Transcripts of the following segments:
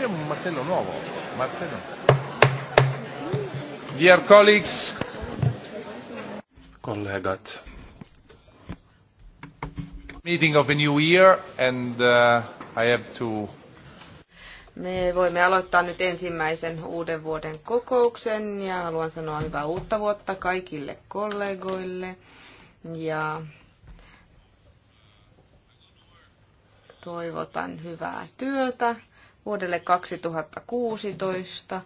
anche un martello nuovo. Martello. Dear colleagues. collegat. Meeting of a new year and uh, I have to me voimme aloittaa nyt ensimmäisen uuden vuoden kokouksen ja haluan sanoa hyvää uutta vuotta kaikille kollegoille. Ja toivotan hyvää työtä vuodelle 2016.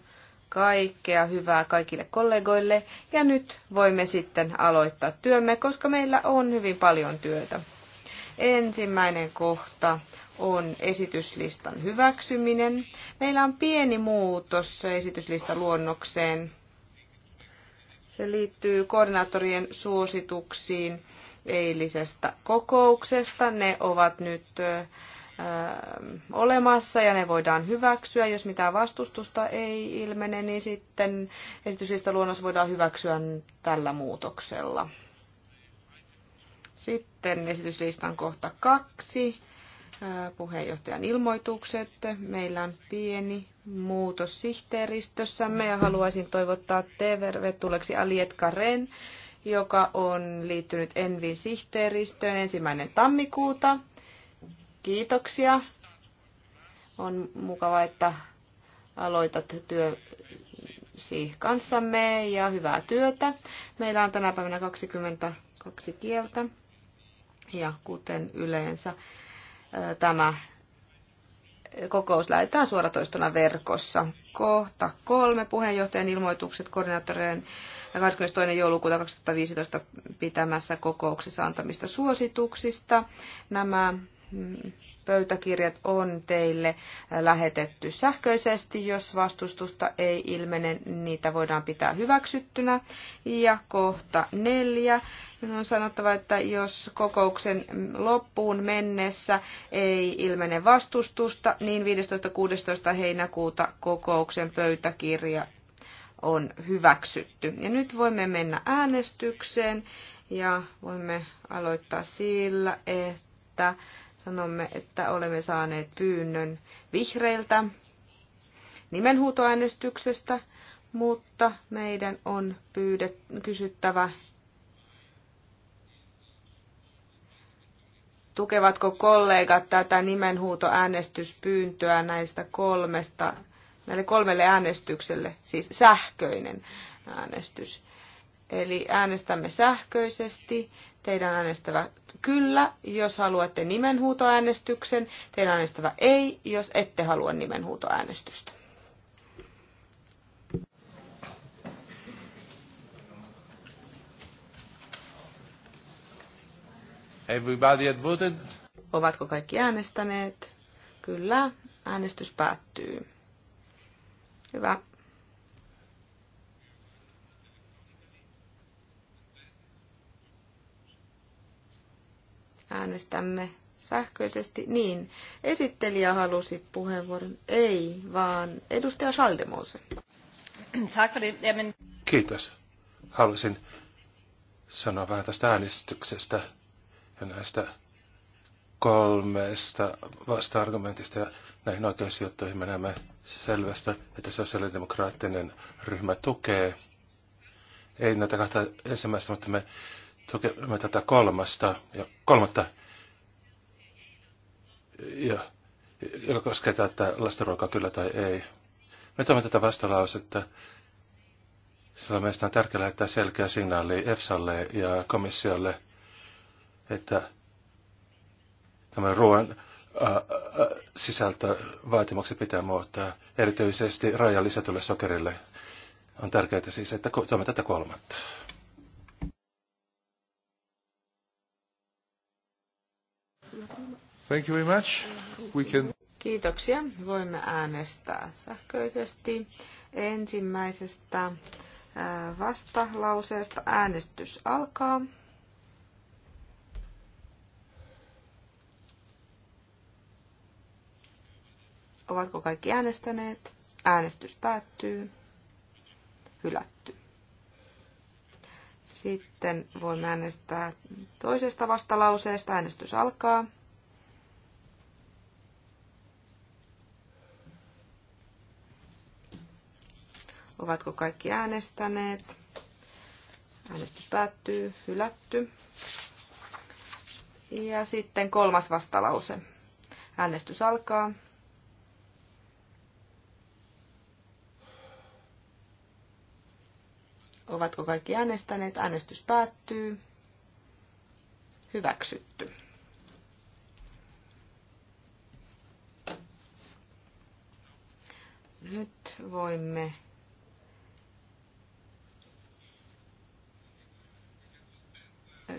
Kaikkea hyvää kaikille kollegoille ja nyt voimme sitten aloittaa työmme, koska meillä on hyvin paljon työtä. Ensimmäinen kohta on esityslistan hyväksyminen. Meillä on pieni muutos esityslistan luonnokseen. Se liittyy koordinaattorien suosituksiin eilisestä kokouksesta. Ne ovat nyt olemassa ja ne voidaan hyväksyä. Jos mitään vastustusta ei ilmene, niin sitten esityslistaluonnos voidaan hyväksyä tällä muutoksella. Sitten esityslistan kohta kaksi, puheenjohtajan ilmoitukset. Meillä on pieni muutos sihteeristössämme ja haluaisin toivottaa tervetulleeksi Aliet Karen, joka on liittynyt Envin sihteeristöön ensimmäinen tammikuuta. Kiitoksia. On mukava, että aloitat työsi kanssamme ja hyvää työtä. Meillä on tänä päivänä 22 kieltä ja kuten yleensä tämä kokous lähetetään suoratoistona verkossa. Kohta kolme puheenjohtajan ilmoitukset koordinaattoreiden 22. joulukuuta 2015 pitämässä kokouksessa antamista suosituksista. Nämä pöytäkirjat on teille lähetetty sähköisesti. Jos vastustusta ei ilmene, niitä voidaan pitää hyväksyttynä. Ja kohta neljä. On sanottava, että jos kokouksen loppuun mennessä ei ilmene vastustusta, niin 15.16. heinäkuuta kokouksen pöytäkirja on hyväksytty. Ja nyt voimme mennä äänestykseen ja voimme aloittaa sillä, että Sanomme, että olemme saaneet pyynnön vihreiltä nimenhuutoäänestyksestä, mutta meidän on pyydet, kysyttävä, tukevatko kollegat tätä nimenhuutoäänestyspyyntöä näistä kolmesta, näille kolmelle äänestykselle, siis sähköinen äänestys. Eli äänestämme sähköisesti. Teidän äänestävä kyllä, jos haluatte nimenhuutoäänestyksen. Teidän äänestävä ei, jos ette halua nimenhuutoäänestystä. Everybody had voted. Ovatko kaikki äänestäneet? Kyllä, äänestys päättyy. Hyvä. Äänestämme sähköisesti. Niin, esittelijä halusi puheenvuoron. Ei, vaan edustaja Schaldemose. Kiitos. Halusin sanoa vähän tästä äänestyksestä ja näistä kolmesta vasta-argumentista ja näihin oikeusjuttuihin me näemme selvästä, että sosiaalidemokraattinen ryhmä tukee. Ei näitä kahta ensimmäistä, mutta me tukemme tätä kolmasta ja kolmatta, ja, joka koskee tätä lastenruokaa kyllä tai ei. Me tuomme tätä vastalausetta, sillä meistä on tärkeää lähettää selkeä signaali EFSAlle ja komissiolle, että tämän ruoan sisältö vaatimukset pitää muuttaa, erityisesti rajan lisätylle sokerille. On tärkeää siis, että tuomme tätä kolmatta. Thank you very much. We can... Kiitoksia. Voimme äänestää sähköisesti ensimmäisestä äh, vastalauseesta. Äänestys alkaa. Ovatko kaikki äänestäneet? Äänestys päättyy. Hylätty. Sitten voimme äänestää toisesta vastalauseesta. Äänestys alkaa. Ovatko kaikki äänestäneet? Äänestys päättyy, hylätty. Ja sitten kolmas vastalause. Äänestys alkaa. Ovatko kaikki äänestäneet? Äänestys päättyy. Hyväksytty. Nyt voimme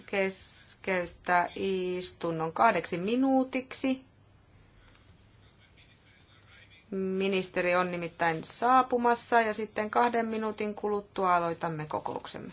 keskeyttää istunnon kahdeksi minuutiksi. Ministeri on nimittäin saapumassa ja sitten kahden minuutin kuluttua aloitamme kokouksemme.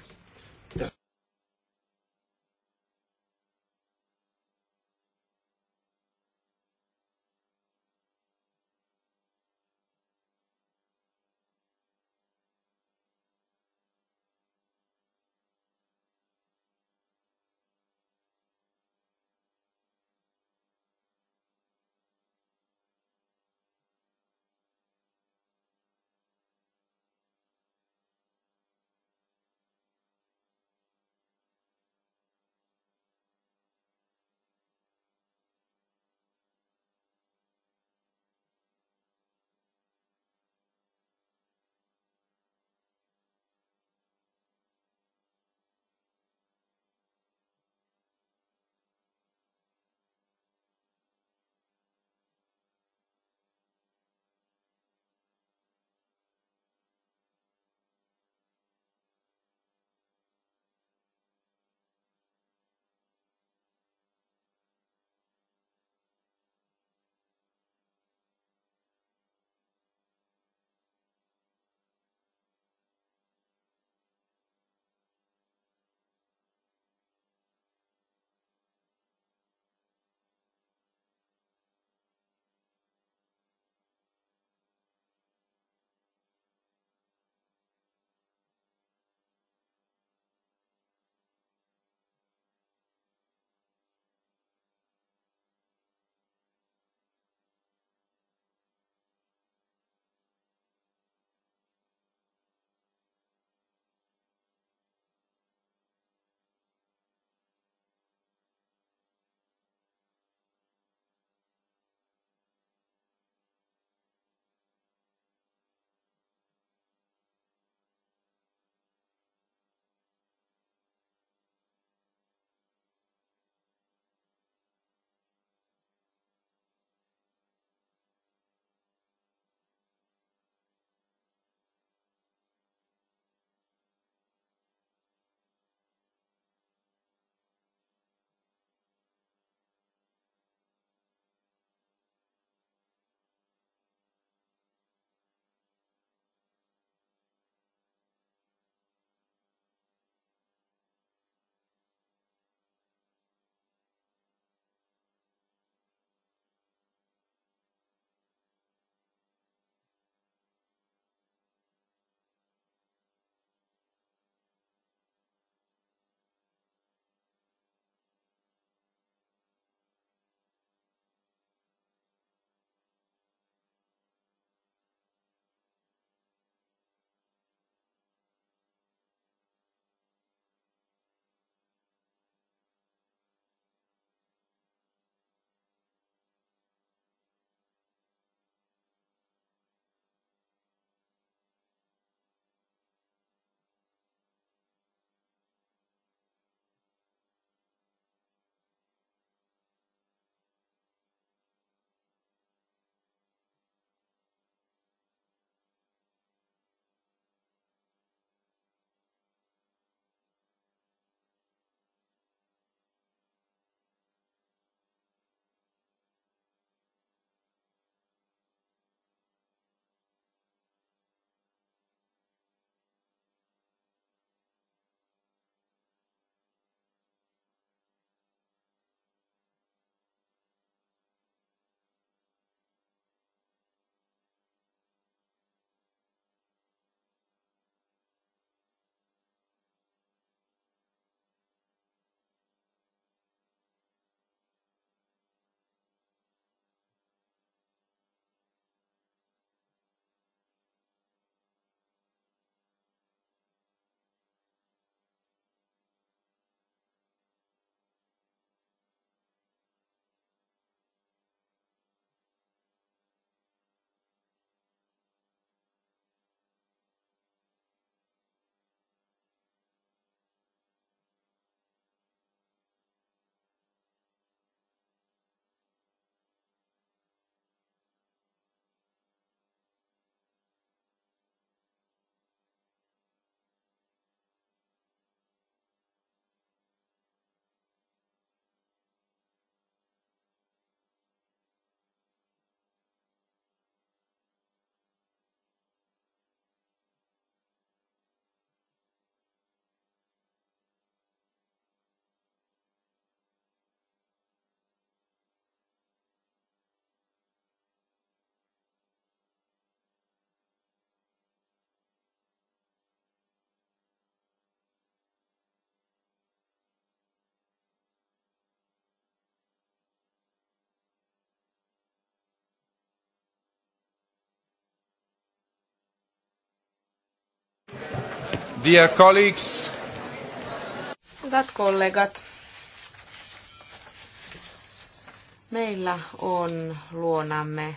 Dear colleagues. Hyvät kollegat, meillä on luonamme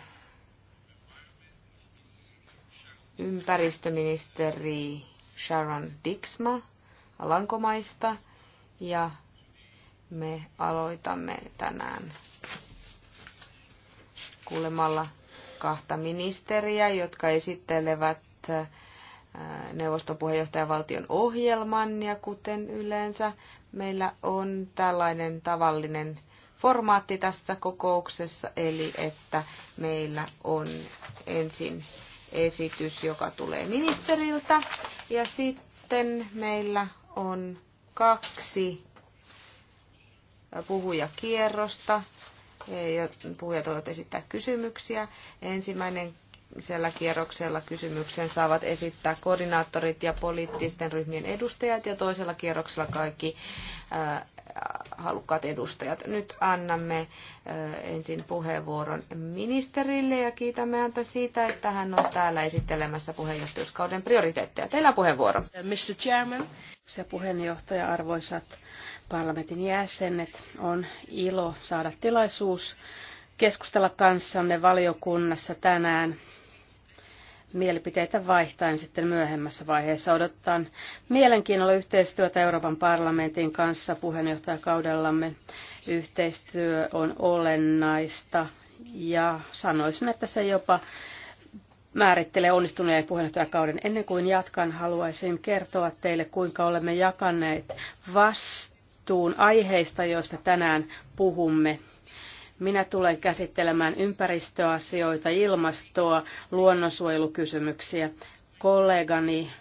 ympäristöministeri Sharon Dixma Alankomaista ja me aloitamme tänään kuulemalla kahta ministeriä, jotka esittelevät neuvoston puheenjohtajavaltion ohjelman ja kuten yleensä meillä on tällainen tavallinen formaatti tässä kokouksessa, eli että meillä on ensin esitys, joka tulee ministeriltä ja sitten meillä on kaksi puhujakierrosta. Puhujat voivat esittää kysymyksiä. Ensimmäinen siellä kierroksella kysymyksen saavat esittää koordinaattorit ja poliittisten ryhmien edustajat ja toisella kierroksella kaikki äh, halukkaat edustajat. Nyt annamme äh, ensin puheenvuoron ministerille ja kiitämme häntä siitä, että hän on täällä esittelemässä puheenjohtajuuskauden prioriteetteja. Teillä on puheenvuoro. Mr. Chairman. Se puheenjohtaja, arvoisat parlamentin jäsenet, on ilo saada tilaisuus keskustella kanssanne valiokunnassa tänään mielipiteitä vaihtaen sitten myöhemmässä vaiheessa. odottaa. mielenkiinnolla yhteistyötä Euroopan parlamentin kanssa puheenjohtajakaudellamme. Yhteistyö on olennaista ja sanoisin, että se jopa määrittelee onnistuneen puheenjohtajakauden. Ennen kuin jatkan, haluaisin kertoa teille, kuinka olemme jakaneet vastuun aiheista, joista tänään puhumme minä tulen käsittelemään ympäristöasioita, ilmastoa, luonnonsuojelukysymyksiä. Kollegani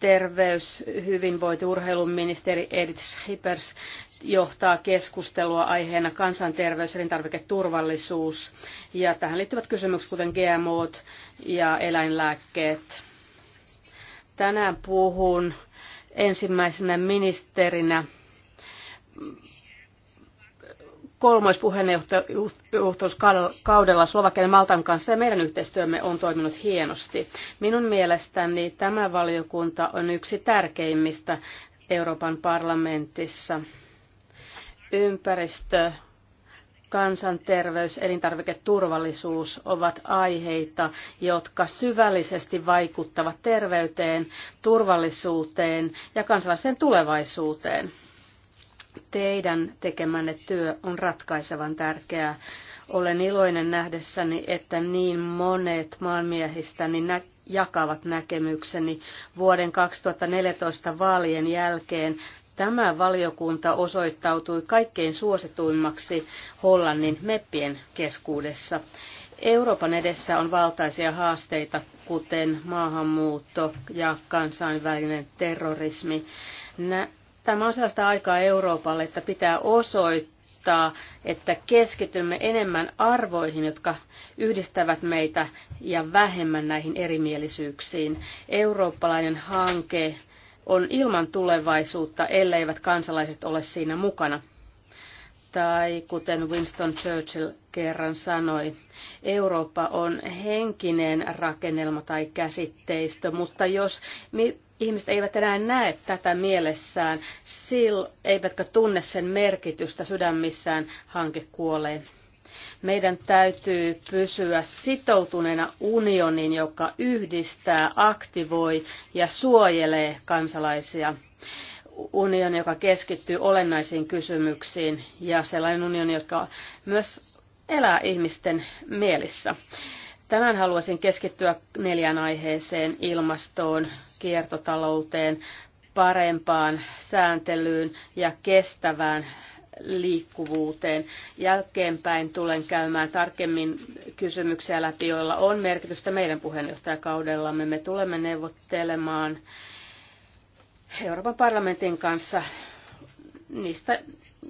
terveys, hyvinvointi, urheiluministeri Edith Schippers johtaa keskustelua aiheena kansanterveys, elintarviketurvallisuus ja tähän liittyvät kysymykset kuten GMO ja eläinlääkkeet. Tänään puhun ensimmäisenä ministerinä puheenjohtajuuskaudella Slovakian ja Maltan kanssa ja meidän yhteistyömme on toiminut hienosti. Minun mielestäni tämä valiokunta on yksi tärkeimmistä Euroopan parlamentissa. Ympäristö, kansanterveys, elintarviketurvallisuus ovat aiheita, jotka syvällisesti vaikuttavat terveyteen, turvallisuuteen ja kansalaisten tulevaisuuteen. Teidän tekemänne työ on ratkaisevan tärkeää. Olen iloinen nähdessäni, että niin monet maanmiehistäni nä- jakavat näkemykseni vuoden 2014 vaalien jälkeen. Tämä valiokunta osoittautui kaikkein suosituimmaksi Hollannin meppien keskuudessa. Euroopan edessä on valtaisia haasteita, kuten maahanmuutto ja kansainvälinen terrorismi. Nä- Tämä on sellaista aikaa Euroopalle, että pitää osoittaa, että keskitymme enemmän arvoihin, jotka yhdistävät meitä ja vähemmän näihin erimielisyyksiin. Eurooppalainen hanke on ilman tulevaisuutta, elleivät kansalaiset ole siinä mukana. Tai kuten Winston Churchill kerran sanoi, Eurooppa on henkinen rakennelma tai käsitteistö, mutta jos ihmiset eivät enää näe tätä mielessään, sil, eivätkä tunne sen merkitystä sydämissään, hanke kuolee. Meidän täytyy pysyä sitoutuneena unionin, joka yhdistää, aktivoi ja suojelee kansalaisia. Unioni, joka keskittyy olennaisiin kysymyksiin ja sellainen unioni, joka myös elää ihmisten mielissä. Tänään haluaisin keskittyä neljään aiheeseen, ilmastoon, kiertotalouteen, parempaan sääntelyyn ja kestävään liikkuvuuteen. Jälkeenpäin tulen käymään tarkemmin kysymyksiä läpi, joilla on merkitystä meidän puheenjohtajakaudellamme. Me tulemme neuvottelemaan Euroopan parlamentin kanssa niistä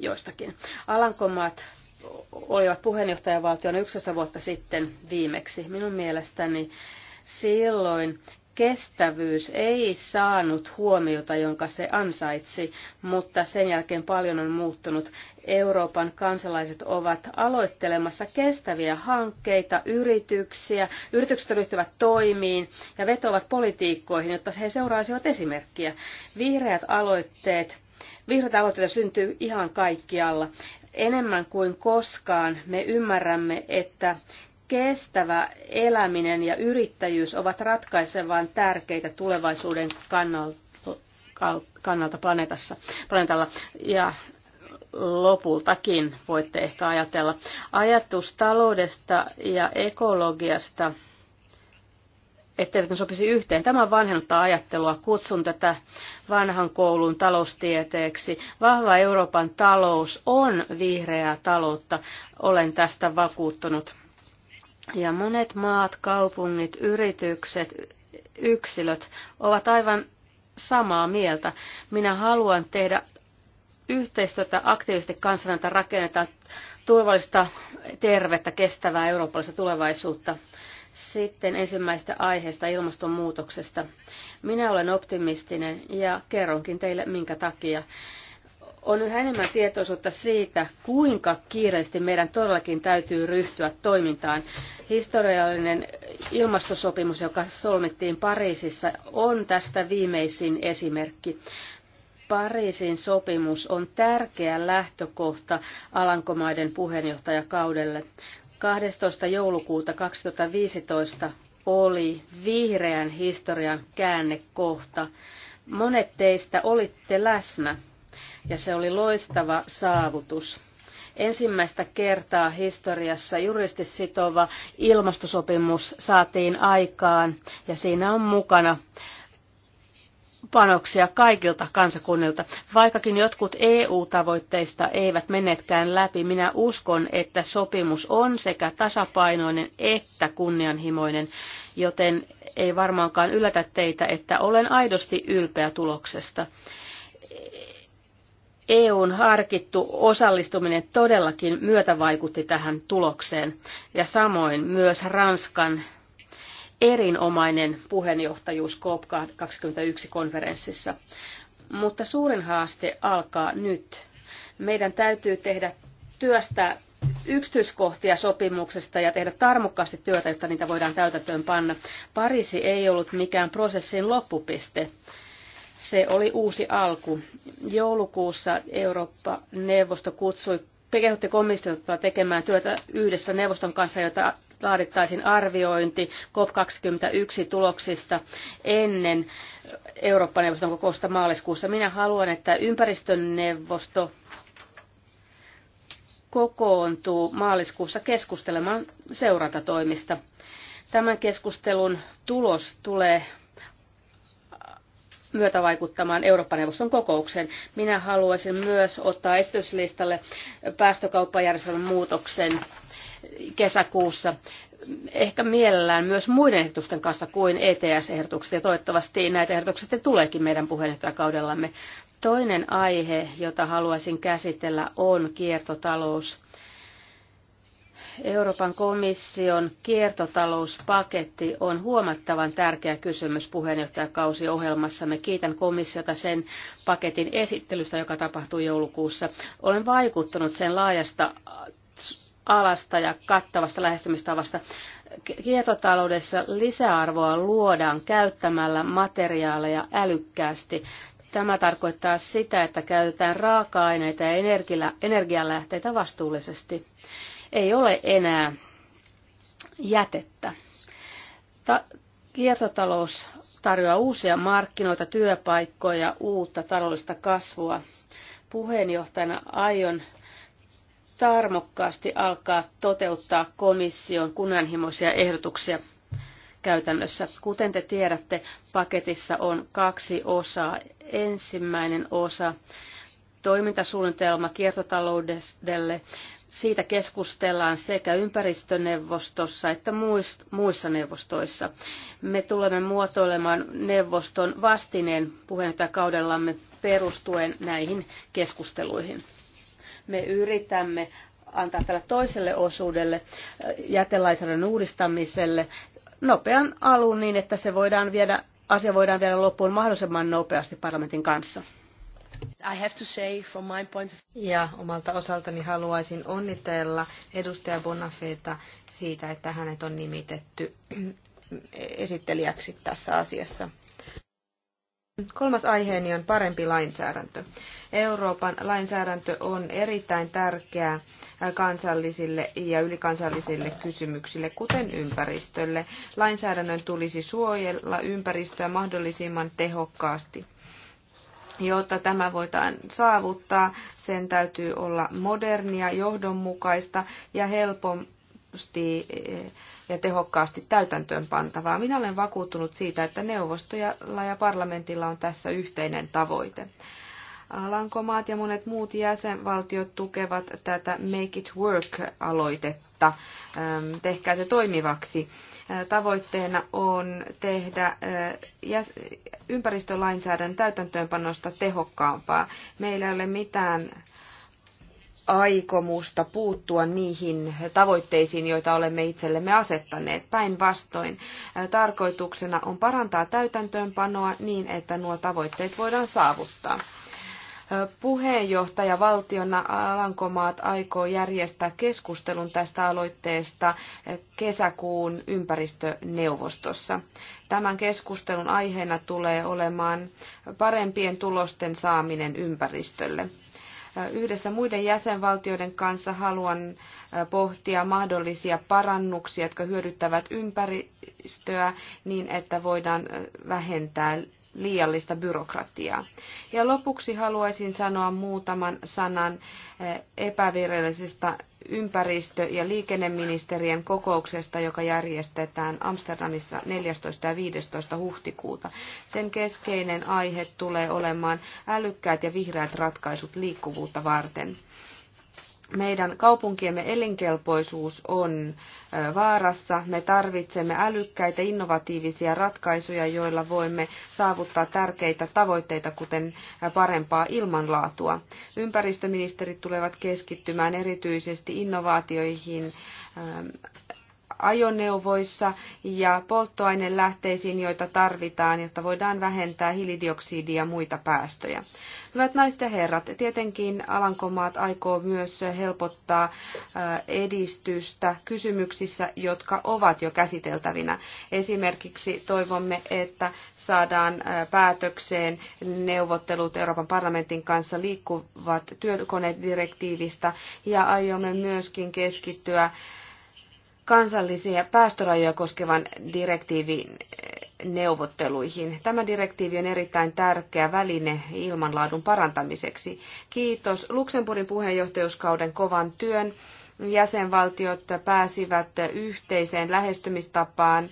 joistakin. Alankomaat olivat puheenjohtajavaltiona 11 vuotta sitten viimeksi. Minun mielestäni silloin kestävyys ei saanut huomiota, jonka se ansaitsi, mutta sen jälkeen paljon on muuttunut. Euroopan kansalaiset ovat aloittelemassa kestäviä hankkeita, yrityksiä, yritykset ryhtyvät toimiin ja vetovat politiikkoihin, jotta he seuraisivat esimerkkiä. Vihreät aloitteet Vihreät aloitteita syntyy ihan kaikkialla. Enemmän kuin koskaan me ymmärrämme, että kestävä eläminen ja yrittäjyys ovat ratkaisevan tärkeitä tulevaisuuden kannalta planeetassa, planeetalla. Ja lopultakin voitte ehkä ajatella. Ajatus taloudesta ja ekologiasta – etteivät ne sopisi yhteen. Tämä vanhennutta ajattelua kutsun tätä vanhan koulun taloustieteeksi. Vahva Euroopan talous on vihreää taloutta. Olen tästä vakuuttunut. Ja monet maat, kaupungit, yritykset, yksilöt ovat aivan samaa mieltä. Minä haluan tehdä yhteistyötä aktiivisesti kanssa, että rakennetaan turvallista, tervettä, kestävää eurooppalaista tulevaisuutta. Sitten ensimmäistä aiheesta ilmastonmuutoksesta. Minä olen optimistinen ja kerronkin teille minkä takia. On yhä enemmän tietoisuutta siitä, kuinka kiireesti meidän todellakin täytyy ryhtyä toimintaan. Historiallinen ilmastosopimus, joka solmittiin Pariisissa, on tästä viimeisin esimerkki. Pariisin sopimus on tärkeä lähtökohta Alankomaiden puheenjohtajakaudelle. 12. joulukuuta 2015 oli vihreän historian käännekohta. Monet teistä olitte läsnä ja se oli loistava saavutus. Ensimmäistä kertaa historiassa juristisitova ilmastosopimus saatiin aikaan ja siinä on mukana panoksia kaikilta kansakunnilta. Vaikkakin jotkut EU-tavoitteista eivät menetkään läpi, minä uskon, että sopimus on sekä tasapainoinen että kunnianhimoinen, joten ei varmaankaan yllätä teitä, että olen aidosti ylpeä tuloksesta. EUn harkittu osallistuminen todellakin myötävaikutti tähän tulokseen ja samoin myös Ranskan erinomainen puheenjohtajuus COP21-konferenssissa. Mutta suurin haaste alkaa nyt. Meidän täytyy tehdä työstä yksityiskohtia sopimuksesta ja tehdä tarmokkaasti työtä, jotta niitä voidaan täytäntöön panna. Pariisi ei ollut mikään prosessin loppupiste. Se oli uusi alku. Joulukuussa Eurooppa-neuvosto kutsui pekehutti komissiota tekemään työtä yhdessä neuvoston kanssa, jota laadittaisiin arviointi COP21 tuloksista ennen Eurooppa-neuvoston kokousta maaliskuussa. Minä haluan, että ympäristöneuvosto kokoontuu maaliskuussa keskustelemaan seurantatoimista. Tämän keskustelun tulos tulee myötävaikuttamaan Eurooppa-neuvoston kokoukseen. Minä haluaisin myös ottaa esityslistalle päästökauppajärjestelmän muutoksen kesäkuussa ehkä mielellään myös muiden ehdotusten kanssa kuin ETS-ehdotukset, ja toivottavasti näitä ehdotuksia tuleekin meidän puheenjohtajakaudellamme. Toinen aihe, jota haluaisin käsitellä, on kiertotalous. Euroopan komission kiertotalouspaketti on huomattavan tärkeä kysymys Me Kiitän komissiota sen paketin esittelystä, joka tapahtui joulukuussa. Olen vaikuttunut sen laajasta alasta ja kattavasta lähestymistavasta. Kiertotaloudessa lisäarvoa luodaan käyttämällä materiaaleja älykkäästi. Tämä tarkoittaa sitä, että käytetään raaka-aineita ja energialähteitä vastuullisesti. Ei ole enää jätettä. Ta- kiertotalous tarjoaa uusia markkinoita, työpaikkoja, uutta taloudellista kasvua. Puheenjohtajana aion tarmokkaasti alkaa toteuttaa komission kunnianhimoisia ehdotuksia käytännössä. Kuten te tiedätte, paketissa on kaksi osaa. Ensimmäinen osa toimintasuunnitelma kiertotaloudelle. Siitä keskustellaan sekä ympäristöneuvostossa että muissa neuvostoissa. Me tulemme muotoilemaan neuvoston vastineen puheenjohtajakaudellamme perustuen näihin keskusteluihin. Me yritämme antaa tälle toiselle osuudelle äh, jätelainsäädännön uudistamiselle nopean alun niin, että se voidaan viedä, asia voidaan viedä loppuun mahdollisimman nopeasti parlamentin kanssa. I have to say from my point of... Ja omalta osaltani haluaisin onnitella edustaja Bonafeta siitä, että hänet on nimitetty esittelijäksi tässä asiassa. Kolmas aiheeni on parempi lainsäädäntö. Euroopan lainsäädäntö on erittäin tärkeää kansallisille ja ylikansallisille kysymyksille, kuten ympäristölle. Lainsäädännön tulisi suojella ympäristöä mahdollisimman tehokkaasti. Jotta tämä voidaan saavuttaa, sen täytyy olla modernia, johdonmukaista ja helposti ja tehokkaasti täytäntöön pantavaa. Minä olen vakuuttunut siitä, että neuvostolla ja parlamentilla on tässä yhteinen tavoite. Lankomaat ja monet muut jäsenvaltiot tukevat tätä Make it Work-aloitetta. Tehkää se toimivaksi. Tavoitteena on tehdä ympäristölainsäädännön täytäntöönpanosta tehokkaampaa. Meillä ei ole mitään aikomusta puuttua niihin tavoitteisiin, joita olemme itsellemme asettaneet. Päinvastoin tarkoituksena on parantaa täytäntöönpanoa niin, että nuo tavoitteet voidaan saavuttaa. Puheenjohtaja valtiona Alankomaat aikoo järjestää keskustelun tästä aloitteesta kesäkuun ympäristöneuvostossa. Tämän keskustelun aiheena tulee olemaan parempien tulosten saaminen ympäristölle. Yhdessä muiden jäsenvaltioiden kanssa haluan pohtia mahdollisia parannuksia, jotka hyödyttävät ympäristöä niin, että voidaan vähentää liiallista byrokratiaa. Ja lopuksi haluaisin sanoa muutaman sanan epävirallisesta ympäristö- ja liikenneministerien kokouksesta, joka järjestetään Amsterdamissa 14. ja 15. huhtikuuta. Sen keskeinen aihe tulee olemaan älykkäät ja vihreät ratkaisut liikkuvuutta varten meidän kaupunkiemme elinkelpoisuus on vaarassa. Me tarvitsemme älykkäitä, innovatiivisia ratkaisuja, joilla voimme saavuttaa tärkeitä tavoitteita, kuten parempaa ilmanlaatua. Ympäristöministerit tulevat keskittymään erityisesti innovaatioihin ajoneuvoissa ja polttoainelähteisiin, joita tarvitaan, jotta voidaan vähentää hiilidioksidia ja muita päästöjä. Hyvät naiset ja herrat, tietenkin Alankomaat aikoo myös helpottaa edistystä kysymyksissä, jotka ovat jo käsiteltävinä. Esimerkiksi toivomme, että saadaan päätökseen neuvottelut Euroopan parlamentin kanssa liikkuvat työkonedirektiivistä ja aiomme myöskin keskittyä kansallisia päästörajoja koskevan direktiivin eh, neuvotteluihin. Tämä direktiivi on erittäin tärkeä väline ilmanlaadun parantamiseksi. Kiitos Luxemburgin puheenjohtajuuskauden kovan työn jäsenvaltiot pääsivät yhteiseen lähestymistapaan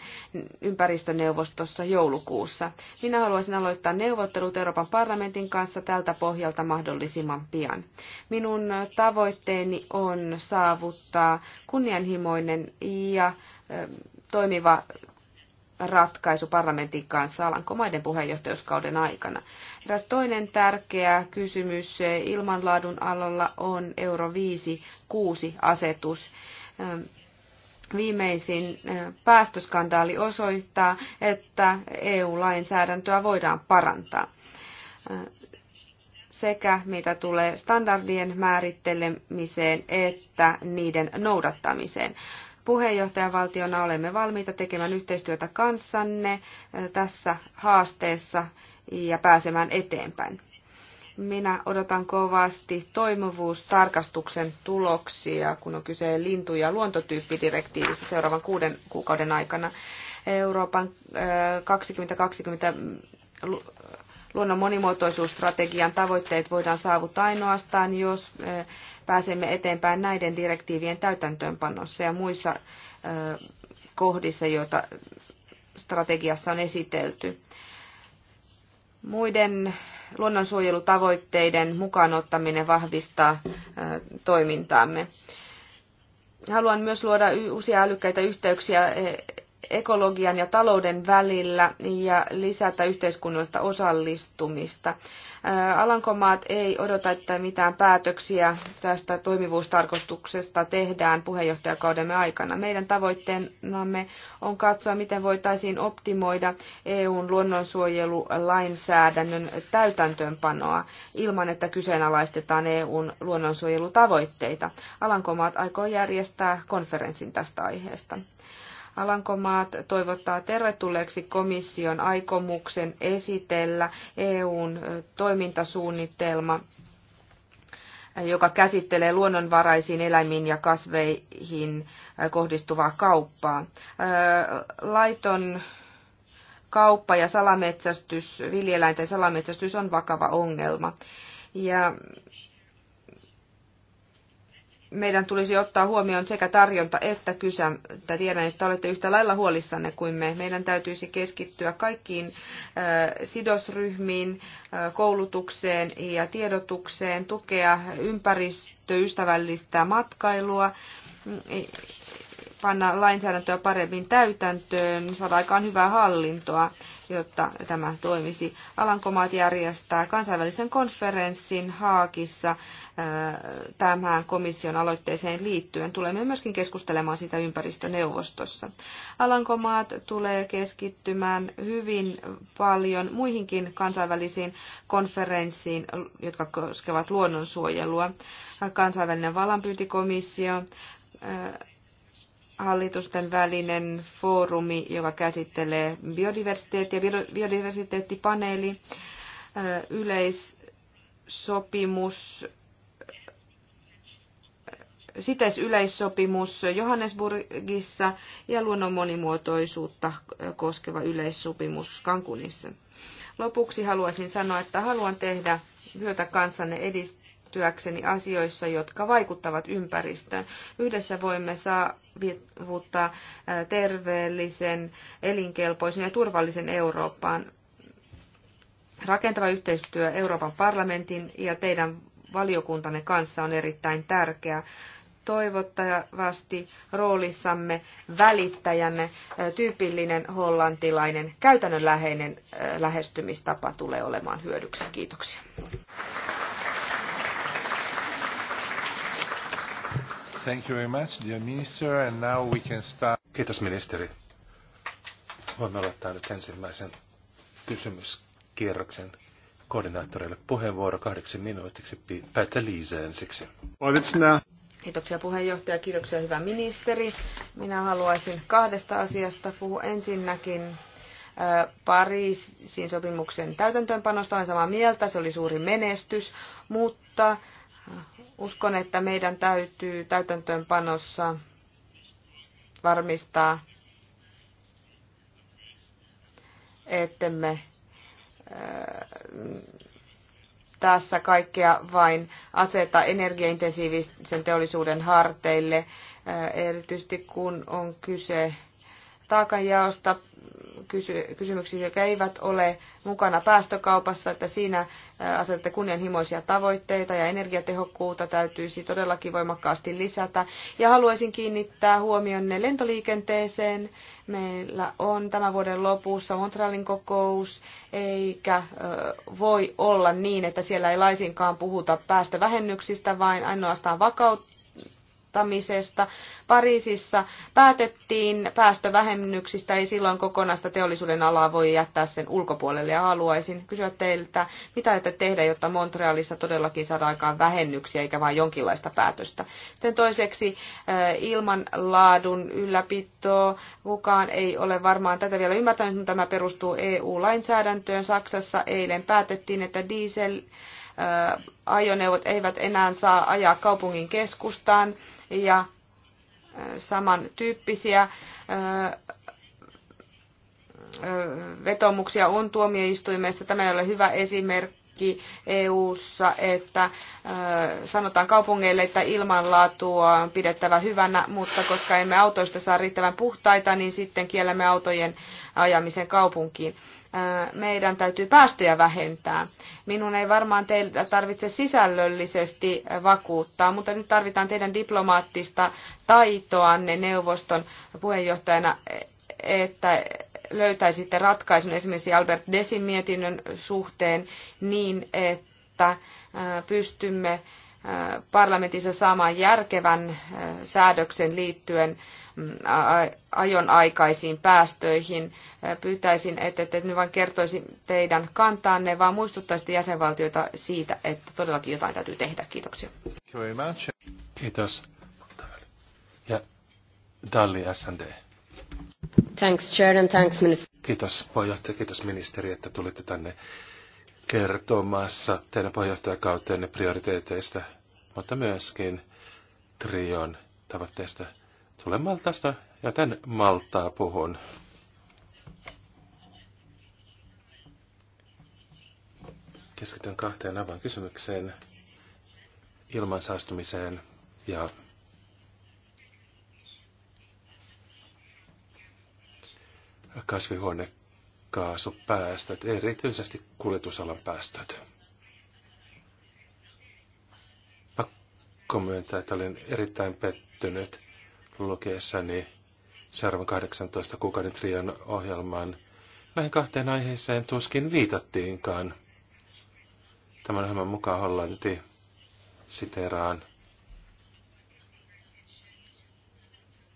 ympäristöneuvostossa joulukuussa. Minä haluaisin aloittaa neuvottelut Euroopan parlamentin kanssa tältä pohjalta mahdollisimman pian. Minun tavoitteeni on saavuttaa kunnianhimoinen ja toimiva ratkaisu parlamentin kanssa Alankomaiden puheenjohtajuuskauden aikana. Eräs toinen tärkeä kysymys ilmanlaadun alalla on Euro 5 6 asetus viimeisin päästöskandaali osoittaa, että EU-lainsäädäntöä voidaan parantaa sekä mitä tulee standardien määrittelemiseen että niiden noudattamiseen. Puheenjohtajavaltiona olemme valmiita tekemään yhteistyötä kanssanne tässä haasteessa ja pääsemään eteenpäin. Minä odotan kovasti toimivuustarkastuksen tuloksia, kun on kyse lintu- ja luontotyyppidirektiivissä seuraavan kuuden kuukauden aikana. Euroopan 2020 luonnon monimuotoisuusstrategian tavoitteet voidaan saavuttaa ainoastaan, jos pääsemme eteenpäin näiden direktiivien täytäntöönpanossa ja muissa kohdissa, joita strategiassa on esitelty. Muiden luonnonsuojelutavoitteiden mukaanottaminen vahvistaa toimintaamme. Haluan myös luoda uusia älykkäitä yhteyksiä e, ekologian ja talouden välillä ja lisätä yhteiskunnallista osallistumista. Alankomaat ei odota, että mitään päätöksiä tästä toimivuustarkastuksesta tehdään puheenjohtajakaudemme aikana. Meidän tavoitteenamme on katsoa, miten voitaisiin optimoida EUn luonnonsuojelulainsäädännön täytäntöönpanoa ilman, että kyseenalaistetaan EUn luonnonsuojelutavoitteita. Alankomaat aikoo järjestää konferenssin tästä aiheesta. Alankomaat toivottaa tervetulleeksi komission aikomuksen esitellä EUn toimintasuunnitelma joka käsittelee luonnonvaraisiin eläimiin ja kasveihin kohdistuvaa kauppaa. Laiton kauppa ja salametsästys, villieläinten salametsästys on vakava ongelma. Ja meidän tulisi ottaa huomioon sekä tarjonta että kysä. Tiedän, että olette yhtä lailla huolissanne kuin me. Meidän täytyisi keskittyä kaikkiin sidosryhmiin, koulutukseen ja tiedotukseen, tukea ympäristöystävällistä matkailua panna lainsäädäntöä paremmin täytäntöön, niin saada aikaan hyvää hallintoa, jotta tämä toimisi. Alankomaat järjestää kansainvälisen konferenssin Haakissa äh, tämän komission aloitteeseen liittyen. Tulemme myöskin keskustelemaan sitä ympäristöneuvostossa. Alankomaat tulee keskittymään hyvin paljon muihinkin kansainvälisiin konferenssiin, jotka koskevat luonnonsuojelua. Kansainvälinen vallanpyyntikomissio, äh, hallitusten välinen foorumi, joka käsittelee biodiversiteettiä, biodiversiteettipaneeli, yleissopimus, sites yleissopimus Johannesburgissa ja luonnon monimuotoisuutta koskeva yleissopimus Kankunissa. Lopuksi haluaisin sanoa, että haluan tehdä työtä kanssanne edistää pysähtyäkseni asioissa, jotka vaikuttavat ympäristöön. Yhdessä voimme saavuttaa terveellisen, elinkelpoisen ja turvallisen Eurooppaan. Rakentava yhteistyö Euroopan parlamentin ja teidän valiokuntanne kanssa on erittäin tärkeää toivottavasti roolissamme välittäjänne tyypillinen hollantilainen käytännönläheinen lähestymistapa tulee olemaan hyödyksi. Kiitoksia. Thank you very much, dear minister, and now we can start. Kiitos ministeri. Voimme aloittaa nyt ensimmäisen kysymyskierroksen koordinaattoreille puheenvuoro kahdeksi minuutiksi. Päätä Liisa ensiksi. Kiitoksia puheenjohtaja, kiitoksia hyvä ministeri. Minä haluaisin kahdesta asiasta puhua ensinnäkin. Pariisin sopimuksen täytäntöönpanosta olen samaa mieltä, se oli suuri menestys, mutta Uskon, että meidän täytyy täytäntöönpanossa varmistaa, ettemme äh, tässä kaikkea vain aseta energiaintensiivisen teollisuuden harteille, äh, erityisesti kun on kyse taakanjaosta kysymyksiä, jotka eivät ole mukana päästökaupassa, että siinä asetatte kunnianhimoisia tavoitteita ja energiatehokkuutta täytyisi todellakin voimakkaasti lisätä. Ja haluaisin kiinnittää huomionne lentoliikenteeseen. Meillä on tämän vuoden lopussa Montrealin kokous, eikä voi olla niin, että siellä ei laisinkaan puhuta päästövähennyksistä, vaan ainoastaan vakautta saavuttamisesta. Pariisissa päätettiin päästövähennyksistä, ei silloin kokonaista teollisuuden alaa voi jättää sen ulkopuolelle. Ja haluaisin kysyä teiltä, mitä aiotte tehdä, jotta Montrealissa todellakin saadaan aikaan vähennyksiä, eikä vain jonkinlaista päätöstä. Sitten toiseksi eh, ilmanlaadun ylläpito. Kukaan ei ole varmaan tätä vielä ymmärtänyt, mutta tämä perustuu EU-lainsäädäntöön. Saksassa eilen päätettiin, että diesel eh, ajoneuvot eivät enää saa ajaa kaupungin keskustaan ja samantyyppisiä vetomuksia on tuomioistuimesta. Tämä ei ole hyvä esimerkki EU-ssa, että sanotaan kaupungeille, että ilmanlaatua on pidettävä hyvänä, mutta koska emme autoista saa riittävän puhtaita, niin sitten kiellämme autojen ajamisen kaupunkiin meidän täytyy päästöjä vähentää. Minun ei varmaan teiltä tarvitse sisällöllisesti vakuuttaa, mutta nyt tarvitaan teidän diplomaattista taitoanne neuvoston puheenjohtajana, että löytäisitte ratkaisun esimerkiksi Albert Desin mietinnön suhteen niin, että pystymme parlamentissa saamaan järkevän säädöksen liittyen ajon aikaisiin päästöihin. Pyytäisin, että te nyt vain kertoisi teidän kantaanne, vaan muistuttaisitte jäsenvaltioita siitä, että todellakin jotain täytyy tehdä. Kiitoksia. Kiitos. Ja Dalli SND. Thanks, Chair, and thanks, minister. Kiitos puheenjohtaja, kiitos ministeri, että tulitte tänne kertomassa teidän puheenjohtajakautteenne prioriteeteista, mutta myöskin trion tavoitteista Tule Maltasta ja tän Maltaa puhun. Keskityn kahteen avain kysymykseen, ilman saastumiseen ja kasvihuonekaasupäästöt, erityisesti kuljetusalan päästöt. Pakko myöntää, että olen erittäin pettynyt lukiessani seuraavan 18 kuukauden trion ohjelmaan Näihin kahteen aiheeseen tuskin viitattiinkaan. Tämän ohjelman mukaan Hollanti siteraan.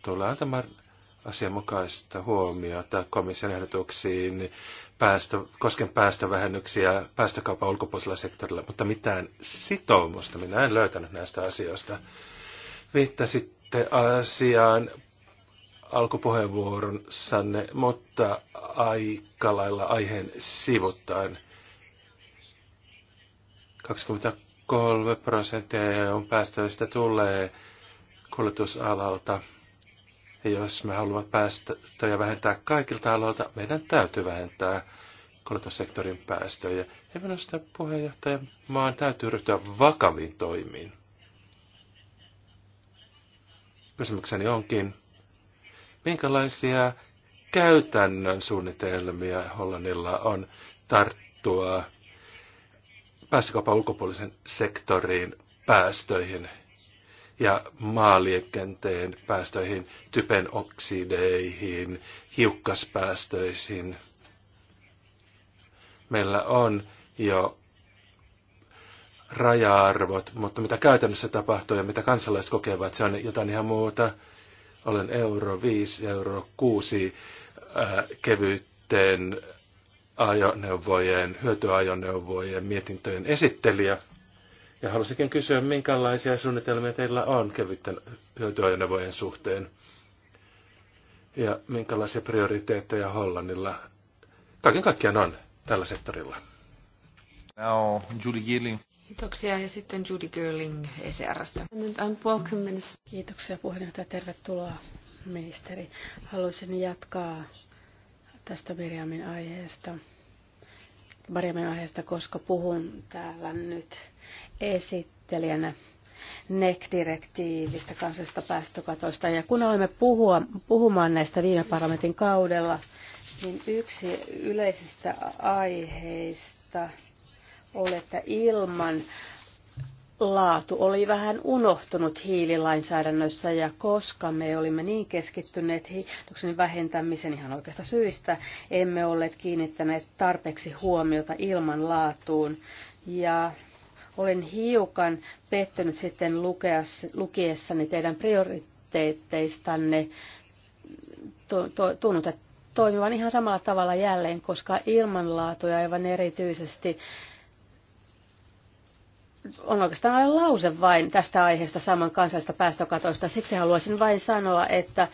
Tullaan tämän asianmukaista huomiota komission ehdotuksiin päästö, kosken päästövähennyksiä päästökaupan ulkopuolisella sektorilla, mutta mitään sitoumusta minä en löytänyt näistä asioista. Viittasit otitte asiaan alkupuheenvuoronsanne, mutta aika lailla aiheen sivuttaen. 23 prosenttia on päästöistä tulee kuljetusalalta. Ja jos me haluamme päästöjä vähentää kaikilta aloilta, meidän täytyy vähentää kuljetussektorin päästöjä. Ja minusta puheenjohtaja maan täytyy ryhtyä vakaviin toimiin. Kysymykseni onkin, minkälaisia käytännön suunnitelmia Hollannilla on tarttua päästökaupan ulkopuolisen sektoriin päästöihin ja maaliekenteen päästöihin, typen oksideihin, hiukkaspäästöihin. Meillä on jo raja-arvot, mutta mitä käytännössä tapahtuu ja mitä kansalaiset kokevat, se on jotain ihan muuta. Olen euro 5 euro 6 äh, kevyyteen ajoneuvojen, hyötyajoneuvojen mietintöjen esittelijä. Ja halusinkin kysyä, minkälaisia suunnitelmia teillä on kevytten hyötyajoneuvojen suhteen? Ja minkälaisia prioriteetteja Hollannilla kaiken kaikkiaan on tällä sektorilla? Now, Julie Gilling. Kiitoksia ja sitten Judy Girling ECRstä. Kiitoksia puheenjohtaja, tervetuloa ministeri. Haluaisin jatkaa tästä Mirjamin aiheesta. Mariamin aiheesta, koska puhun täällä nyt esittelijänä NEC-direktiivistä, kansallisesta päästökatoista. Ja kun olemme puhua, puhumaan näistä viime parlamentin kaudella, niin yksi yleisistä aiheista – ole, että ilman laatu oli vähän unohtunut hiililainsäädännössä ja koska me olimme niin keskittyneet hiilidioksinin vähentämiseen ihan oikeasta syistä, emme olleet kiinnittäneet tarpeeksi huomiota ilman laatuun. Ja olen hiukan pettynyt sitten lukiessani teidän prioriteetteistanne. tunnut että toimivan ihan samalla tavalla jälleen, koska ilmanlaatu ja aivan erityisesti on oikeastaan alle lause vain tästä aiheesta saman kansallista päästökatoista. Siksi haluaisin vain sanoa, että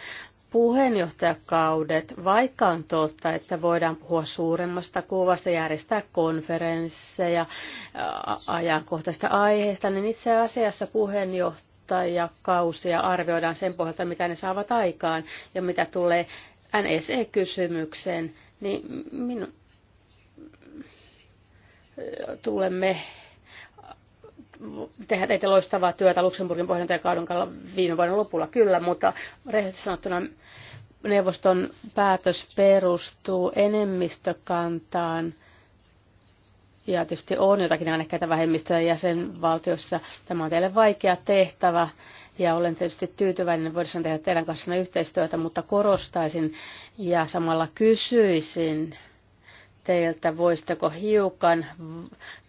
puheenjohtajakaudet, vaikka on totta, että voidaan puhua suuremmasta kuvasta, järjestää konferensseja äh, ajankohtaista aiheesta, niin itse asiassa puheenjohtajakausia arvioidaan sen pohjalta, mitä ne saavat aikaan ja mitä tulee NSE-kysymykseen, niin minu... tulemme tehdä teitä loistavaa työtä Luxemburgin pohjantajakaudon viime vuoden lopulla, kyllä, mutta rehellisesti sanottuna neuvoston päätös perustuu enemmistökantaan ja tietysti on jotakin äänekkäitä vähemmistöjä jäsenvaltiossa. Tämä on teille vaikea tehtävä ja olen tietysti tyytyväinen, voidaan tehdä teidän kanssanne yhteistyötä, mutta korostaisin ja samalla kysyisin teiltä, voisitteko hiukan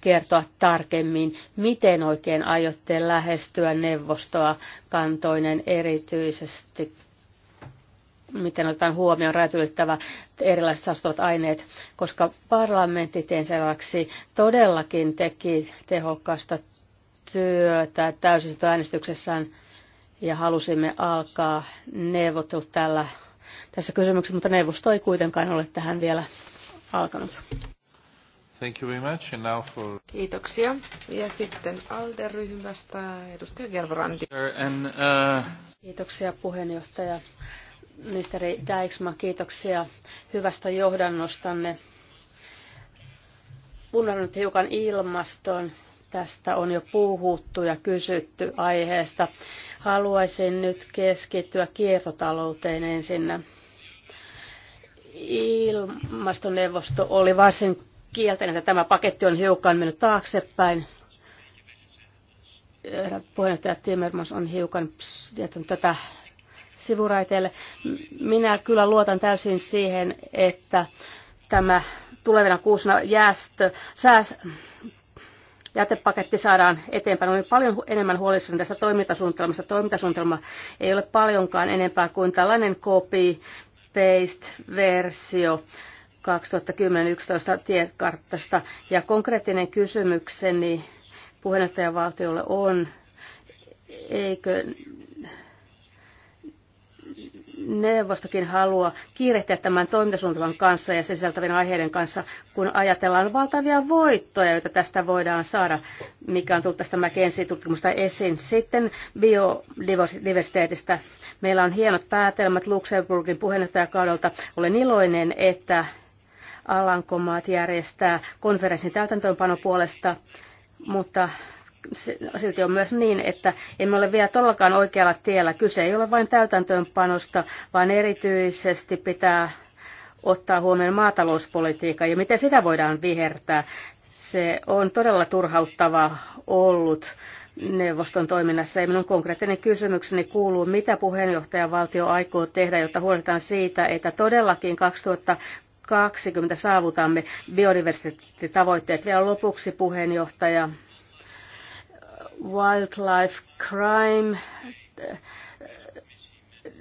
kertoa tarkemmin, miten oikein aiotte lähestyä neuvostoa kantoinen erityisesti, miten otetaan huomioon rajatylittävä erilaiset saastuvat aineet, koska parlamentti teen selväksi todellakin teki tehokasta työtä täysistä äänestyksessään ja halusimme alkaa neuvottelut tällä, tässä kysymyksessä, mutta neuvosto ei kuitenkaan ole tähän vielä alkanut. Thank you very much. And now for... Kiitoksia. Ja sitten ALDE-ryhmästä edustaja Gerbrandi. And, uh... Kiitoksia puheenjohtaja. Ministeri Dijksma, kiitoksia hyvästä johdannostanne. Unohdannut hiukan ilmaston. Tästä on jo puhuttu ja kysytty aiheesta. Haluaisin nyt keskittyä kiertotalouteen ensinnä ilmastoneuvosto oli varsin kielteinen, että tämä paketti on hiukan mennyt taaksepäin. Puheenjohtaja Timmermans on hiukan jättänyt tätä sivuraiteelle. Minä kyllä luotan täysin siihen, että tämä tulevina kuusina jäästö, sääs, jätepaketti saadaan eteenpäin. Olen paljon enemmän huolissani tästä toimintasuunnitelmasta. Toimintasuunnitelma ei ole paljonkaan enempää kuin tällainen kopi, Paste-versio 2010-2011 tiekarttasta. Ja konkreettinen kysymykseni puheenjohtajavaltiolle on, eikö neuvostokin haluaa kiirehtiä tämän toimintasuunnitelman kanssa ja sen sisältävien aiheiden kanssa, kun ajatellaan valtavia voittoja, joita tästä voidaan saada, mikä on tullut tästä McKenzie-tutkimusta esiin. Sitten biodiversiteetistä. Meillä on hienot päätelmät Luxemburgin puheenjohtajakaudelta. Olen iloinen, että Alankomaat järjestää konferenssin täytäntöönpano puolesta, mutta silti on myös niin, että emme ole vielä todellakaan oikealla tiellä. Kyse ei ole vain täytäntöönpanosta, vaan erityisesti pitää ottaa huomioon maatalouspolitiikka ja miten sitä voidaan vihertää. Se on todella turhauttava ollut neuvoston toiminnassa. Ja minun konkreettinen kysymykseni kuuluu, mitä puheenjohtajavaltio aikoo tehdä, jotta huolehditaan siitä, että todellakin 2000 2020 saavutamme biodiversiteettitavoitteet. Vielä lopuksi puheenjohtaja Wildlife Crime.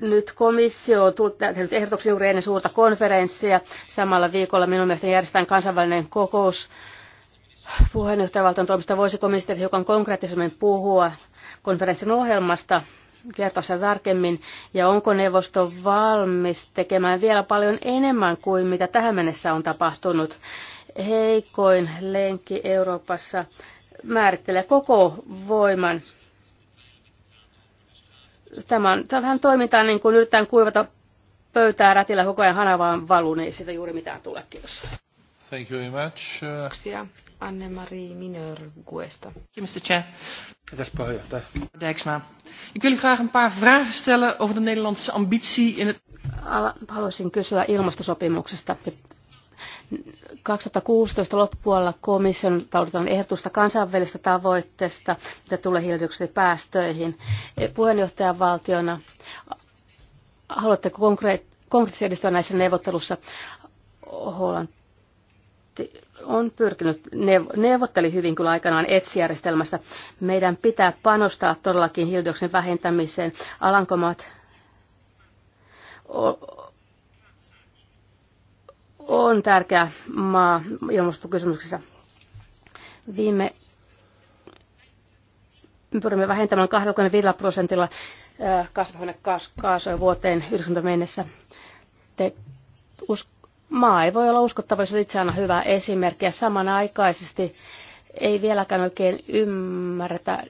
Nyt komissio on tehnyt ehdotuksen juuri ennen suurta konferenssia. Samalla viikolla minun mielestäni järjestetään kansainvälinen kokous puheenjohtajavaltion toimista. voisi komissio hiukan konkreettisemmin puhua konferenssin ohjelmasta? kertoa sen tarkemmin, ja onko neuvosto valmis tekemään vielä paljon enemmän kuin mitä tähän mennessä on tapahtunut. Heikoin lenki Euroopassa määrittelee koko voiman. Tämä on, tämä on vähän niin kuin yritetään kuivata pöytää rätillä koko ajan hanavaan valuun, niin ei siitä juuri mitään tule. Kiitos. Thank you very much. Kiitoksia Anne-Marie Minörguesta. Mr. Chair. Kiitos puheenjohtaja. Dijksma. Ik wil u graag een paar vragen stellen over de Nederlandse ambitie in het... Haluaisin kysyä ilmastosopimuksesta 2016 loppupuolella komission taudutaan ehdotusta kansainvälisestä tavoitteesta, mitä tulee hiilidioksidin päästöihin. E, Puheenjohtajan valtiona, haluatteko konkreettisesti edistyä näissä neuvottelussa? Hollanti on pyrkinyt, neuvotteli hyvin kyllä aikanaan ETS-järjestelmästä. Meidän pitää panostaa todellakin hiilidioksidin vähentämiseen. Alankomaat on tärkeä maa ilmastokysymyksessä. Viime me pyrimme vähentämään 25 prosentilla äh, kasvihuonekaasuja vuoteen 90 mennessä. Te us, maa ei voi olla uskottava, jos itse hyvää esimerkkiä. Samanaikaisesti ei vieläkään oikein ymmärretä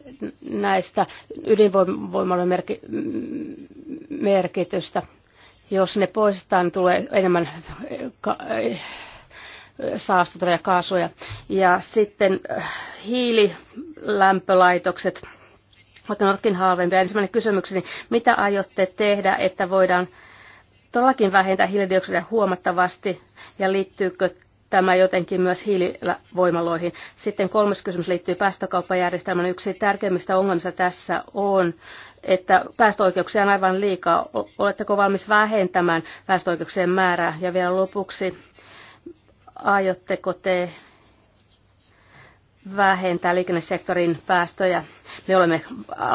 näistä merki, merkitystä. Jos ne poistetaan, niin tulee enemmän Eh, saastuttavia kaasuja. Ja sitten eh, hiililämpölaitokset, vaikka ne ovatkin halvempia. Ensimmäinen kysymykseni, mitä aiotte tehdä, että voidaan todellakin vähentää hiilidioksidia huomattavasti ja liittyykö tämä jotenkin myös hiilivoimaloihin. Sitten kolmas kysymys liittyy päästökauppajärjestelmään. Yksi tärkeimmistä ongelmista tässä on, että päästöoikeuksia on aivan liikaa. Oletteko valmis vähentämään päästöoikeuksien määrää? Ja vielä lopuksi, aiotteko te vähentää liikennesektorin päästöjä? Me olemme,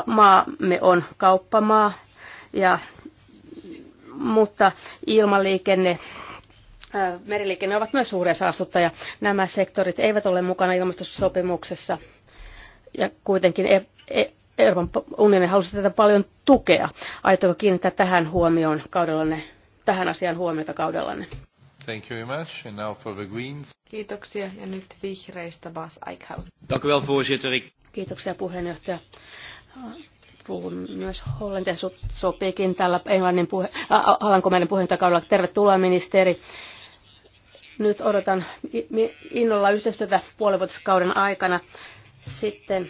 maamme on kauppamaa, ja, mutta ilmaliikenne meriliikenne ovat myös suuria saastuttaja. Nämä sektorit eivät ole mukana ilmastosopimuksessa ja kuitenkin e- e- Euroopan unioni halusi tätä paljon tukea. Aitoko kiinnittää tähän huomioon kaudellanne, tähän asiaan huomiota kaudellanne? Thank you very much. And now for the Greens. Kiitoksia. Ja nyt vihreistä Bas Eichhau. Dank wel, voorzitter. Kiitoksia puheenjohtaja puhun myös hollantia, sopiikin tällä englannin puhe, alankomainen puheenjohtajakaudella. Tervetuloa ministeri. Nyt odotan innolla yhteistyötä puolivuotiskauden aikana. Sitten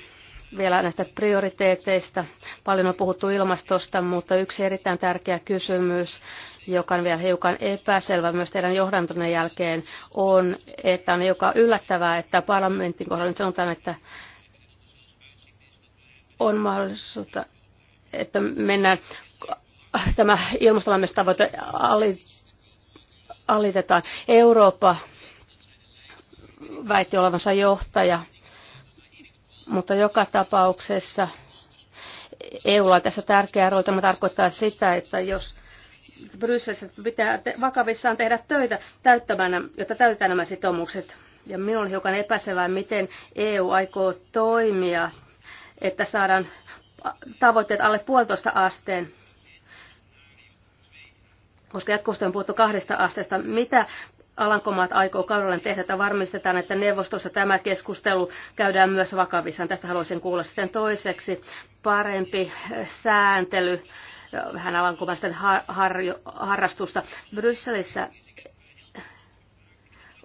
vielä näistä prioriteeteista. Paljon on puhuttu ilmastosta, mutta yksi erittäin tärkeä kysymys, joka on vielä hiukan epäselvä myös teidän johdantonne jälkeen, on, että on joka yllättävää, että parlamentin kohdalla nyt sanotaan, että on mahdollisuutta, että mennään tämä ilmastolämmitystavoite alitetaan. Eurooppa väitti olevansa johtaja, mutta joka tapauksessa EUlla on tässä tärkeä rooli. Tämä tarkoittaa sitä, että jos Brysselissä pitää te- vakavissaan tehdä töitä täyttämään, jotta täytetään nämä sitoumukset. Ja minulla on hiukan epäselvää, miten EU aikoo toimia, että saadaan tavoitteet alle puolitoista asteen koska jatkuvasti on puhuttu kahdesta asteesta. Mitä Alankomaat aikoo kaudella tehdä, että varmistetaan, että neuvostossa tämä keskustelu käydään myös vakavissaan. Tästä haluaisin kuulla sitten toiseksi. Parempi sääntely äh, vähän alankomaisten harjo, harrastusta. Brysselissä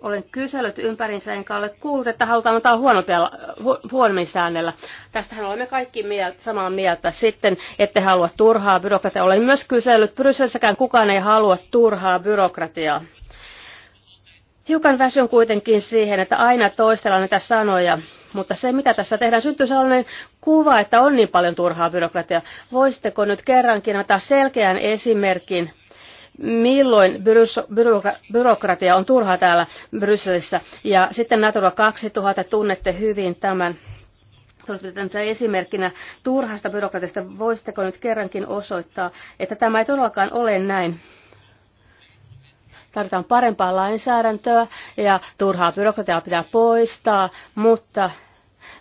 olen kysellyt ympärinsä, enkä ole kuullut, että halutaan antaa huonompia, huonommin säännellä. Tästähän olemme kaikki mieltä, samaa mieltä. Sitten, ette halua turhaa byrokratiaa. Olen myös kysellyt, Brysselissäkään kukaan ei halua turhaa byrokratiaa. Hiukan väsyn kuitenkin siihen, että aina toistellaan näitä sanoja, mutta se mitä tässä tehdään, syntyy sellainen kuva, että on niin paljon turhaa byrokratiaa. Voisitteko nyt kerrankin antaa selkeän esimerkin milloin byrokratia on turha täällä Brysselissä. Ja sitten Natura 2000, tunnette hyvin tämän esimerkkinä turhasta byrokratista. Voisitteko nyt kerrankin osoittaa, että tämä ei todellakaan ole näin? Tarvitaan parempaa lainsäädäntöä ja turhaa byrokratiaa pitää poistaa, mutta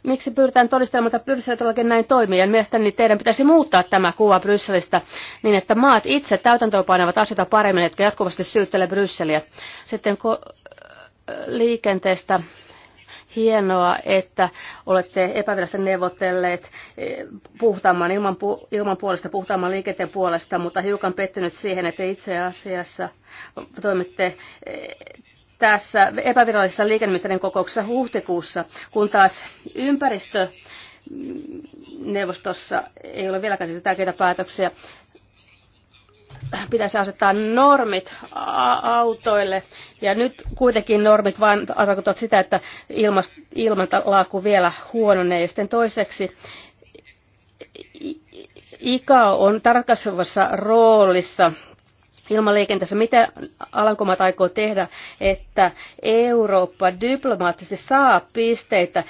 miksi pyritään todistamaan, että Bryssel todellakin näin toimii. Ja mielestäni teidän pitäisi muuttaa tämä kuva Brysselistä niin, että maat itse täytäntöönpanevat asioita paremmin, jotka jatkuvasti syyttelee Brysseliä. Sitten liikenteestä hienoa, että olette epävirallisesti neuvotelleet eh, puhtaamaan ilman, pu, ilman puolesta, puhtaamaan liikenteen puolesta, mutta hiukan pettynyt siihen, että itse asiassa toimitte eh, tässä epävirallisessa liikenneministerin kokouksessa huhtikuussa, kun taas ympäristöneuvostossa ei ole vielä käytetty tärkeitä päätöksiä. Pitäisi asettaa normit autoille, ja nyt kuitenkin normit vain tarkoittavat sitä, että ilmanlaaku vielä huononee. Ja sitten toiseksi ICAO on tarkastavassa roolissa ilmaliikenteessä. Mitä Alankomaat aikoo tehdä, että Eurooppa diplomaattisesti saa pisteitä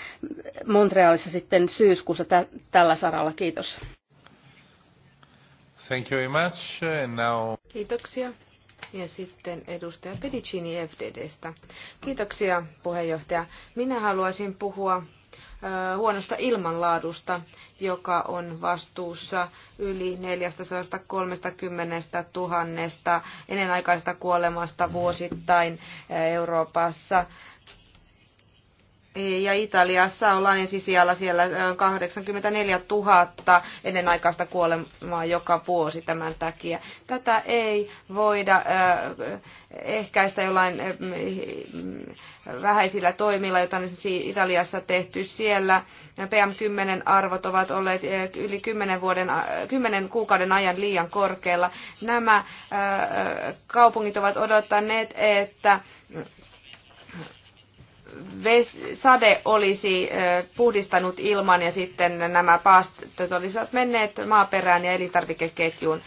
Montrealissa sitten syyskuussa tä- tällä saralla? Kiitos. Thank you very much. And now... Kiitoksia. Ja sitten edustaja Pedicini FDDstä. Kiitoksia puheenjohtaja. Minä haluaisin puhua huonosta ilmanlaadusta, joka on vastuussa yli 430 000 ennenaikaista kuolemasta vuosittain Euroopassa ja Italiassa ollaan ensisijalla siellä 84 000 ennenaikaista kuolemaa joka vuosi tämän takia. Tätä ei voida ehkäistä jollain vähäisillä toimilla, joita on Italiassa tehty siellä. PM10-arvot ovat olleet yli 10, vuoden, 10 kuukauden ajan liian korkealla. Nämä kaupungit ovat odottaneet, että sade olisi puhdistanut ilman ja sitten nämä päästöt olisivat menneet maaperään ja elintarvikeketjuun.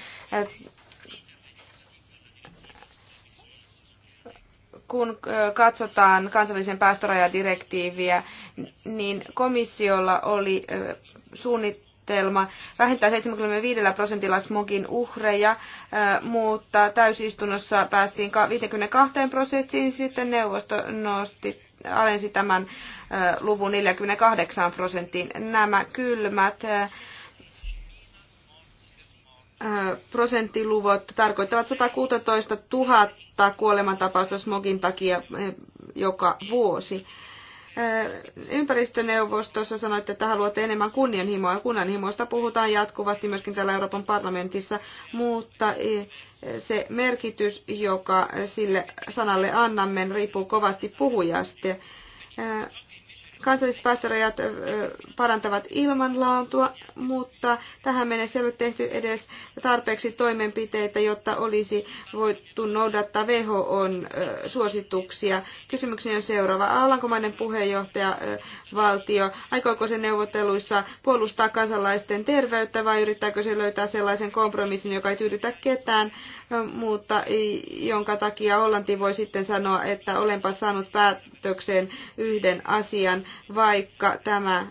kun katsotaan kansallisen päästörajadirektiiviä, niin komissiolla oli suunnitelma vähintään 75 prosentilla smogin uhreja, mutta täysistunnossa päästiin 52 prosenttiin, niin sitten neuvosto nosti alensi tämän luvun 48 prosenttiin. Nämä kylmät prosenttiluvut tarkoittavat 116 000 kuolemantapausta smogin takia joka vuosi ympäristöneuvostossa sanoitte, että haluatte enemmän kunnianhimoa. Ja kunnanhimoista puhutaan jatkuvasti myöskin täällä Euroopan parlamentissa, mutta e, se merkitys, joka sille sanalle annamme, riippuu kovasti puhujasta. Kansalliset päästörajat parantavat ilmanlaatua, mutta tähän mennessä ei ole tehty edes tarpeeksi toimenpiteitä, jotta olisi voitu noudattaa WHOn suosituksia. Kysymykseni on seuraava. Alankomainen puheenjohtaja valtio, aikooko se neuvotteluissa puolustaa kansalaisten terveyttä vai yrittääkö se löytää sellaisen kompromissin, joka ei tyydytä ketään, mutta jonka takia Hollanti voi sitten sanoa, että olenpa saanut päätökseen yhden asian vaikka tämä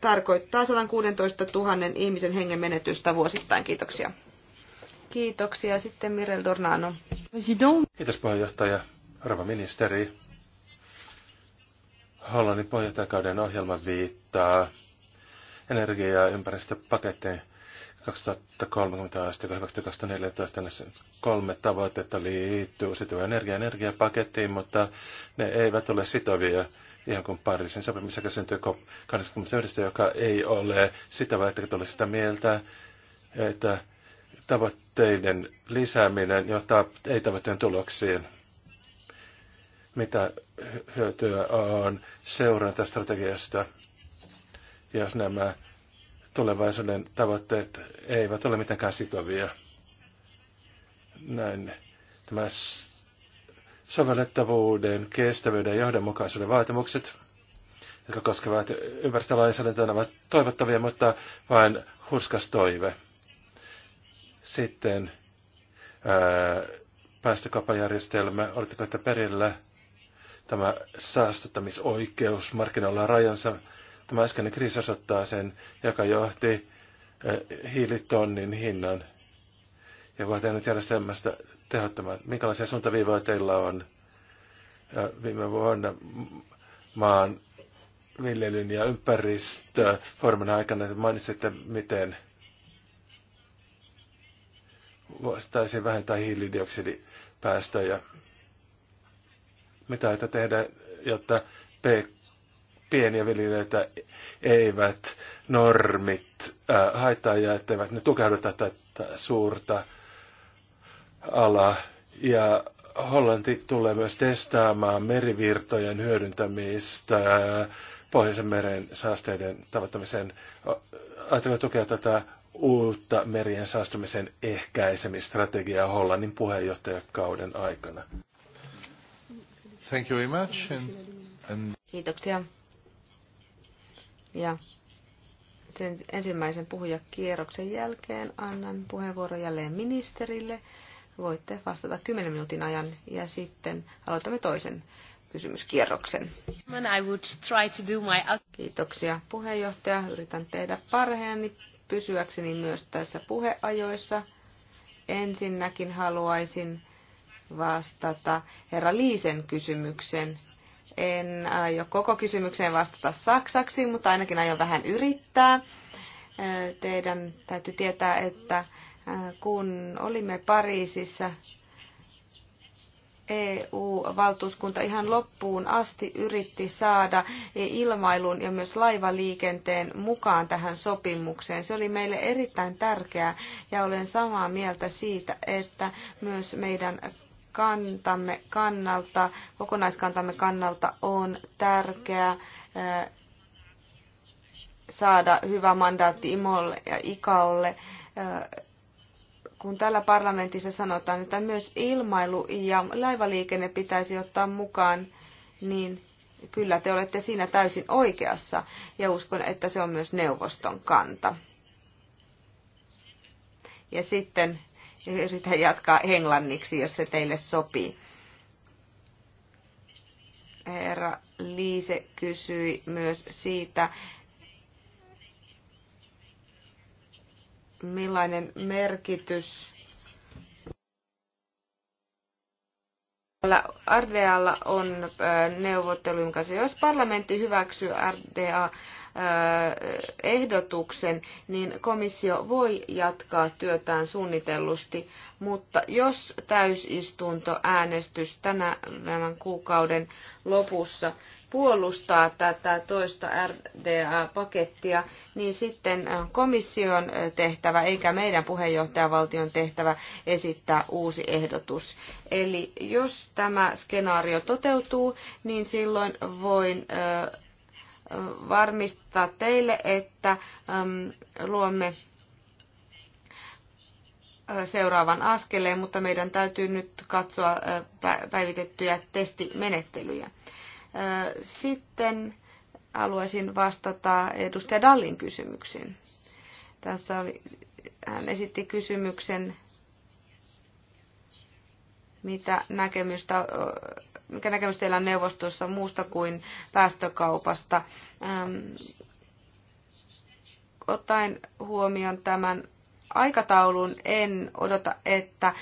tarkoittaa 116 000 ihmisen hengen menetystä vuosittain. Kiitoksia. Kiitoksia. Sitten Mirel Dornano. Kiitos puheenjohtaja, arva ministeri. Hollannin puheenjohtajakauden ohjelma viittaa energia- ja ympäristöpakettiin 2030 asti, 2014, näissä kolme tavoitetta liittyy uusiutuvan energia energiapakettiin, mutta ne eivät ole sitovia ihan kuin Pariisin sopimus, joka syntyi 21, joka ei ole sitä että ole sitä mieltä, että tavoitteiden lisääminen johtaa ei-tavoitteen tuloksiin. Mitä hyötyä on seurantastrategiasta, jos nämä tulevaisuuden tavoitteet eivät ole mitenkään sitovia? Näin tämä sovellettavuuden, kestävyyden ja johdonmukaisuuden vaatimukset, jotka koskevat ympäristölainsäädäntöä, ovat toivottavia, mutta vain hurskas toive. Sitten ää, päästökauppajärjestelmä, oletteko että perillä tämä saastuttamisoikeus markkinoilla rajansa? Tämä äskeinen kriisi osoittaa sen, joka johti ää, hiilitonnin hinnan ja voi tehdä järjestelmästä tehottomat. Minkälaisia suuntaviivoja teillä on viime vuonna maan viljelyn ja ympäristöformen aikana? Mainitsitte, miten voitaisiin vähentää hiilidioksidipäästöjä. Mitä että tehdä, jotta pieniä viljelijöitä eivät normit äh, haittaa ja etteivät ne tukehduta tätä suurta ala ja Hollanti tulee myös testaamaan merivirtojen hyödyntämistä Pohjoisen meren saasteiden tavoittamiseen. Ajatteko tukea tätä uutta merien saastumisen ehkäisemistrategiaa Hollannin puheenjohtajakauden aikana? Thank you very much. And, and... Kiitoksia. Ja sen ensimmäisen puhujakierroksen jälkeen annan puheenvuoron jälleen ministerille. Voitte vastata 10 minuutin ajan ja sitten aloitamme toisen kysymyskierroksen. Kiitoksia puheenjohtaja. Yritän tehdä parhaani pysyäkseni myös tässä puheajoissa. Ensinnäkin haluaisin vastata herra Liisen kysymykseen. En aio koko kysymykseen vastata saksaksi, mutta ainakin aion vähän yrittää. Teidän täytyy tietää, että kun olimme Pariisissa, EU-valtuuskunta ihan loppuun asti yritti saada ilmailun ja myös laivaliikenteen mukaan tähän sopimukseen. Se oli meille erittäin tärkeää ja olen samaa mieltä siitä, että myös meidän kantamme kannalta, kokonaiskantamme kannalta on tärkeää saada hyvä mandaatti Imolle ja Ikaolle kun täällä parlamentissa sanotaan, että myös ilmailu ja laivaliikenne pitäisi ottaa mukaan, niin kyllä te olette siinä täysin oikeassa ja uskon, että se on myös neuvoston kanta. Ja sitten yritän jatkaa englanniksi, jos se teille sopii. Herra Liise kysyi myös siitä, millainen merkitys Tällä RDAlla on neuvottelujen kanssa. Jos parlamentti hyväksyy RDA-ehdotuksen, niin komissio voi jatkaa työtään suunnitellusti, mutta jos täysistunto äänestys tänä kuukauden lopussa puolustaa tätä toista RDA-pakettia, niin sitten äh, komission äh, tehtävä eikä meidän puheenjohtajavaltion tehtävä esittää uusi ehdotus. Eli jos tämä skenaario toteutuu, niin silloin voin äh, varmistaa teille, että luomme seuraavan askeleen, mutta meidän täytyy nyt katsoa päivitettyjä testimenettelyjä. Sitten haluaisin vastata edustaja Dallin kysymyksiin. Tässä oli, hän esitti kysymyksen, mitä näkemystä, mikä näkemys teillä on neuvostossa muusta kuin päästökaupasta. Ähm, ottaen huomioon tämän aikataulun. En odota, että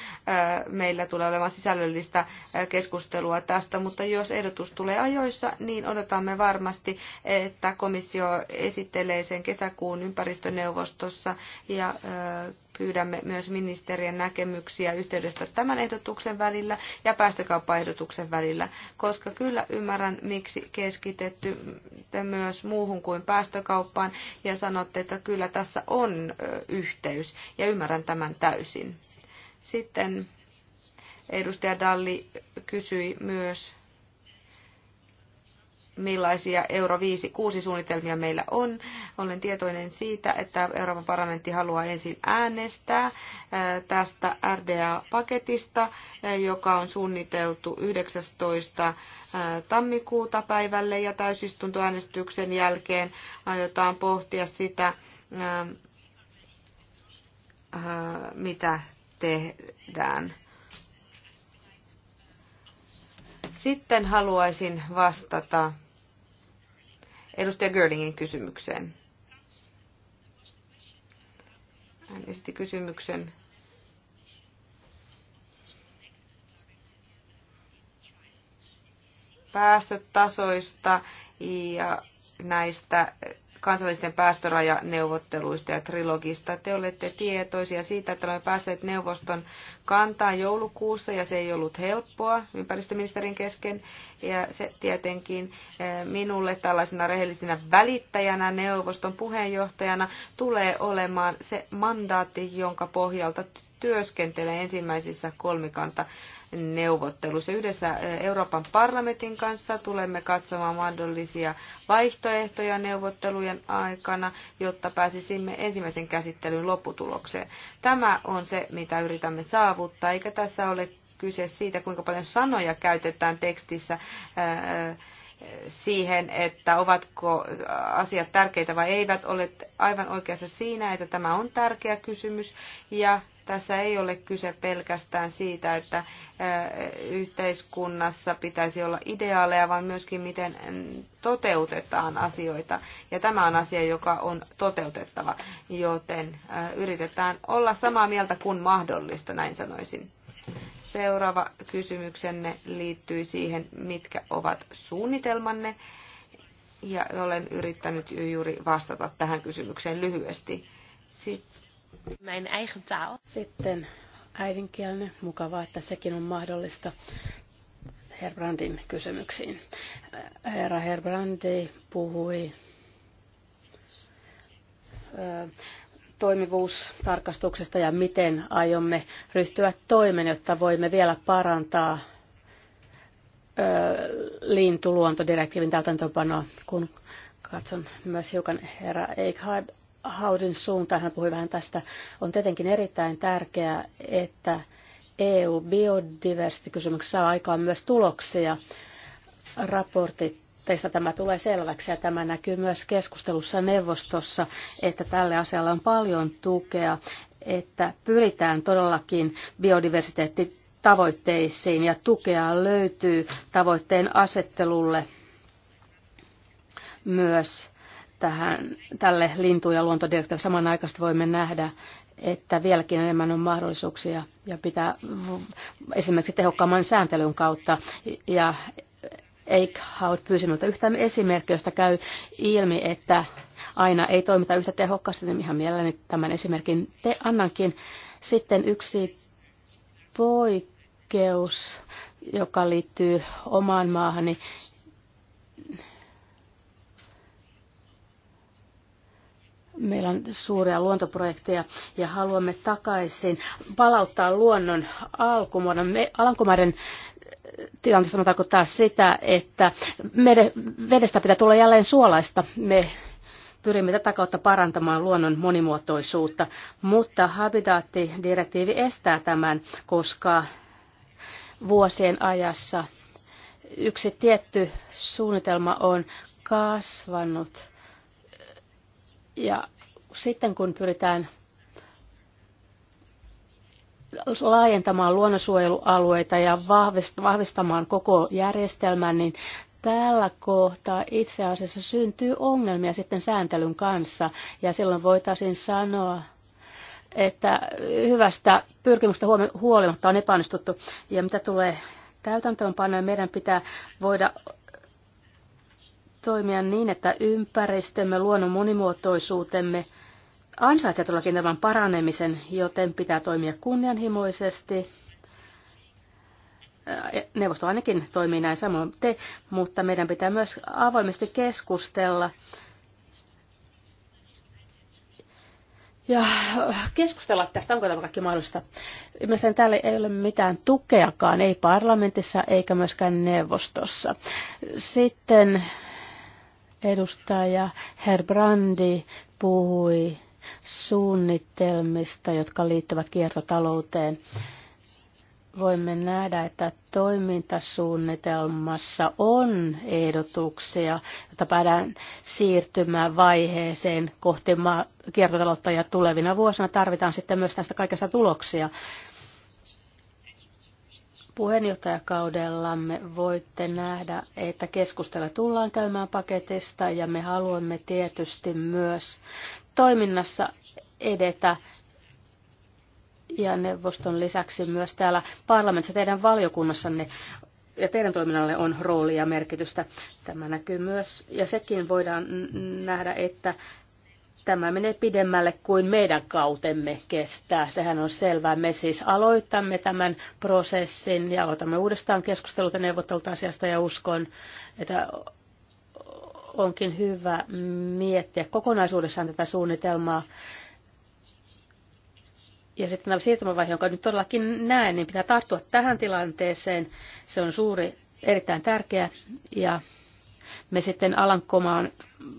meillä tulee olemaan sisällöllistä keskustelua tästä, mutta jos ehdotus tulee ajoissa, niin odotamme varmasti, että komissio esittelee sen kesäkuun ympäristöneuvostossa ja Pyydämme myös ministerien näkemyksiä yhteydestä tämän ehdotuksen välillä ja päästökauppaehdotuksen välillä, koska kyllä ymmärrän, miksi keskitetty myös muuhun kuin päästökauppaan ja sanotte, että kyllä tässä on yhteys ja ymmärrän tämän täysin. Sitten edustaja Dalli kysyi myös millaisia Euro 5-6 suunnitelmia meillä on. Olen tietoinen siitä, että Euroopan parlamentti haluaa ensin äänestää tästä RDA-paketista, joka on suunniteltu 19 tammikuuta päivälle ja täysistuntoäänestyksen jälkeen aiotaan pohtia sitä, mitä tehdään. Sitten haluaisin vastata edustaja Görlingin kysymykseen. Hän esti kysymyksen päästötasoista ja näistä kansallisten päästörajaneuvotteluista ja trilogista. Te olette tietoisia siitä, että olemme päässeet neuvoston kantaan joulukuussa ja se ei ollut helppoa ympäristöministerin kesken. Ja se tietenkin eh, minulle tällaisena rehellisenä välittäjänä, neuvoston puheenjohtajana tulee olemaan se mandaatti, jonka pohjalta työskentelee ensimmäisissä kolmikanta neuvotteluissa. Yhdessä Euroopan parlamentin kanssa tulemme katsomaan mahdollisia vaihtoehtoja neuvottelujen aikana, jotta pääsisimme ensimmäisen käsittelyn lopputulokseen. Tämä on se, mitä yritämme saavuttaa, eikä tässä ole kyse siitä, kuinka paljon sanoja käytetään tekstissä siihen, että ovatko asiat tärkeitä vai eivät. Olet aivan oikeassa siinä, että tämä on tärkeä kysymys ja tässä ei ole kyse pelkästään siitä, että yhteiskunnassa pitäisi olla ideaaleja, vaan myöskin miten toteutetaan asioita. Ja tämä on asia, joka on toteutettava, joten yritetään olla samaa mieltä kuin mahdollista, näin sanoisin. Seuraava kysymyksenne liittyy siihen, mitkä ovat suunnitelmanne. Ja olen yrittänyt juuri vastata tähän kysymykseen lyhyesti. Sitten Mijn eigen taal. Sitten äidinkielinen. Mukavaa, että sekin on mahdollista. Herbrandin kysymyksiin. Herra Herbrandi puhui toimivuustarkastuksesta ja miten aiomme ryhtyä toimen, jotta voimme vielä parantaa lintuluontodirektiivin täytäntöönpanoa, kun katson myös hiukan herra Eichhardt Haudin suuntaan, hän puhui vähän tästä, on tietenkin erittäin tärkeää, että EU-biodiversiteettikysymyksessä saa aikaan myös tuloksia. Raportit teistä tämä tulee selväksi ja tämä näkyy myös keskustelussa neuvostossa, että tälle asialle on paljon tukea, että pyritään todellakin biodiversiteetti tavoitteisiin ja tukea löytyy tavoitteen asettelulle myös tähän, tälle lintu- ja luontodirektiiville. Samanaikaisesti voimme nähdä, että vieläkin enemmän on mahdollisuuksia ja pitää esimerkiksi tehokkaamman sääntelyn kautta ja Eichhaut pyysimältä yhtään esimerkkiä, josta käy ilmi, että aina ei toimita yhtä tehokkaasti, niin ihan mielelläni tämän esimerkin te annankin. Sitten yksi poikkeus, joka liittyy omaan maahani, meillä on suuria luontoprojekteja ja haluamme takaisin palauttaa luonnon alkumuodon. Me, Alankomaiden eh, tilanteessa tarkoittaa sitä, että vedestä pitää tulla jälleen suolaista. Me pyrimme tätä kautta parantamaan luonnon monimuotoisuutta, mutta habitaattidirektiivi estää tämän, koska vuosien ajassa yksi tietty suunnitelma on kasvanut ja sitten kun pyritään laajentamaan luonnonsuojelualueita ja vahvistamaan koko järjestelmän, niin tällä kohtaa itse asiassa syntyy ongelmia sitten sääntelyn kanssa. Ja silloin voitaisiin sanoa, että hyvästä pyrkimystä huolimatta on epäonnistuttu. Ja mitä tulee täytäntöönpanoja, meidän pitää voida toimia niin, että ympäristömme, luonnon monimuotoisuutemme ansaitsee todellakin tämän paranemisen, joten pitää toimia kunnianhimoisesti. Neuvosto ainakin toimii näin samoin te, mutta meidän pitää myös avoimesti keskustella ja keskustella tästä, onko tämä kaikki mahdollista. Mielestäni täällä ei ole mitään tukeakaan, ei parlamentissa eikä myöskään neuvostossa. Sitten edustaja Herr Brandi puhui suunnitelmista, jotka liittyvät kiertotalouteen. Voimme nähdä, että toimintasuunnitelmassa on ehdotuksia, että päädään siirtymään vaiheeseen kohti kiertotaloutta ja tulevina vuosina tarvitaan sitten myös tästä kaikesta tuloksia. Puheenjohtajakaudellamme voitte nähdä, että keskustella tullaan käymään paketista ja me haluamme tietysti myös toiminnassa edetä ja neuvoston lisäksi myös täällä parlamentissa teidän valiokunnassanne ja teidän toiminnalle on roolia ja merkitystä. Tämä näkyy myös, ja sekin voidaan nähdä, että tämä menee pidemmälle kuin meidän kautemme kestää. Sehän on selvää. Me siis aloitamme tämän prosessin ja aloitamme uudestaan keskustelut ja neuvottelut asiasta ja uskon, että onkin hyvä miettiä kokonaisuudessaan tätä suunnitelmaa. Ja sitten tämä siirtymävaihe, jonka nyt todellakin näen, niin pitää tarttua tähän tilanteeseen. Se on suuri, erittäin tärkeä ja me sitten Alankomaan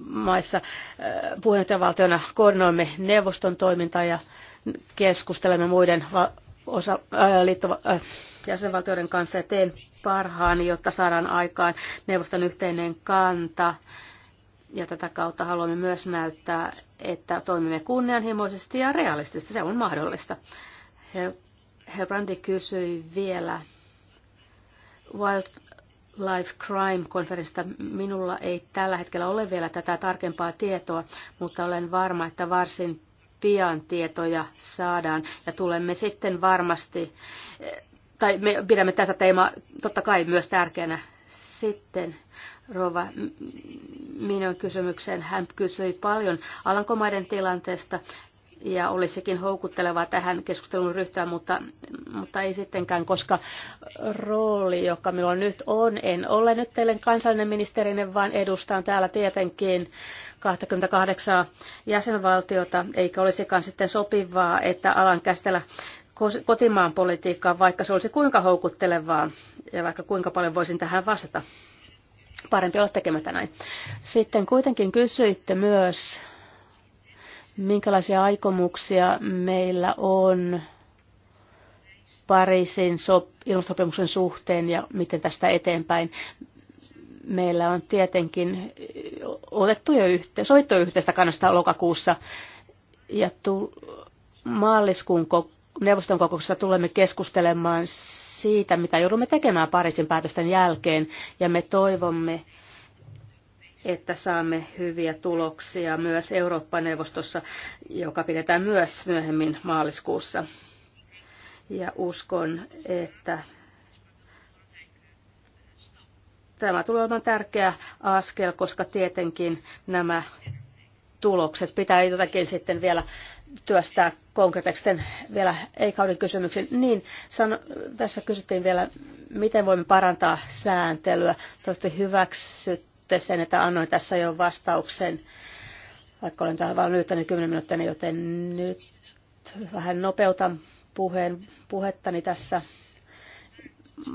maissa äh, puheenjohtajavaltiona koordinoimme neuvoston toimintaa ja keskustelemme muiden osa, ää, äh, liittova, ää, äh, jäsenvaltioiden kanssa ja teen parhaani, jotta saadaan aikaan neuvoston yhteinen kanta. Ja tätä kautta haluamme myös näyttää, että toimimme kunnianhimoisesti ja realistisesti. Se on mahdollista. Herr Brandi kysyi vielä Life Crime-konferenssista. Minulla ei tällä hetkellä ole vielä tätä tarkempaa tietoa, mutta olen varma, että varsin pian tietoja saadaan ja tulemme sitten varmasti, eh, tai me pidämme tässä teemaa totta kai myös tärkeänä sitten. Rova, minun kysymykseen hän kysyi paljon Alankomaiden tilanteesta ja olisikin houkuttelevaa tähän keskusteluun ryhtyä, mutta, mutta ei sittenkään, koska rooli, joka minulla nyt on, en ole nyt teille kansallinen ministerinen, vaan edustan täällä tietenkin 28 jäsenvaltiota, eikä olisikaan sitten sopivaa, että alan käsitellä kotimaan politiikkaa, vaikka se olisi kuinka houkuttelevaa ja vaikka kuinka paljon voisin tähän vastata. Parempi olla tekemättä näin. Sitten kuitenkin kysyitte myös minkälaisia aikomuksia meillä on Pariisin sop- ilmastosopimuksen suhteen ja miten tästä eteenpäin. Meillä on tietenkin otettu jo yhte- sovittu yhteistä kannasta lokakuussa ja tu- maaliskuun neuvoston kokouksessa tulemme keskustelemaan siitä, mitä joudumme tekemään Pariisin päätösten jälkeen ja me toivomme, että saamme hyviä tuloksia myös Eurooppa-neuvostossa, joka pidetään myös myöhemmin maaliskuussa. Ja uskon, että tämä tulee olemaan tärkeä askel, koska tietenkin nämä tulokset pitää jotakin sitten vielä työstää konkreettisten vielä ei-kauden kysymyksen. Niin, sano, tässä kysyttiin vielä, miten voimme parantaa sääntelyä. Te olette hyväksyt otteeseen, että annoin tässä jo vastauksen, vaikka olen täällä vain lyhyttänyt 10 minuuttia, joten nyt vähän nopeutan puheen, puhettani tässä.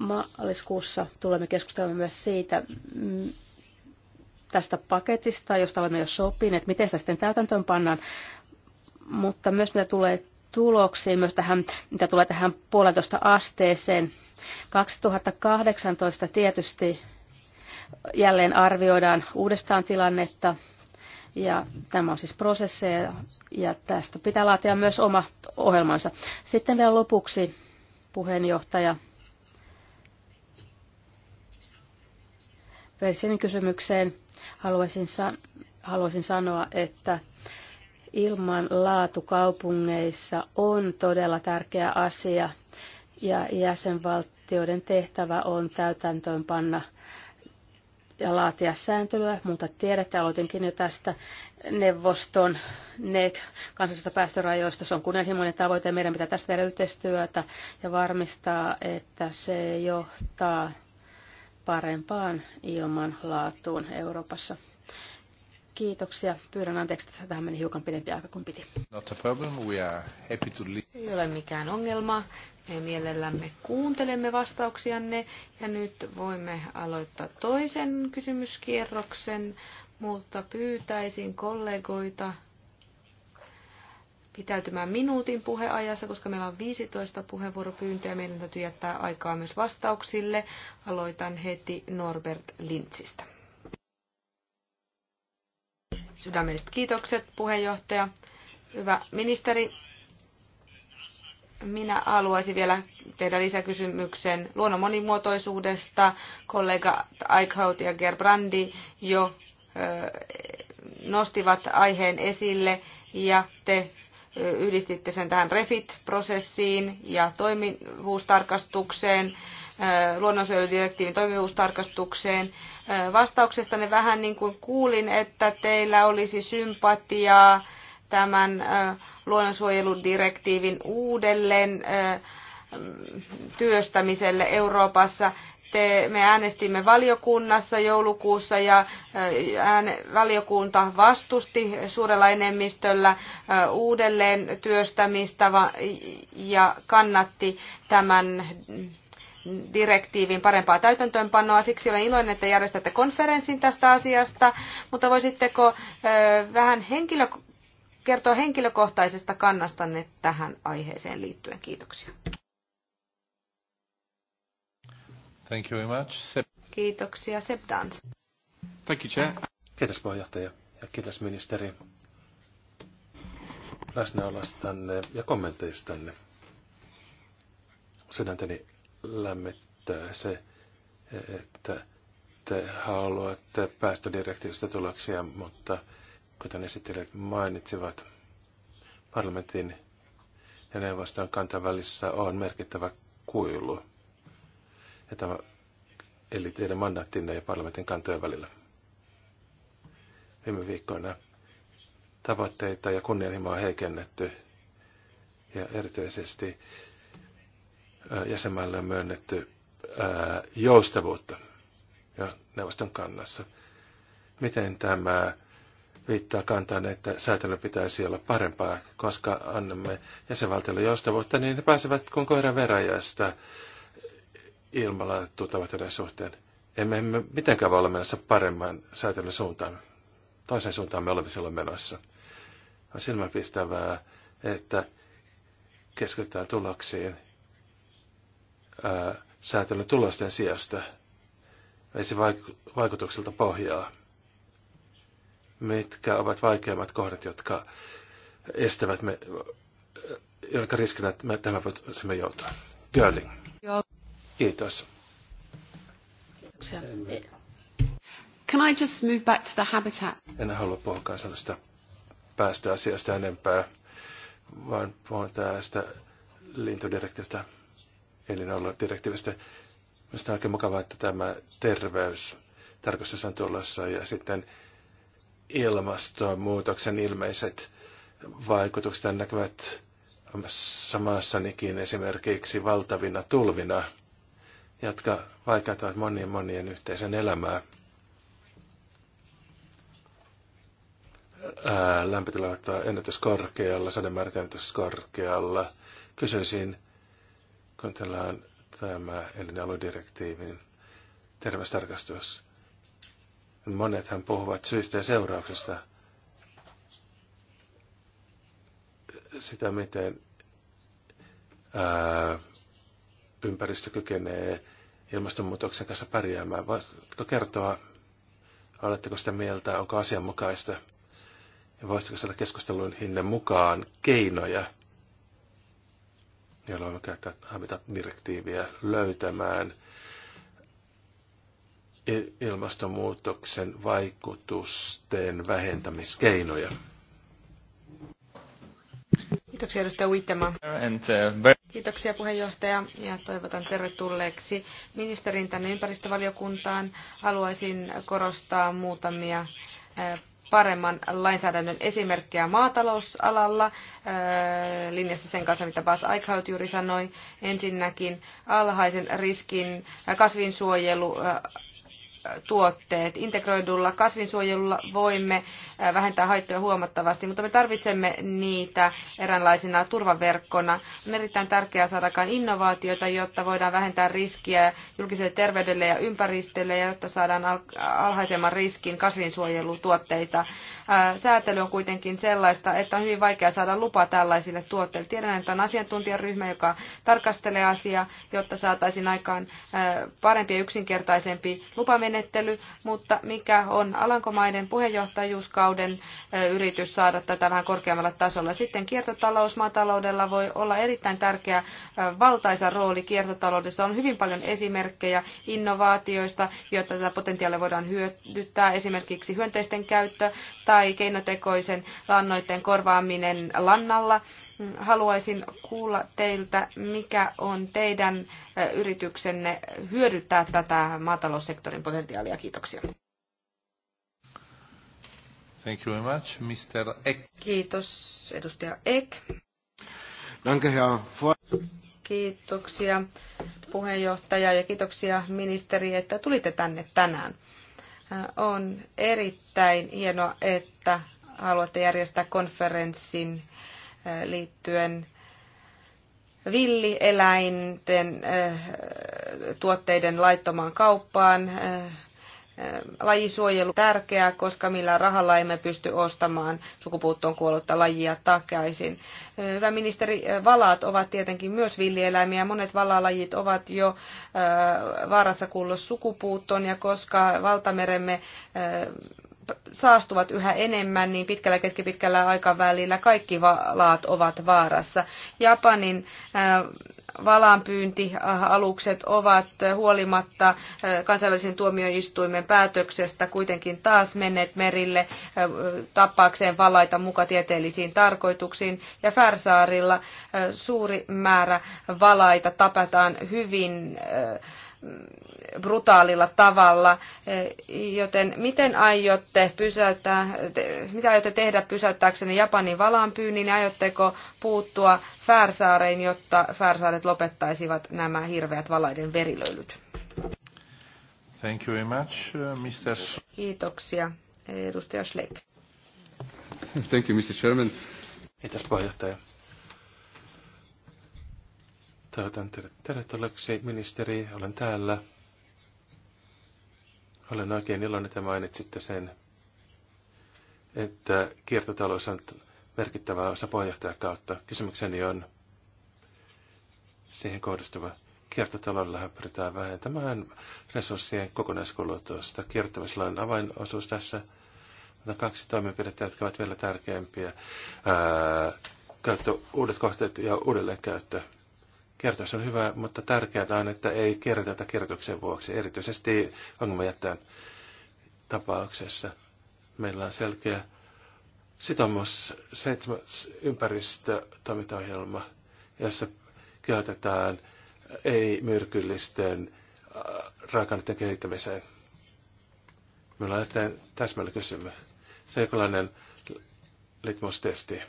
Maaliskuussa tulemme keskustelemaan myös siitä, tästä paketista, josta olemme jo sopineet, miten sitä sitten täytäntöön pannaan, mutta myös mitä tulee tuloksiin, myös tähän, mitä tulee tähän puolentoista asteeseen. 2018 tietysti jälleen arvioidaan uudestaan tilannetta. Ja tämä on siis prosesseja ja tästä pitää laatia myös oma ohjelmansa. Sitten vielä lopuksi puheenjohtaja Persinin kysymykseen haluaisin, san- haluaisin sanoa, että ilman laatu kaupungeissa on todella tärkeä asia ja jäsenvaltioiden tehtävä on täytäntöönpanna ja laatia sääntelyä, mutta tiedätte, aloitinkin jo tästä neuvoston ne kansallisista päästörajoista. Se on kunnianhimoinen tavoite ja meidän pitää tästä tehdä yhteistyötä ja varmistaa, että se johtaa parempaan laatuun Euroopassa. Kiitoksia. Pyydän anteeksi, että tähän meni hiukan pidempi aika kuin piti. Not a problem. We are happy to leave. Ei ole mikään ongelma. Me mielellämme kuuntelemme vastauksianne ja nyt voimme aloittaa toisen kysymyskierroksen, mutta pyytäisin kollegoita pitäytymään minuutin puheajassa, koska meillä on 15 puheenvuoropyyntöä. Meidän täytyy jättää aikaa myös vastauksille. Aloitan heti Norbert Lintzistä. Sydämelliset kiitokset, puheenjohtaja. Hyvä ministeri, minä haluaisin vielä tehdä lisäkysymyksen luonnon monimuotoisuudesta. Kollega Eichhout ja Gerbrandi jo nostivat aiheen esille ja te yhdistitte sen tähän REFIT-prosessiin ja toimivuustarkastukseen, luonnonsuojeludirektiivin toimivuustarkastukseen. Vastauksestanne vähän niin kuin kuulin, että teillä olisi sympatiaa tämän luonnonsuojeludirektiivin uudelleen työstämiselle Euroopassa. Te, me äänestimme valiokunnassa joulukuussa ja ääne, valiokunta vastusti suurella enemmistöllä uudelleen työstämistä ja kannatti tämän direktiivin parempaa täytäntöönpanoa. Siksi olen iloinen, että järjestätte konferenssin tästä asiasta, mutta voisitteko vähän henkilö kertoa henkilökohtaisesta kannastanne tähän aiheeseen liittyen. Kiitoksia. Thank you very much. Seb. Kiitoksia. Seb Dans. Thank you, Chair. Kiitos puheenjohtaja ja kiitos ministeri läsnäolostanne ja kommenteistanne. Sydäntäni lämmittää se, että te haluatte päästödirektiivistä tuloksia, mutta kuten esittelijät mainitsivat, parlamentin ja neuvoston kantan välissä on merkittävä kuilu. Ja tämä, eli teidän mandaattinne ja parlamentin kantojen välillä. Viime viikkoina tavoitteita ja kunnianhimoa on heikennetty ja erityisesti jäsenmaille on myönnetty joustavuutta ja neuvoston kannassa. Miten tämä viittaa kantaan, että säätely pitäisi olla parempaa, koska annamme jäsenvaltiolle joustavuutta, niin ne pääsevät kuin koira veräjästä ilmalaatutavoitteiden suhteen. Emme, me mitenkään voi olla menossa paremman säätelyn suuntaan. Toiseen suuntaan me olemme silloin menossa. On silmäpistävää, että keskitytään tuloksiin säätelyn tulosten sijasta. Ei se vaikutukselta pohjaa mitkä ovat vaikeimmat kohdat, jotka estävät me, jonka riskinä että me tähän voisimme joutua. Görling. Joo. Kiitos. Can I just move back to the habitat? En halua puhua sellaista päästöasiasta enempää, vaan puhun tästä lintudirektiivistä, elinolodirektiivistä. Minusta on oikein mukavaa, että tämä terveys tarkoitus on tulossa ja sitten ilmastonmuutoksen ilmeiset vaikutukset näkyvät samassanikin esimerkiksi valtavina tulvina, jotka vaikeuttavat monien monien yhteisen elämää. Lämpötila ottaa ennätyskorkealla, sademäärät ennätyskorkealla. Kysyisin, kun tällä on tämä elinaludirektiivin terveystarkastus, Monethan puhuvat syistä ja seurauksista. Sitä, miten ää, ympäristö kykenee ilmastonmuutoksen kanssa pärjäämään. Voisitko kertoa, oletteko sitä mieltä, onko asianmukaista? Ja voisitko saada keskustelun hinne mukaan keinoja, joilla voimme käyttää Habitat-direktiiviä löytämään – ilmastonmuutoksen vaikutusten vähentämiskeinoja. Kiitoksia edustaja Uittema. Uh, Kiitoksia puheenjohtaja ja toivotan tervetulleeksi ministerin tänne ympäristövaliokuntaan. Haluaisin korostaa muutamia äh, paremman lainsäädännön esimerkkejä maatalousalalla äh, linjassa sen kanssa, mitä Bas Eichhout juuri sanoi. Ensinnäkin alhaisen riskin kasvinsuojelu äh, tuotteet. Integroidulla kasvinsuojelulla voimme vähentää haittoja huomattavasti, mutta me tarvitsemme niitä eräänlaisena turvaverkkona. On erittäin tärkeää saadakaan innovaatioita, jotta voidaan vähentää riskiä julkiselle terveydelle ja ympäristölle ja jotta saadaan alhaisemman riskin kasvinsuojelutuotteita. Säätely on kuitenkin sellaista, että on hyvin vaikea saada lupa tällaisille tuotteille. Tiedän, että on asiantuntijaryhmä, joka tarkastelee asiaa, jotta saataisiin aikaan parempi ja yksinkertaisempi lupamenettely menettely, mutta mikä on Alankomaiden puheenjohtajuuskauden yritys saada tätä vähän korkeammalla tasolla. Sitten kiertotalous maataloudella voi olla erittäin tärkeä valtaisa rooli kiertotaloudessa. On hyvin paljon esimerkkejä innovaatioista, joita tätä potentiaalia voidaan hyödyttää, esimerkiksi hyönteisten käyttö tai keinotekoisen lannoitteen korvaaminen lannalla – haluaisin kuulla teiltä, mikä on teidän yrityksenne hyödyttää tätä maataloussektorin potentiaalia. Kiitoksia. Thank you very much, Mr. Ek. Kiitos, edustaja Ek. Danke, Herr Kiitoksia puheenjohtaja ja kiitoksia ministeri, että tulitte tänne tänään. On erittäin hienoa, että haluatte järjestää konferenssin liittyen villieläinten tuotteiden laittomaan kauppaan. Lajisuojelu on tärkeää, koska millään rahalla emme pysty ostamaan sukupuuttoon kuollutta lajia takaisin. Hyvä ministeri, valaat ovat tietenkin myös villieläimiä. Monet valalajit ovat jo vaarassa kuulla sukupuuttoon ja koska valtameremme saastuvat yhä enemmän, niin pitkällä keskipitkällä aikavälillä kaikki valaat ovat vaarassa. Japanin valaanpyyntialukset ovat huolimatta kansainvälisen tuomioistuimen päätöksestä kuitenkin taas menneet merille tappaakseen valaita mukatieteellisiin tarkoituksiin. Ja Färsaarilla suuri määrä valaita tapataan hyvin brutaalilla tavalla. Joten miten aiotte pysäyttää, mitä aiotte tehdä pysäyttääksenne Japanin valaanpyynnin ja aiotteko puuttua Färsaareen, jotta Färsaaret lopettaisivat nämä hirveät valaiden verilöylyt? Thank you very much, uh, Mr. Kiitoksia, edustaja Schleck. Thank you, Mr. Chairman. Kiitos puheenjohtaja. Toivotan teidät tervetulleeksi, ministeri. Olen täällä. Olen oikein iloinen, että mainitsitte sen, että kiertotalous on merkittävä osa kautta. Kysymykseni on siihen kohdistuva. Kiertotaloudellahan pyritään vähentämään resurssien kokonaiskulutusta. Kiertotaloudellisella on avainosuus tässä. Mutta kaksi toimenpidettä, jotka ovat vielä tärkeämpiä. Ää, käyttö, uudet kohteet ja uudelleenkäyttö. Kertomus on hyvä, mutta tärkeää on, että ei kerrota kertomuksen vuoksi, erityisesti ongelmajättäjän tapauksessa. Meillä on selkeä sitomus seitsemäs ympäristötoimintaohjelma, jossa käytetään ei-myrkyllisten äh, raaka kehittämiseen. Meillä on erittäin täsmällä kysymys. Se on litmustesti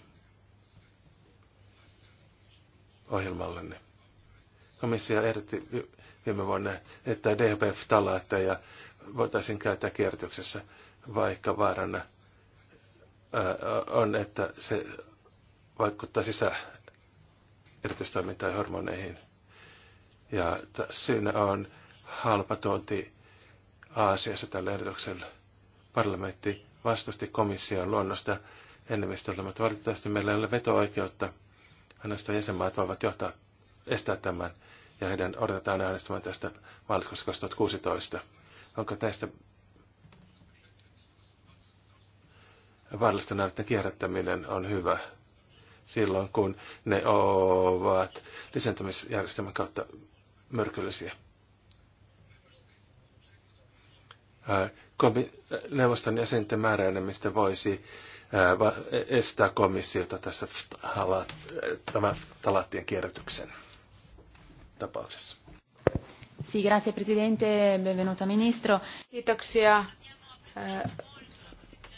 ohjelmallenne. Komissio ehdotti viime vuonna, että DHPF-talaatteja voitaisiin käyttää kierrätyksessä, vaikka vaarana on, että se vaikuttaa sisä erityistoimintaan ja hormoneihin. Ja syynä on halpa tuonti Aasiassa tällä ehdotuksella. Parlamentti vastusti komission luonnosta enemmistöllä, mutta valitettavasti meillä ei ole veto-oikeutta. Ainoastaan jäsenmaat voivat johtaa estää tämän ja heidän odotetaan äänestämään tästä maaliskuussa 2016. Onko tästä vaarallisten aineiden kierrättäminen on hyvä silloin, kun ne ovat lisääntymisjärjestelmän kautta myrkyllisiä? Neuvoston jäsenten määräenemmistö voisi estää komissiota tässä tämän talattien kierrätyksen tapauksessa. Sì, grazie Presidente, benvenuta Ministro. Kiitoksia eh,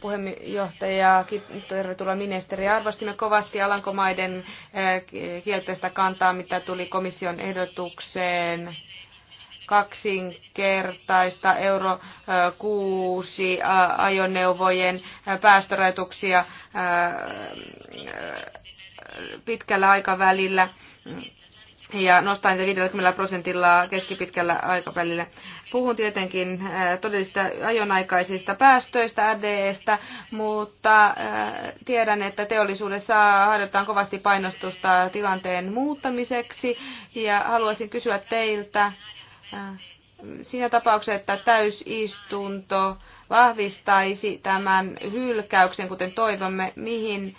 puheenjohtaja, tervetuloa ministeri. Arvostimme kovasti Alankomaiden eh, kielteistä kantaa, mitä tuli komission ehdotukseen kaksinkertaista euro 6 eh, ajoneuvojen päästörajoituksia pitkällä aikavälillä ja nostaa niitä 50 prosentilla keskipitkällä aikavälillä. Puhun tietenkin äh, todellisista ajonaikaisista päästöistä, RDEstä, mutta äh, tiedän, että teollisuudessa harjoitetaan kovasti painostusta tilanteen muuttamiseksi ja haluaisin kysyä teiltä äh, siinä tapauksessa, että täysistunto vahvistaisi tämän hylkäyksen, kuten toivomme, mihin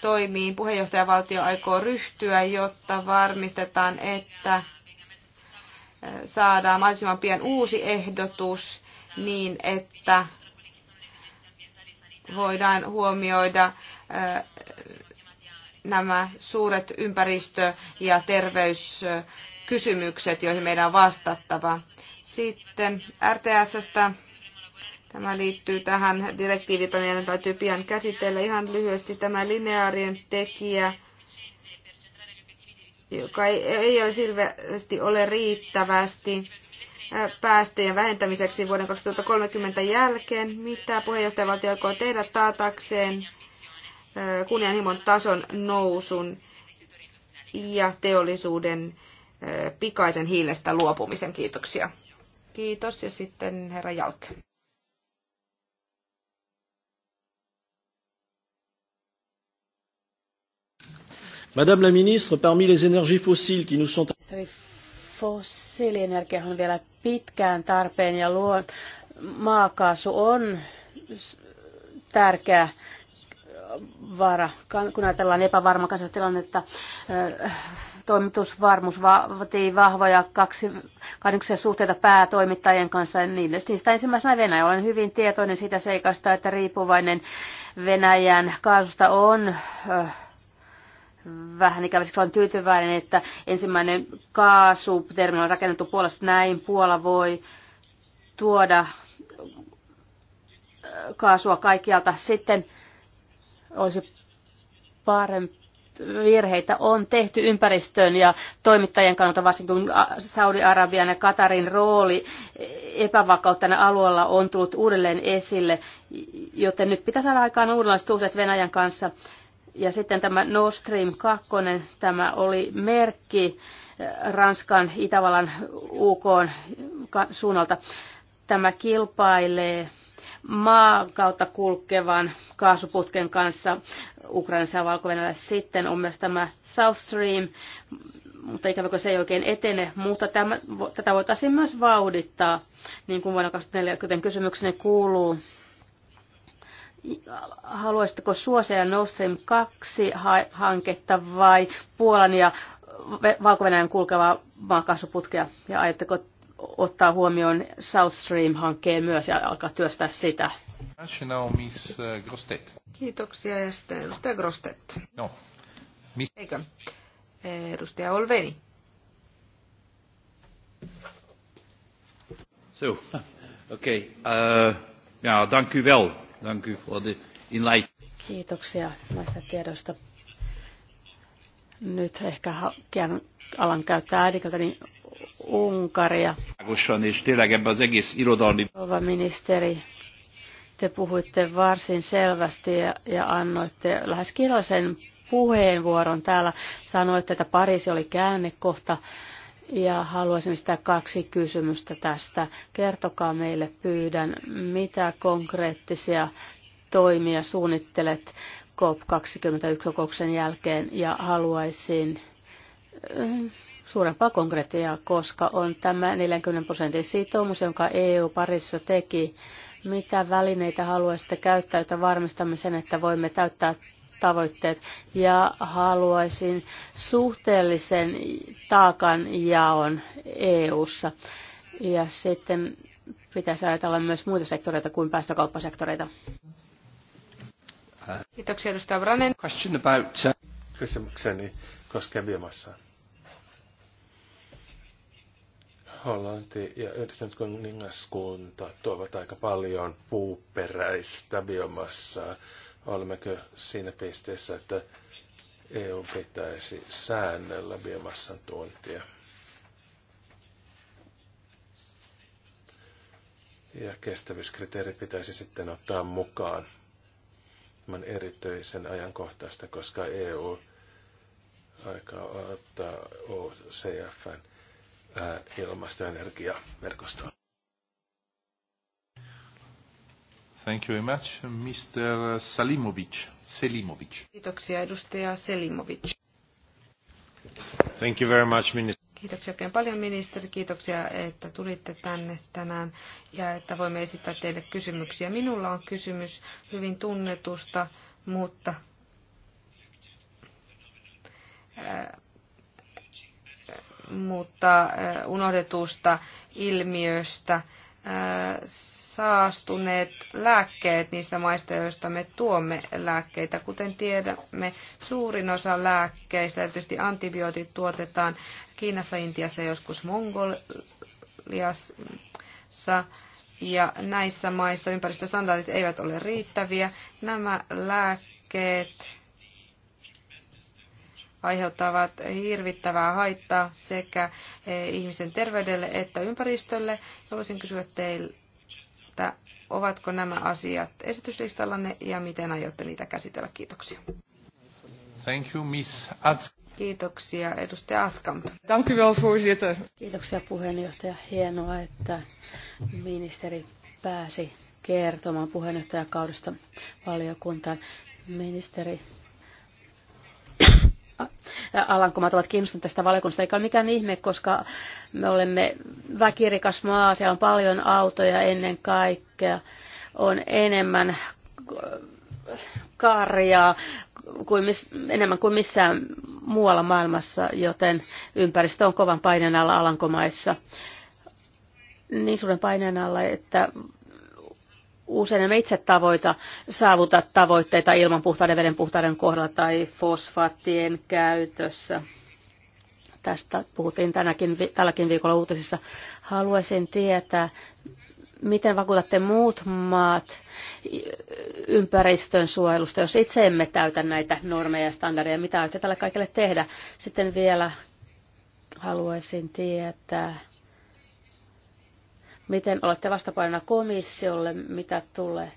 toimiin puheenjohtajavaltio aikoo ryhtyä, jotta varmistetaan, että saadaan mahdollisimman pian uusi ehdotus niin, että voidaan huomioida nämä suuret ympäristö- ja terveyskysymykset, joihin meidän on vastattava. Sitten RTSstä Tämä liittyy tähän direktiivit on meidän täytyy pian käsitellä. Ihan lyhyesti tämä lineaarien tekijä, joka ei, ei ole silvästi ole riittävästi päästöjen vähentämiseksi vuoden 2030 jälkeen. Mitä puheenjohtajavaltio aikoo tehdä taatakseen kunnianhimon tason nousun ja teollisuuden pikaisen hiilestä luopumisen? Kiitoksia. Kiitos ja sitten herra Jalke. Madame la ministre, parmi les énergies fossiles qui nous sont... Fossiilienergia on vielä pitkään tarpeen ja luon, maakaasu on tärkeä vara, kun ajatellaan epävarma kansantilannetta, toimitusvarmuus vaatii vahvoja kaksi, kahdeksan suhteita päätoimittajien kanssa. Niin, niistä ensimmäisenä Venäjä. Olen hyvin tietoinen siitä seikasta, että riippuvainen Venäjän kaasusta on äh, vähän ikävästi olen tyytyväinen, että ensimmäinen kaasuterminaali on rakennettu Puolasta näin. Puola voi tuoda äh, kaasua kaikkialta. Sitten olisi parempi virheitä on tehty ympäristön ja toimittajien kannalta, varsinkin Saudi-Arabian ja Katarin rooli epävakauttana alueella on tullut uudelleen esille, joten nyt pitää saada aikaan uudenlaiset suhteet Venäjän kanssa ja sitten tämä Nord Stream 2, tämä oli merkki eh, Ranskan, Itävallan, UK suunnalta. Tämä kilpailee maan kautta kulkevan kaasuputken kanssa Ukrainassa ja valko sitten on myös tämä South Stream, mutta ikäväkö se ei oikein etene, mutta tämä, tätä voitaisiin myös vauhdittaa, niin kuin vuonna 2040 kysymykseni kuuluu, haluaisitteko suosia Nord Stream 2-hanketta vai Puolan ja valko kulkevaa maakaasuputkea? Ja aiotteko ottaa huomioon South Stream-hankkeen myös ja alkaa työstää sitä? Uh, Kiitoksia ja sitten edustaja Grostet. No. Mis- Eikö? Edustaja Olveni. So, okei. Okay. Uh, ja, dank u wel. Thank you for the Kiitoksia näistä tiedoista. Nyt ehkä alan käyttää äidikältä niin Unkaria. Rouva ministeri, te puhuitte varsin selvästi ja, ja annoitte lähes kirjallisen puheenvuoron täällä. Sanoitte, että Pariisi oli käännekohta. kohta ja haluaisin sitä kaksi kysymystä tästä. Kertokaa meille pyydän, mitä konkreettisia toimia suunnittelet COP21-kokouksen jälkeen ja haluaisin äh, suurempaa konkreettia, koska on tämä 40 prosentin sitoumus, jonka EU parissa teki. Mitä välineitä haluaisitte käyttää, jotta varmistamme sen, että voimme täyttää tavoitteet ja haluaisin suhteellisen taakan jaon EU-ssa. Ja sitten pitäisi ajatella myös muita sektoreita kuin päästökauppasektoreita. Kiitoksia edustaja Vranen. Question about, uh, kysymykseni koskee biomassaa. Hollanti ja yhdistynyt kuningaskunta tuovat aika paljon puuperäistä biomassaa olemmeko siinä pisteessä, että EU pitäisi säännellä biomassan tuontia. Ja kestävyyskriteeri pitäisi sitten ottaa mukaan. tämän erityisen ajankohtaista, koska EU aikaa ottaa OCFn ilmasto- ja energiaverkostoa. Thank you very much. Mr. Salimovic. Selimovic. Kiitoksia edustaja Selimovic. Thank you very much, minister. Kiitoksia oikein paljon ministeri, kiitoksia, että tulitte tänne tänään ja että voimme esittää teille kysymyksiä. Minulla on kysymys hyvin tunnetusta, mutta äh, mutta äh, unohdetusta ilmiöstä. Äh, saastuneet lääkkeet niistä maista, joista me tuomme lääkkeitä. Kuten tiedämme, suurin osa lääkkeistä, erityisesti antibiootit, tuotetaan Kiinassa, Intiassa ja joskus Mongoliassa. Ja näissä maissa ympäristöstandardit eivät ole riittäviä. Nämä lääkkeet aiheuttavat hirvittävää haittaa sekä eh, ihmisen terveydelle että ympäristölle. Haluaisin kysyä että ovatko nämä asiat esityslistallanne ja miten aiotte niitä käsitellä. Kiitoksia. Thank you, Miss Ats- Kiitoksia, edustaja Askamp. voorzitter. Kiitoksia puheenjohtaja. Hienoa, että ministeri pääsi kertomaan puheenjohtajakaudesta valiokuntaan. Ministeri Alankomaat ovat kiinnostuneet tästä valiokunnasta, eikä ole mikään ihme, koska me olemme väkirikas maa, siellä on paljon autoja ennen kaikkea, on enemmän karjaa kuin mis, enemmän kuin missään muualla maailmassa, joten ympäristö on kovan paineen alla Alankomaissa. Niin suuren paineen alla, että usein emme itse tavoita, saavuta tavoitteita ilman puhtaiden veden puhtaiden kohdalla tai fosfaattien käytössä. Tästä puhuttiin tänäkin, tälläkin viikolla uutisissa. Haluaisin tietää, miten vakuutatte muut maat ympäristön suojelusta, jos itse emme täytä näitä normeja ja standardeja, mitä aiotte tällä kaikille tehdä. Sitten vielä haluaisin tietää, Miten olette vastapainona komissiolle, mitä tulee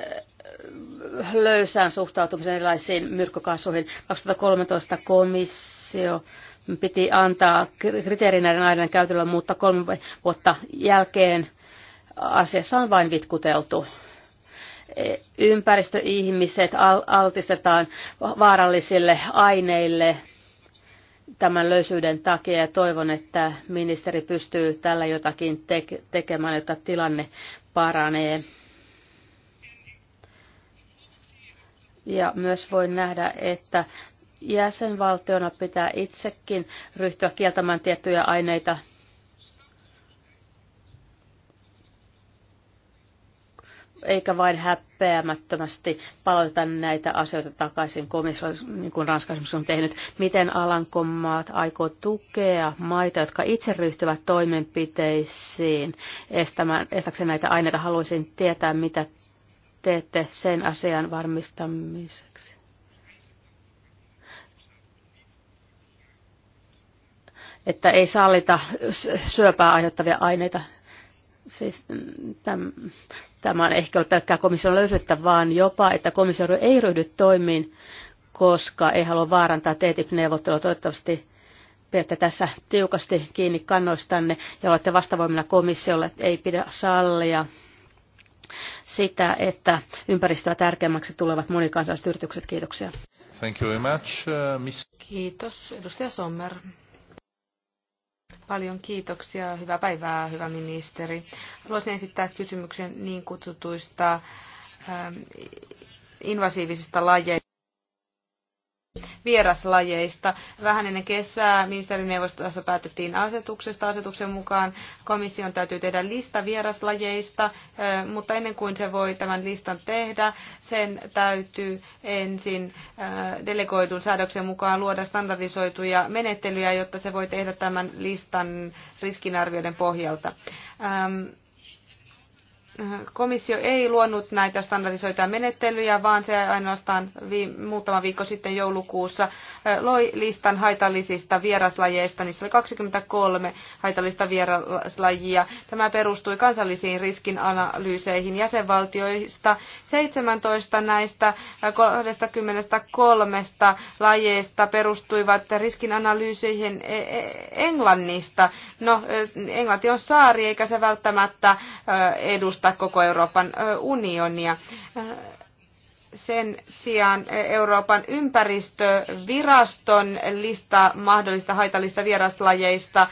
äh, löysään suhtautumisen erilaisiin myrkkykaasuihin. 2013 komissio piti antaa kriteeri näiden aineiden käytölle, mutta kolme vuotta jälkeen asiassa on vain vitkuteltu. E, ympäristöihmiset altistetaan vaarallisille aineille tämän löysyyden takia ja toivon, että ministeri pystyy tällä jotakin tekemään, jotta tilanne paranee. Ja myös voin nähdä, että jäsenvaltiona pitää itsekin ryhtyä kieltämään tiettyjä aineita eikä vain häpeämättömästi palauteta näitä asioita takaisin komissiolle, niin kuin Ranska on tehnyt. Miten Alankomaat aikoo tukea maita, jotka itse ryhtyvät toimenpiteisiin estämään, estäkseen näitä aineita? Haluaisin tietää, mitä teette sen asian varmistamiseksi. Että ei sallita syöpää aiheuttavia aineita Siis täm, tämä on ehkä ollut pelkkää komission löysyyttä, vaan jopa, että komissio ei ryhdy toimiin, koska ei halua vaarantaa TTIP-neuvottelua. Toivottavasti pidätte tässä tiukasti kiinni kannoistanne ja olette vastavoimina komissiolle, että ei pidä sallia sitä, että ympäristöä tärkeämmäksi tulevat monikansalliset yritykset. Kiitoksia. Thank you very much, uh, miss... Kiitos. Edustaja Sommer. Paljon kiitoksia. Hyvää päivää, hyvä ministeri. Haluaisin esittää kysymyksen niin kutsutuista ähm, invasiivisista lajeista vieraslajeista. Vähän ennen kesää ministerineuvostossa päätettiin asetuksesta. Asetuksen mukaan komission täytyy tehdä lista vieraslajeista, mutta ennen kuin se voi tämän listan tehdä, sen täytyy ensin delegoidun säädöksen mukaan luoda standardisoituja menettelyjä, jotta se voi tehdä tämän listan riskinarvioiden pohjalta komissio ei luonut näitä standardisoituja menettelyjä, vaan se ainoastaan muutama viikko sitten joulukuussa loi listan haitallisista vieraslajeista. Niissä oli 23 haitallista vieraslajia. Tämä perustui kansallisiin riskinanalyyseihin jäsenvaltioista. 17 näistä 23 lajeista perustuivat riskinalyyseihin e- e- Englannista. No, Englanti on saari, eikä se välttämättä edusta puolustaa koko Euroopan unionia. Sen sijaan Euroopan ympäristöviraston lista mahdollista haitallista vieraslajeista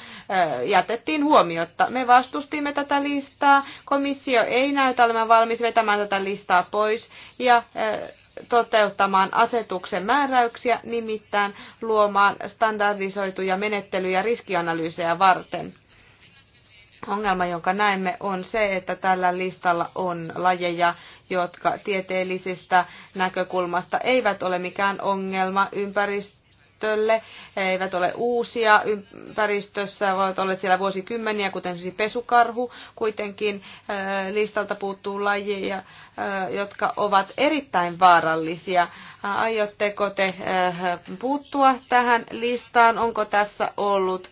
jätettiin huomiotta. Me vastustimme tätä listaa, komissio ei näytä olevan valmis vetämään tätä listaa pois ja toteuttamaan asetuksen määräyksiä, nimittäin luomaan standardisoituja menettelyjä riskianalyysejä varten. Ongelma, jonka näemme, on se, että tällä listalla on lajeja, jotka tieteellisestä näkökulmasta eivät ole mikään ongelma ympäristölle, eivät ole uusia ympäristössä, ovat olleet siellä vuosikymmeniä, kuten esimerkiksi pesukarhu. Kuitenkin listalta puuttuu lajeja, jotka ovat erittäin vaarallisia. Aiotteko te puuttua tähän listaan? Onko tässä ollut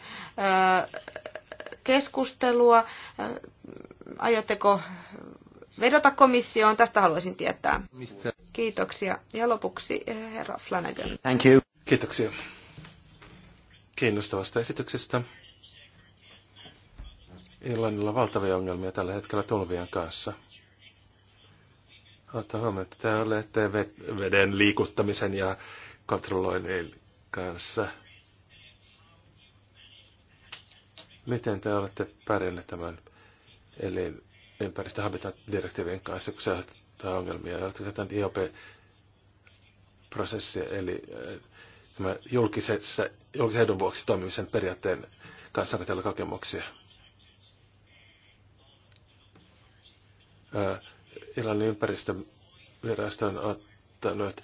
keskustelua. Äh, aiotteko vedota komissioon? Tästä haluaisin tietää. Mistä? Kiitoksia. Ja lopuksi eh, herra Flanagan. Thank you. Kiitoksia kiinnostavasta esityksestä. Irlannilla on valtavia ongelmia tällä hetkellä tulvien kanssa. Ottaa huomioon, että olette veden liikuttamisen ja kontrolloinnin kanssa. Miten te olette pärjänneet tämän eli ympäristöhabitat-direktiivin kanssa, kun se aiheuttaa ongelmia? Oletteko tämän IOP-prosessia, eli eh, tämän julkisessa, julkisen edun vuoksi toimimisen periaatteen kanssa, onko teillä kokemuksia? Eh, Ilan ympäristövirasto on ottanut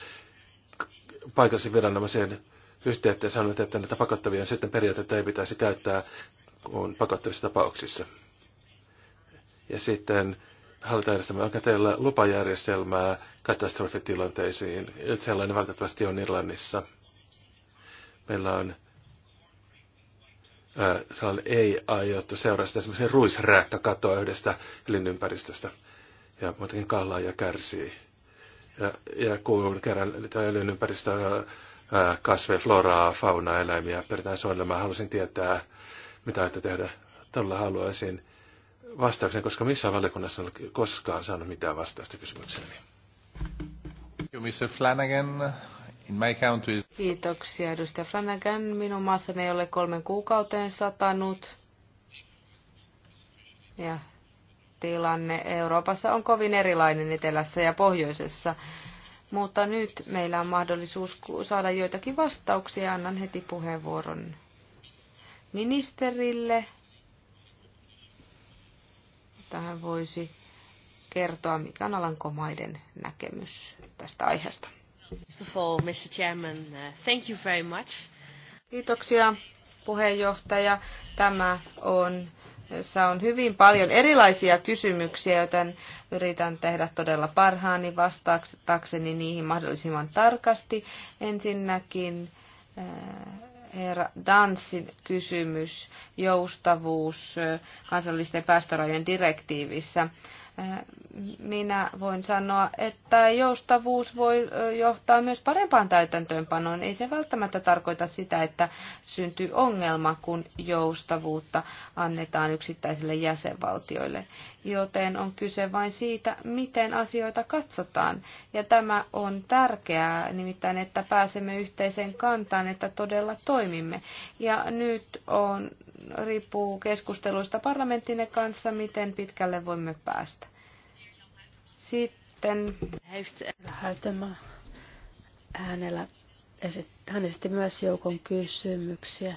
paikallisen viranomaisen yhteyttä ja sanonut, että näitä pakottavia sitten periaatteita ei pitäisi käyttää on pakottavissa tapauksissa. Ja sitten hallintajärjestelmä, onko teillä lupajärjestelmää katastrofitilanteisiin? Nyt sellainen valitettavasti on Irlannissa. Meillä on äh, sellainen ei aiottu seurasta esimerkiksi ruisrääkkä katoa yhdestä elinympäristöstä. Ja muutenkin kallaa ja kärsii. Ja, ja kun kerran elinympäristö kasveja, floraa, faunaa, eläimiä pyritään suojelemaan. Halusin tietää, mitä aiotte tehdä. Tällä haluaisin vastauksen, koska missään valiokunnassa en ole koskaan saanut mitään vastausta kysymykseeni. Mr. Flanagan, in my country... Kiitoksia, edustaja Flanagan. Minun maassani ei ole kolmen kuukauteen satanut. Ja tilanne Euroopassa on kovin erilainen etelässä ja pohjoisessa. Mutta nyt meillä on mahdollisuus saada joitakin vastauksia. Annan heti puheenvuoron ministerille, että hän voisi kertoa, mikä on Alankomaiden näkemys tästä aiheesta. Uh, thank you very much. Kiitoksia puheenjohtaja. Tämä on, se on hyvin paljon erilaisia kysymyksiä, joten yritän tehdä todella parhaani vastaakseni niihin mahdollisimman tarkasti. Ensinnäkin eh, herra Danssin kysymys, joustavuus kansallisten päästörajojen direktiivissä. Minä voin sanoa, että joustavuus voi johtaa myös parempaan täytäntöönpanoon. Ei se välttämättä tarkoita sitä, että syntyy ongelma, kun joustavuutta annetaan yksittäisille jäsenvaltioille. Joten on kyse vain siitä, miten asioita katsotaan. Ja tämä on tärkeää, nimittäin että pääsemme yhteiseen kantaan, että todella toimimme. Ja nyt on riippuu keskusteluista parlamenttinne kanssa, miten pitkälle voimme päästä. Sitten Häytämä. Hänellä esitti, hän esitti myös joukon kysymyksiä.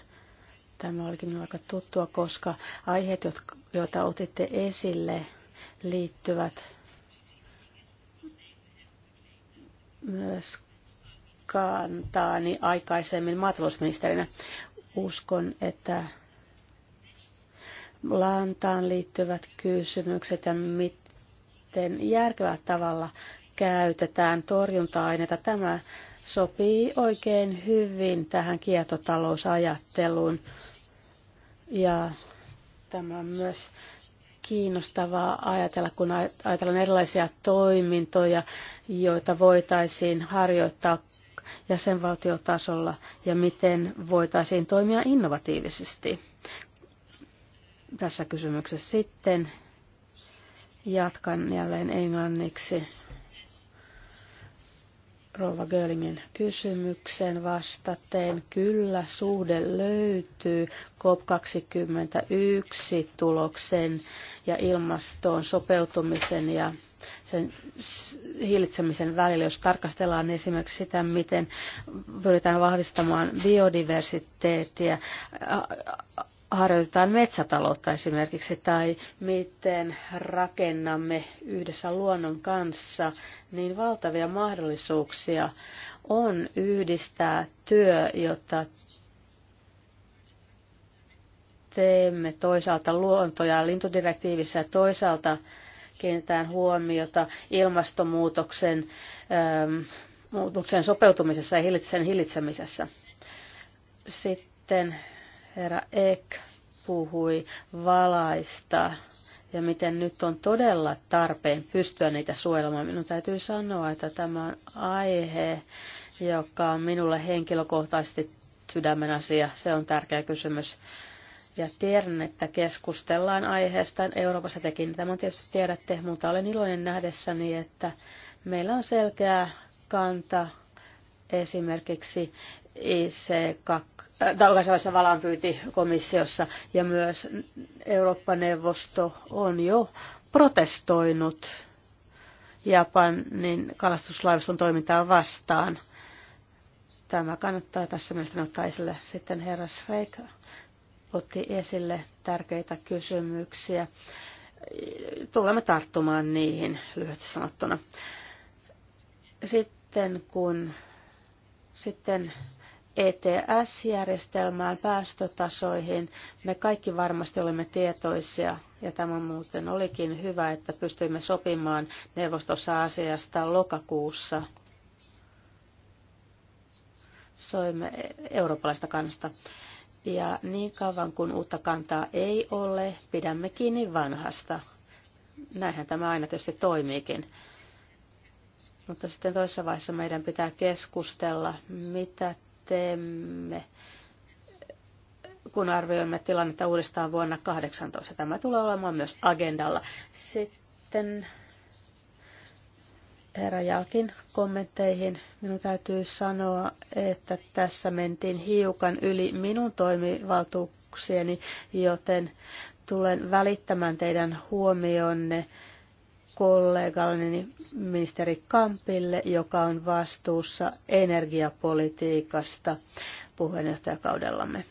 Tämä olikin minulle aika tuttua, koska aiheet, jotka, joita otitte esille, liittyvät myös kantaani aikaisemmin maatalousministerinä. Uskon, että lantaan liittyvät kysymykset ja miten järkevällä tavalla käytetään torjunta-aineita. Tämä sopii oikein hyvin tähän kiertotalousajatteluun ja tämä on myös kiinnostavaa ajatella, kun ajatellaan erilaisia toimintoja, joita voitaisiin harjoittaa jäsenvaltiotasolla ja miten voitaisiin toimia innovatiivisesti tässä kysymyksessä sitten. Jatkan jälleen englanniksi Rova Görlingin kysymykseen vastaten. Kyllä suhde löytyy COP21 tuloksen ja ilmastoon sopeutumisen ja sen hillitsemisen välillä, jos tarkastellaan esimerkiksi sitä, miten pyritään vahvistamaan biodiversiteettiä, harjoitetaan metsätaloutta esimerkiksi tai miten rakennamme yhdessä luonnon kanssa, niin valtavia mahdollisuuksia on yhdistää työ, jota teemme toisaalta luonto- ja lintudirektiivissä ja toisaalta kiinnitään huomiota ilmastonmuutoksen ähm, muutoksen sopeutumisessa ja sen hillitsemisessä. Sitten Herra Ek puhui valaista ja miten nyt on todella tarpeen pystyä niitä suojelemaan. Minun täytyy sanoa, että tämä on aihe, joka on minulle henkilökohtaisesti sydämen asia. Se on tärkeä kysymys. Ja tiedän, että keskustellaan aiheesta Euroopassa tekin. on tietysti tiedätte, mutta olen iloinen nähdessäni, että meillä on selkeä kanta esimerkiksi IC2 kansainvälisessä valanpyyntikomissiossa ja myös Eurooppa-neuvosto on jo protestoinut Japanin kalastuslaivaston toimintaa vastaan. Tämä kannattaa tässä mielestäni ottaa esille. Sitten herra Schreik otti esille tärkeitä kysymyksiä. Tulemme tarttumaan niihin lyhyesti sanottuna. Sitten kun sitten ETS-järjestelmään, päästötasoihin. Me kaikki varmasti olemme tietoisia, ja tämä muuten olikin hyvä, että pystyimme sopimaan neuvostossa asiasta lokakuussa. Soimme eurooppalaista kansta. Ja niin kauan kuin uutta kantaa ei ole, pidämme kiinni vanhasta. Näinhän tämä aina tietysti toimiikin. Mutta sitten toisessa vaiheessa meidän pitää keskustella, mitä teemme, kun arvioimme tilannetta uudestaan vuonna 2018. Tämä tulee olemaan myös agendalla. Sitten herra Jalkin kommentteihin minun täytyy sanoa, että tässä mentiin hiukan yli minun toimivaltuuksieni, joten tulen välittämään teidän huomionne kollegalleni ministeri Kampille, joka on vastuussa energiapolitiikasta puheenjohtajakaudellamme.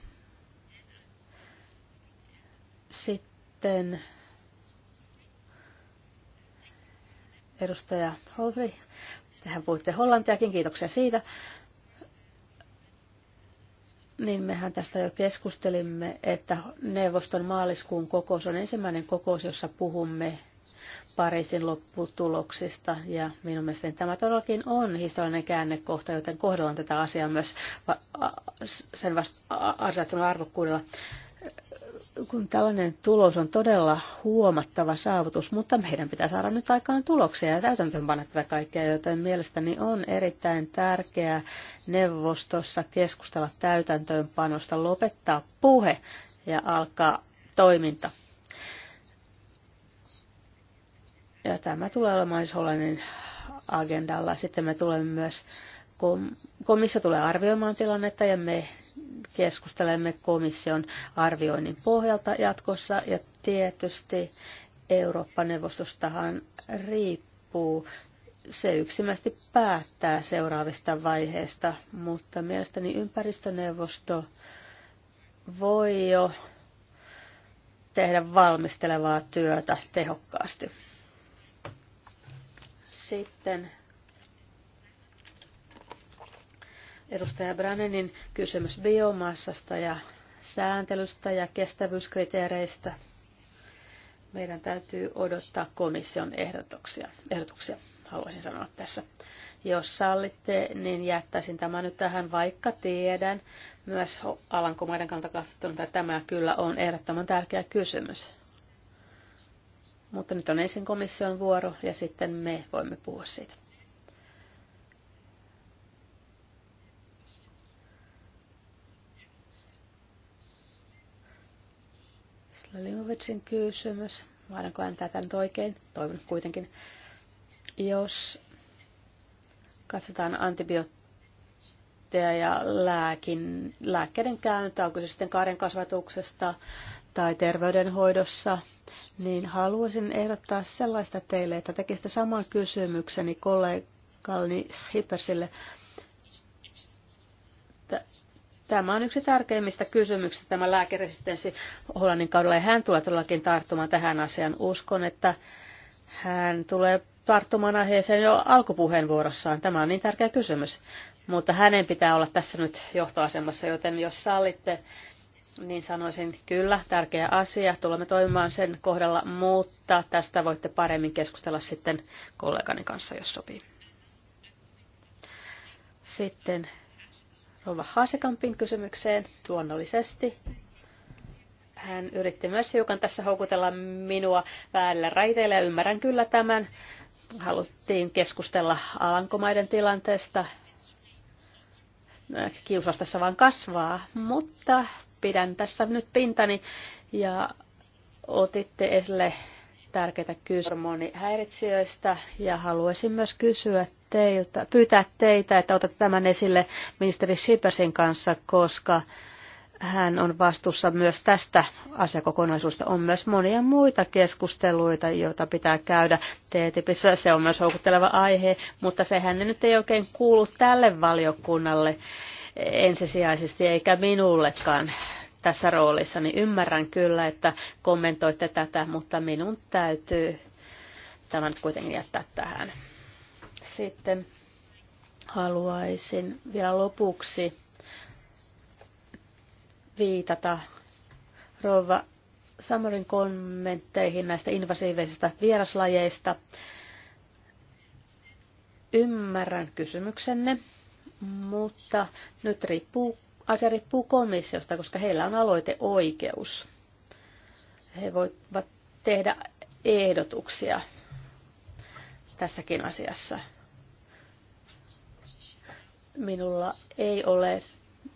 Sitten edustaja Holri, tehän puhutte hollantiakin, kiitoksia siitä. Niin mehän tästä jo keskustelimme, että neuvoston maaliskuun kokous on ensimmäinen kokous, jossa puhumme Pariisin lopputuloksista. Ja minun mielestäni tämä todellakin on historiallinen käännekohta, joten kohdellaan tätä asiaa myös sen vasta arvokkuudella. Kun tällainen tulos on todella huomattava saavutus, mutta meidän pitää saada nyt aikaan tuloksia ja täytäntöönpanna tätä kaikkea, joten mielestäni on erittäin tärkeää neuvostossa keskustella täytäntöönpanosta, lopettaa puhe ja alkaa toiminta. Ja tämä tulee olemaan siis Hollannin agendalla. Sitten me tulemme myös, komissio tulee arvioimaan tilannetta ja me keskustelemme komission arvioinnin pohjalta jatkossa. Ja tietysti Eurooppa-neuvostostahan riippuu se yksimästi päättää seuraavista vaiheista, mutta mielestäni ympäristöneuvosto voi jo tehdä valmistelevaa työtä tehokkaasti. Sitten edustaja Brannenin kysymys biomassasta ja sääntelystä ja kestävyyskriteereistä. Meidän täytyy odottaa komission ehdotuksia. ehdotuksia haluaisin sanoa tässä. Jos sallitte, niin jättäisin tämä nyt tähän, vaikka tiedän myös Alankomaiden kannalta katsottuna, että tämä kyllä on ehdottoman tärkeä kysymys. Mutta nyt on ensin komission vuoro ja sitten me voimme puhua siitä. Slimovicin kysymys. Vaidanko ääntä tämän nyt oikein? Toivon kuitenkin. Jos katsotaan antibiootteja ja lääkin, lääkkeiden käyntä, onko se sitten karjan kasvatuksesta tai terveydenhoidossa – niin haluaisin ehdottaa sellaista teille, että tekisitte saman kysymykseni kollegalleni Hippersille. Tämä on yksi tärkeimmistä kysymyksistä, tämä lääkeresistenssi Hollannin kaudella, ja hän tulee todellakin tarttumaan tähän asiaan. Uskon, että hän tulee tarttumaan aiheeseen jo alkupuheenvuorossaan. Tämä on niin tärkeä kysymys. Mutta hänen pitää olla tässä nyt johtoasemassa, joten jos sallitte, niin sanoisin kyllä, tärkeä asia. Tulemme toimimaan sen kohdalla, mutta tästä voitte paremmin keskustella sitten kollegani kanssa, jos sopii. Sitten Rova Haasekampin kysymykseen luonnollisesti. Hän yritti myös hiukan tässä houkutella minua väärillä raiteilla ja ymmärrän kyllä tämän. Haluttiin keskustella Alankomaiden tilanteesta. Kiusaus tässä vaan kasvaa, mutta pidän tässä nyt pintani ja otitte esille tärkeitä kysymyksiä häiritsijöistä ja haluaisin myös kysyä teiltä, pyytää teitä, että otatte tämän esille ministeri Sipersin kanssa, koska hän on vastuussa myös tästä asiakokonaisuudesta. On myös monia muita keskusteluita, joita pitää käydä TTIPissä. Se on myös houkutteleva aihe, mutta sehän nyt ei oikein kuulu tälle valiokunnalle ensisijaisesti eikä minullekaan tässä roolissa, niin ymmärrän kyllä, että kommentoitte tätä, mutta minun täytyy tämä nyt kuitenkin jättää tähän. Sitten haluaisin vielä lopuksi viitata Rova Samorin kommentteihin näistä invasiivisista vieraslajeista. Ymmärrän kysymyksenne mutta nyt riippuu, asia riippuu komissiosta, koska heillä on aloiteoikeus. He voivat tehdä ehdotuksia tässäkin asiassa. Minulla ei ole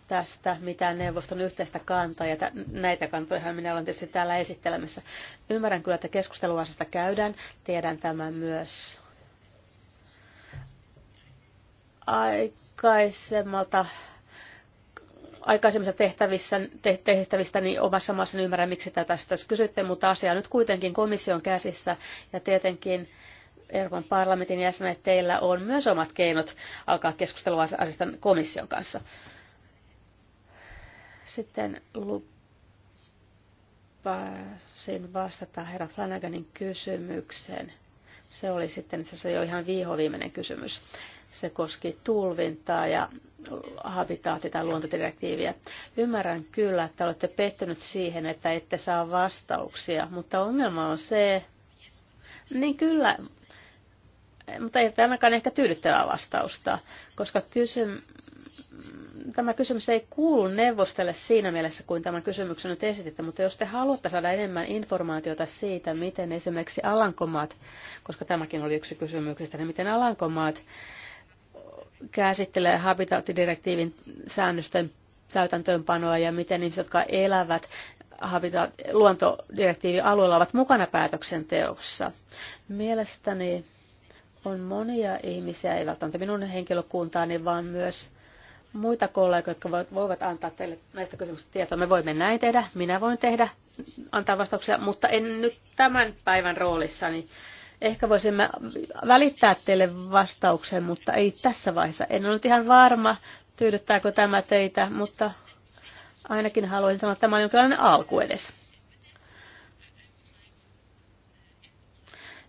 tästä mitään neuvoston yhteistä kantaa, ja näitä kantoja minä olen tietysti täällä esittelemässä. Ymmärrän kyllä, että keskusteluasiasta käydään. Tiedän tämän myös aikaisemmalta aikaisemmissa tehtävissä, te, tehtävistä niin omassa maassa ymmärrän, miksi tätä tässä kysytte, mutta asia on nyt kuitenkin komission käsissä ja tietenkin Euroopan parlamentin jäsenet teillä on myös omat keinot alkaa keskustelua asiasta komission kanssa. Sitten lupasin vastata herra Flanaganin kysymykseen. Se oli sitten se asiassa jo ihan viimeinen kysymys. Se koski tulvintaa ja habitaatti- tai luontodirektiiviä. Ymmärrän kyllä, että olette pettynyt siihen, että ette saa vastauksia, mutta ongelma on se, niin kyllä, mutta ei ainakaan ehkä tyydyttävää vastausta, koska kysym, tämä kysymys ei kuulu neuvostelle siinä mielessä, kuin tämän kysymyksen nyt esititte, mutta jos te haluatte saada enemmän informaatiota siitä, miten esimerkiksi Alankomaat, koska tämäkin oli yksi kysymyksistä, niin miten Alankomaat käsittelee habitaattidirektiivin säännösten täytäntöönpanoa ja miten ihmiset, jotka elävät habitat, luontodirektiivin alueella, ovat mukana päätöksenteossa. Mielestäni on monia ihmisiä, ei välttämättä minun henkilökuntaani, vaan myös muita kollegoita, jotka voivat antaa teille näistä kysymyksistä tietoa. Me voimme näin tehdä, minä voin tehdä, antaa vastauksia, mutta en nyt tämän päivän roolissani. Niin Ehkä voisimme välittää teille vastauksen, mutta ei tässä vaiheessa. En ole nyt ihan varma, tyydyttääkö tämä teitä, mutta ainakin haluaisin sanoa, että tämä on jonkinlainen alku edes.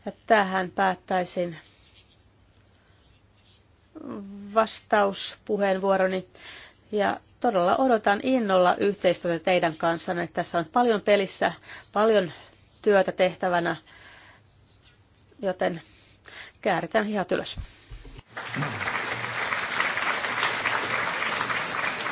Ja tähän päättäisin vastauspuheenvuoroni. Ja todella odotan innolla yhteistyötä teidän kanssanne. Tässä on paljon pelissä, paljon työtä tehtävänä joten kääritään hihat ylös.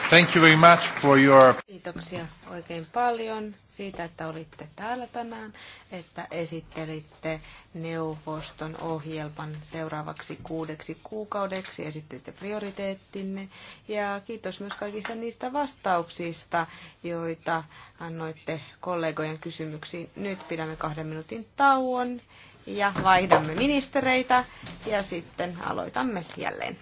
Thank you very much for your... Kiitoksia oikein paljon siitä, että olitte täällä tänään, että esittelitte neuvoston ohjelman seuraavaksi kuudeksi kuukaudeksi, esittelitte prioriteettinne ja kiitos myös kaikista niistä vastauksista, joita annoitte kollegojen kysymyksiin. Nyt pidämme kahden minuutin tauon ja vaihdamme ministereitä ja sitten aloitamme jälleen.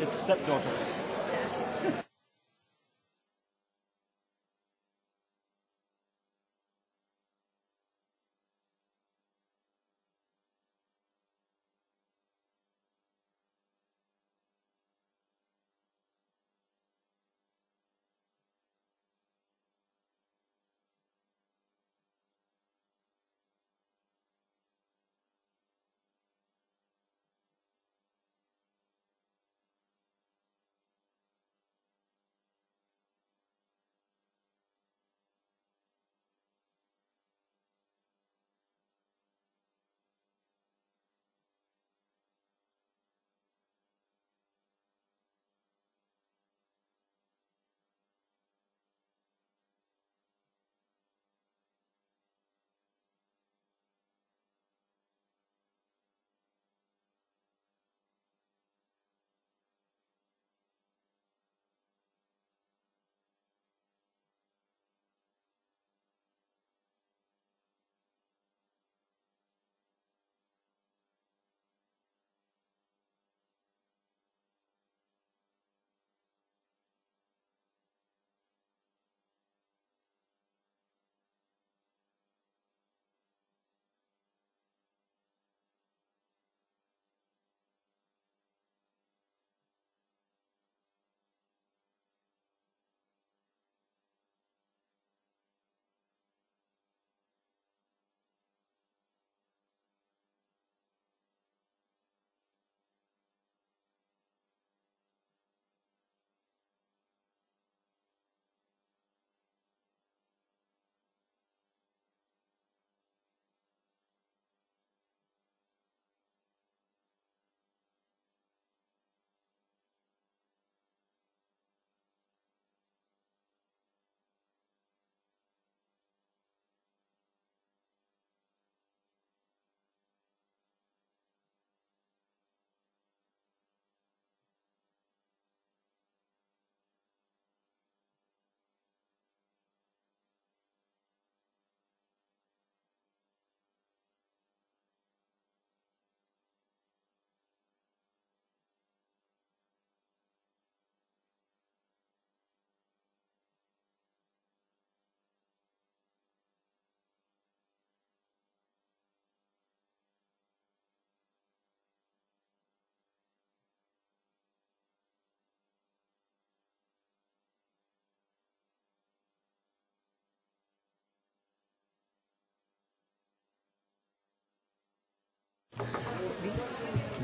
It's stepdaughter.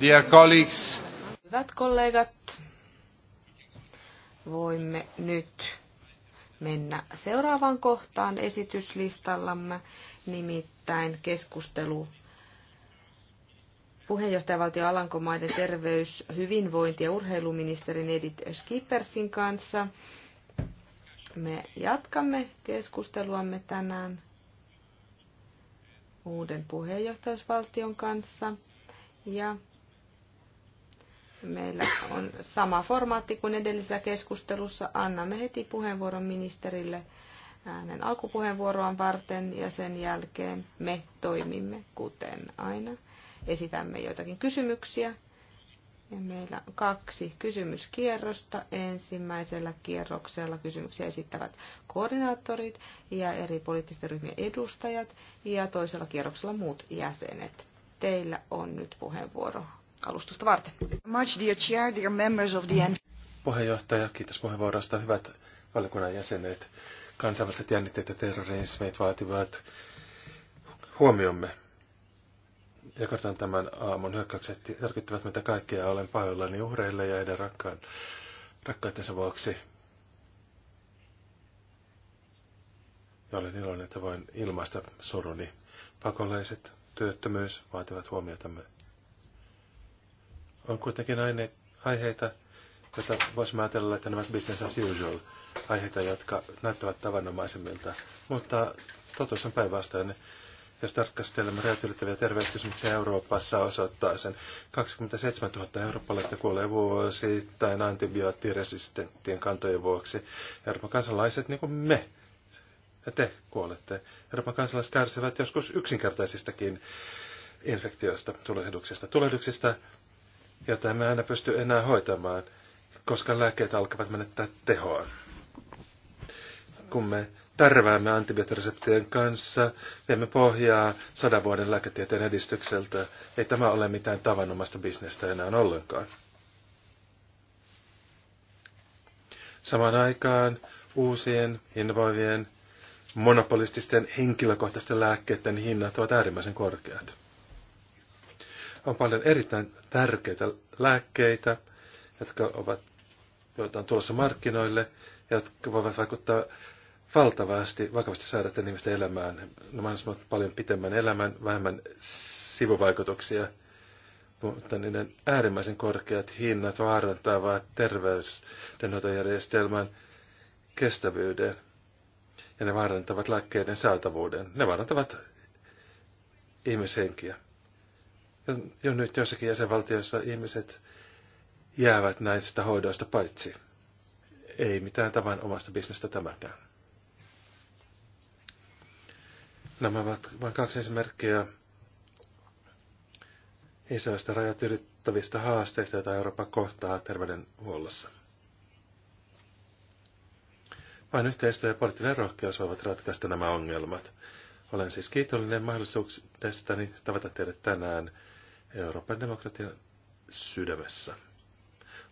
Dear colleagues. Hyvät kollegat, voimme nyt mennä seuraavaan kohtaan esityslistallamme, nimittäin keskustelu puheenjohtajavaltio Alankomaiden terveys-, hyvinvointi- ja urheiluministerin Edith Skippersin kanssa. Me jatkamme keskusteluamme tänään uuden puheenjohtajuusvaltion kanssa ja Meillä on sama formaatti kuin edellisessä keskustelussa. Annamme heti puheenvuoron ministerille hänen alkupuheenvuoroaan varten ja sen jälkeen me toimimme kuten aina. Esitämme joitakin kysymyksiä. Ja meillä on kaksi kysymyskierrosta. Ensimmäisellä kierroksella kysymyksiä esittävät koordinaattorit ja eri poliittisten ryhmien edustajat ja toisella kierroksella muut jäsenet. Teillä on nyt puheenvuoro alustusta varten. Puheenjohtaja, kiitos puheenvuorosta. Hyvät valiokunnan jäsenet, kansainväliset jännitteet ja terrorismit vaativat huomiomme. Ja tämän aamun hyökkäykset järkyttävät meitä kaikkia. Olen pahoillani uhreille ja heidän rakkaan, rakkaitensa vuoksi. Ja olen iloinen, että voin ilmaista suruni. Pakolaiset, työttömyys vaativat huomiotamme on kuitenkin aine, aiheita, joita voisimme ajatella, että nämä business as usual aiheita, jotka näyttävät tavanomaisemmilta. Mutta totuus on päinvastainen. Jos tarkastelemme räätylittäviä terveyskysymyksiä Euroopassa osoittaa sen. 27 000 eurooppalaista kuolee vuosittain antibioottiresistenttien kantojen vuoksi. Euroopan kansalaiset, niin kuin me, ja te kuolette. Euroopan kansalaiset kärsivät joskus yksinkertaisistakin infektioista, tulehduksista. Tulehduksista jota emme aina pysty enää hoitamaan, koska lääkkeet alkavat menettää tehoa. Kun me tärväämme antibioottireseptien kanssa, teemme pohjaa sadan vuoden lääketieteen edistykseltä. Ei tämä ole mitään tavanomaista bisnestä enää ollenkaan. Samaan aikaan uusien, innovoivien, monopolististen henkilökohtaisten lääkkeiden hinnat ovat äärimmäisen korkeat. On paljon erittäin tärkeitä lääkkeitä, jotka ovat, joita on tulossa markkinoille, jotka voivat vaikuttaa valtavasti vakavasti sairaiden ihmisten elämään. No mahdollisimman paljon pitemmän elämän, vähemmän sivuvaikutuksia, mutta niiden äärimmäisen korkeat hinnat vaarantavat terveydenhoitojärjestelmän kestävyyden ja ne vaarantavat lääkkeiden saatavuuden. Ne vaarantavat ihmishenkiä jo nyt jossakin jäsenvaltioissa ihmiset jäävät näistä hoidoista paitsi. Ei mitään tavan omasta bisnestä tämäkään. Nämä ovat vain kaksi esimerkkiä isoista rajat ylittävistä haasteista, joita Eurooppa kohtaa terveydenhuollossa. Vain yhteistyö ja poliittinen rohkeus voivat ratkaista nämä ongelmat. Olen siis kiitollinen mahdollisuudestani tavata teidät tänään Euroopan demokratian sydämessä.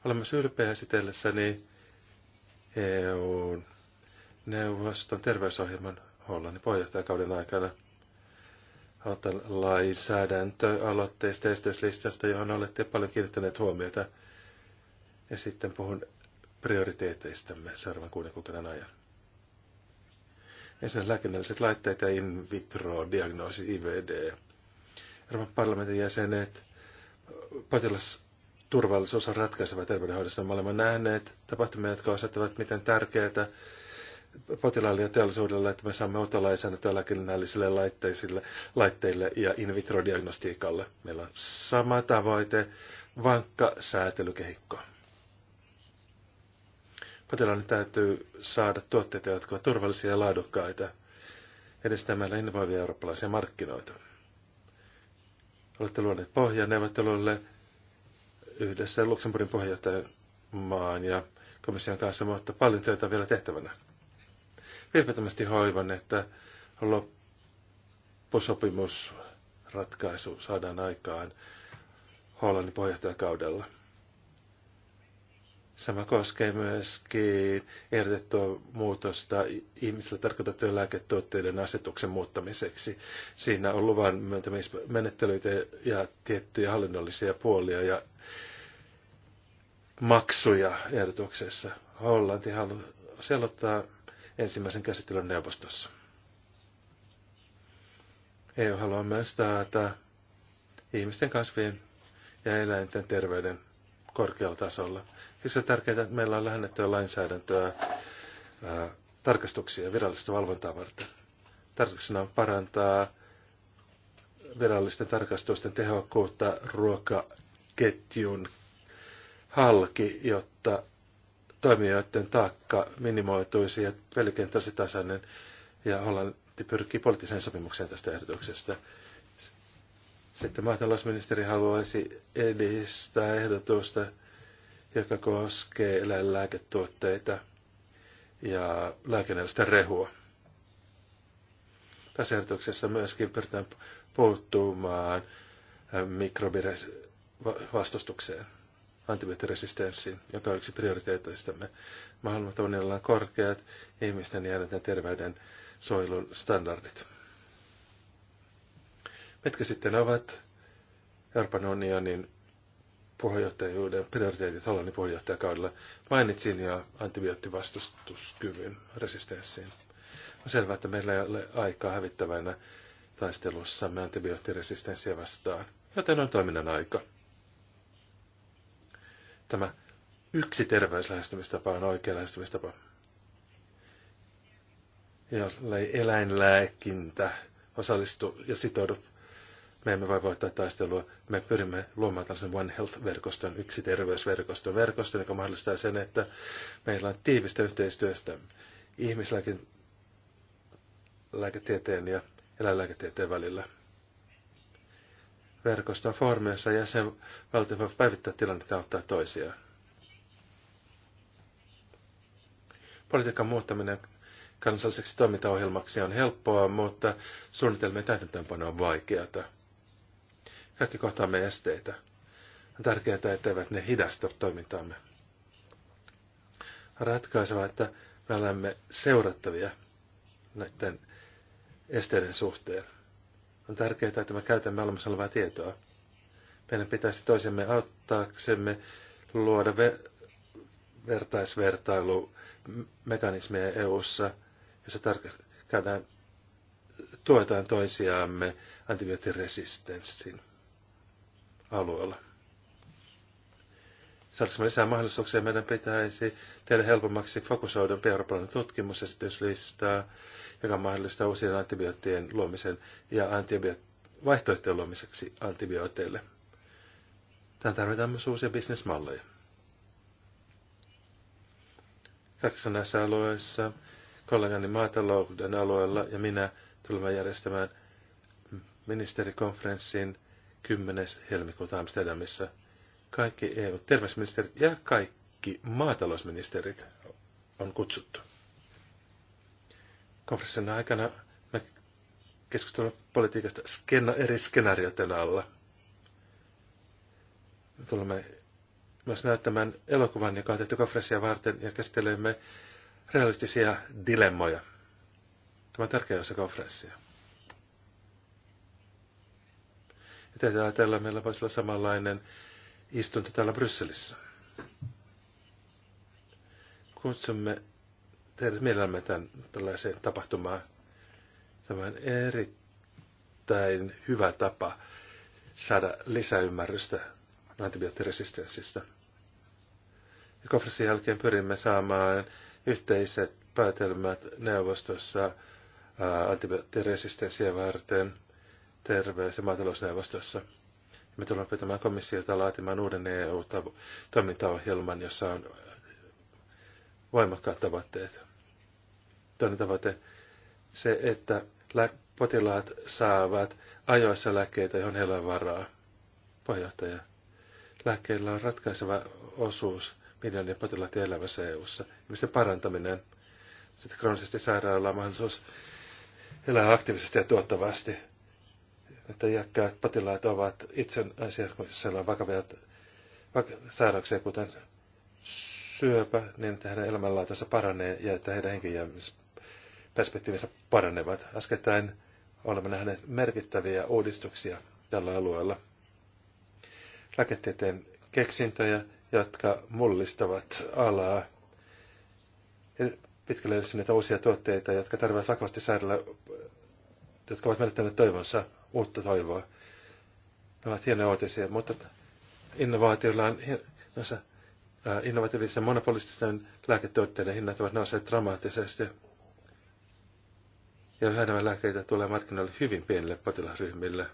Olemme myös ylpeä esitellessäni eu neuvoston terveysohjelman Hollannin puheenjohtajakauden aikana. Aloitan lainsäädäntöaloitteista esityslistasta, johon olette paljon kiinnittäneet huomiota. Ja sitten puhun prioriteeteistamme seuraavan kuuden kuukauden ajan. Ensin lääkinnälliset laitteet ja in vitro diagnoosi IVD. Euroopan parlamentin jäsenet, potilasturvallisuus on ratkaiseva terveydenhoidossa. Me olemme nähneet tapahtumia, jotka osoittavat, miten tärkeää potilaille ja teollisuudelle, että me saamme uutta lainsäädäntöä lääkinnällisille laitteille, laitteille ja in vitro-diagnostiikalle. Meillä on sama tavoite, vankka säätelykehikko. Potilaan täytyy saada tuotteita, jotka ovat turvallisia ja laadukkaita edistämällä innovoivia eurooppalaisia markkinoita. Olette luoneet pohjan neuvotteluille yhdessä Luxemburgin puheenjohtajamaan ja komission kanssa, mutta paljon työtä vielä tehtävänä. Vilpittömästi hoivan, että loppusopimusratkaisu saadaan aikaan Hollannin puheenjohtajakaudella. Sama koskee myöskin ehdotettua muutosta ihmisille tarkoitettujen lääketuotteiden asetuksen muuttamiseksi. Siinä on luvan myöntämismenettelyitä ja tiettyjä hallinnollisia puolia ja maksuja ehdotuksessa. Hollanti haluaa selottaa ensimmäisen käsittelyn neuvostossa. EU haluaa myös taata ihmisten kasvien ja eläinten terveyden korkealla tasolla. se on tärkeää, että meillä on lähennettyä lainsäädäntöä ää, tarkastuksia virallista valvontaa varten. Tarkoituksena on parantaa virallisten tarkastusten tehokkuutta ruokaketjun halki, jotta toimijoiden taakka minimoituisi ja pelikenttä olisi tasainen. Ja Hollanti pyrkii poliittiseen sopimukseen tästä ehdotuksesta. Sitten maatalousministeri haluaisi edistää ehdotusta, joka koskee eläinlääketuotteita ja lääkinnällistä rehua. Tässä ehdotuksessa myöskin pyritään puuttumaan äh, mikrobivastustukseen, antibioottiresistenssiin, joka on yksi prioriteeteistamme. Maailman on korkeat ihmisten ja terveyden suojelun standardit. Mitkä sitten ovat Euroopan unionin puheenjohtajuuden prioriteetit Hollannin puheenjohtajakaudella? Mainitsin jo antibioottivastustuskyvyn resistenssiin. On selvää, että meillä ei ole aikaa hävittävänä taistelussamme antibioottiresistenssiä vastaan, joten on toiminnan aika. Tämä yksi terveyslähestymistapa on oikea lähestymistapa jollei eläinlääkintä osallistu ja sitoudu me emme voi voittaa taistelua. Me pyrimme luomaan tällaisen One Health-verkoston, yksi terveysverkoston verkoston, joka mahdollistaa sen, että meillä on tiivistä yhteistyöstä ihmislääkin lääketieteen ja eläinlääketieteen välillä. Verkosto on foorumi, jossa jäsenvaltiot voivat päivittää tilannetta ja auttaa toisiaan. Politiikan muuttaminen kansalliseksi toimintaohjelmaksi on helppoa, mutta suunnitelmien täytäntöönpano on vaikeata kaikki kohtaamme esteitä. On tärkeää, etteivät ne hidasta toimintaamme. Ratkaisevaa, että me olemme seurattavia näiden esteiden suhteen. On tärkeää, että me käytämme olemassa olevaa tietoa. Meidän pitäisi toisemme auttaaksemme luoda ve- vertaisvertailumekanismeja EU-ssa, jossa tar- käydään, tuetaan toisiaamme antibioottiresistenssin alueella. Saadaanko lisää mahdollisuuksia? Meidän pitäisi tehdä helpommaksi fokusoidun jos listaa, joka mahdollistaa uusien antibioottien luomisen ja antibioot- vaihtoehtojen luomiseksi antibiooteille. Tähän tarvitaan myös uusia bisnesmalleja. Kaikissa näissä alueissa, kollegani maatalouden alueella ja minä tulemme järjestämään ministerikonferenssin 10. helmikuuta Amsterdamissa. Kaikki EU-terveysministerit ja kaikki maatalousministerit on kutsuttu. Konferenssin aikana me keskustelemme politiikasta skena- eri skenaarioiden alla. Me tulemme myös näyttämään elokuvan, joka on tehty konferenssia varten, ja käsittelemme realistisia dilemmoja. Tämä on tärkeä osa konferenssia. Ja täytyy ajatella, meillä voisi olla samanlainen istunto täällä Brysselissä. Kutsumme teidät mielellämme tämän, tällaiseen tapahtumaan. Tämä on erittäin hyvä tapa saada lisäymmärrystä antibioottiresistenssistä. Ja konferenssin jälkeen pyrimme saamaan yhteiset päätelmät neuvostossa antibioottiresistenssiä varten – terveys- ja maatalousneuvostossa. Me tulemme pitämään komissiota laatimaan uuden EU-toimintaohjelman, jossa on voimakkaat tavoitteet. Toinen tavoite se, että potilaat saavat ajoissa lääkkeitä, johon heillä on varaa. Puheenjohtaja, lääkkeillä on ratkaiseva osuus miljoonien potilaiden elämässä EU-ssa. Ihmisten parantaminen, sitten kroonisesti sairaalla on mahdollisuus elää aktiivisesti ja tuottavasti että iäkkäät potilaat ovat itsenäisiä vakavia sairauksia, kuten syöpä, niin että heidän elämänlaatansa paranee ja että heidän henkijäämisperspektiivinsä paranevat. Äskettäin olemme nähneet merkittäviä uudistuksia tällä alueella. Lääketieteen keksintöjä, jotka mullistavat alaa. Pitkälle sinne uusia tuotteita, jotka tarvitsevat vakavasti sairailla, jotka ovat menettäneet toivonsa uutta toivoa. Ne ovat hienoja uutisia, mutta innovaatioilla on noissa innovatiivisissa monopolististen lääketuotteiden hinnat ovat nousseet dramaattisesti. Ja yhä nämä lääkkeitä tulee markkinoille hyvin pienille potilasryhmille.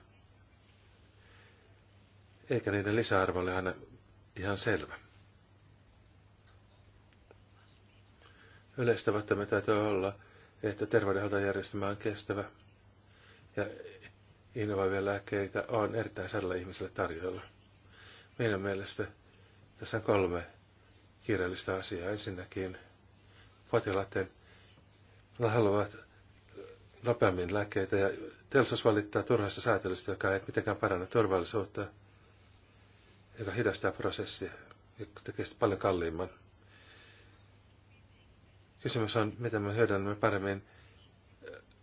Eikä niiden lisäarvo ole aina ihan selvä. Yleistä me täytyy olla, että terveydenhuoltojärjestelmä on kestävä ja innovoivia lääkkeitä on erittäin sadalla ihmiselle tarjolla. Meidän mielestä tässä on kolme kiireellistä asiaa. Ensinnäkin potilaiden haluavat nopeammin lääkkeitä ja teollisuus valittaa turhasta säätelystä, joka ei mitenkään paranna turvallisuutta, joka hidastaa prosessia ja tekee sitä paljon kalliimman. Kysymys on, miten me hyödynnämme paremmin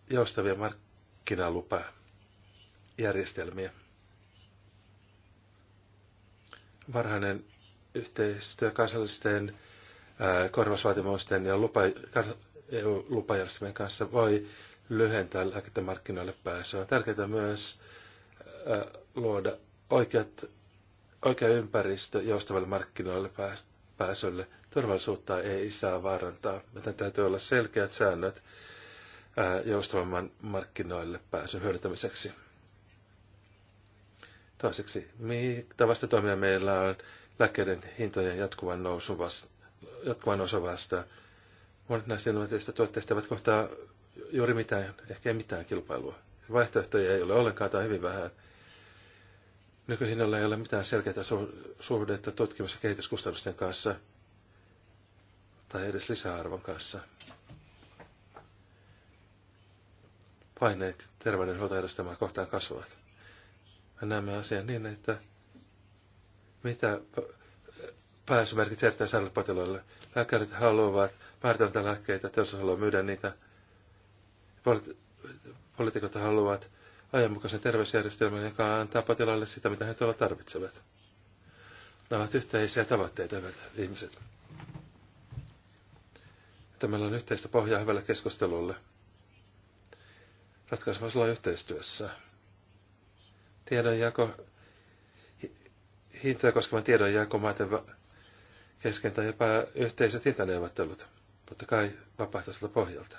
joustavia markkinalupaa järjestelmiä. Varhainen yhteistyö kansallisten korvausvaatimusten ja lupa, EU-lupajärjestelmien kanssa voi lyhentää lääkemarkkinoille pääsyä. On tärkeää myös luoda oikeat, oikea ympäristö joustavalle markkinoille pääsylle. Turvallisuutta ei saa vaarantaa, joten täytyy olla selkeät säännöt joustavamman markkinoille pääsyn hyödyntämiseksi. Toiseksi, mitä vastatoimia meillä on lääkkeiden hintojen jatkuvan nousun vasta, jatkuvan nousun vasta. Monet näistä innovatiivisista tuotteista eivät kohtaa juuri mitään, ehkä ei mitään kilpailua. Vaihtoehtoja ei ole ollenkaan tai hyvin vähän. Nykyhinnalla ei ole mitään selkeää suhdetta tutkimus- ja kehityskustannusten kanssa tai edes lisäarvon kanssa. Paineet terveydenhuoltojärjestelmää kohtaan kasvavat. Me näemme asian niin, että mitä pääsy merkitsee erittäin sairaille potilaille. Lääkärit haluavat määritellä lääkkeitä, teollisuus haluaa myydä niitä. Poliitikot haluavat ajanmukaisen terveysjärjestelmän, joka antaa potilaille sitä, mitä he tuolla tarvitsevat. Nämä ovat yhteisiä tavoitteita, hyvät ihmiset. Että meillä on yhteistä pohjaa hyvälle keskustelulle. Ratkaisu voisi olla yhteistyössä tiedonjako, hintoja koskevan tiedonjako maiden kesken tai jopa yhteiset hintaneuvottelut, mutta kai vapaaehtoiselta pohjalta.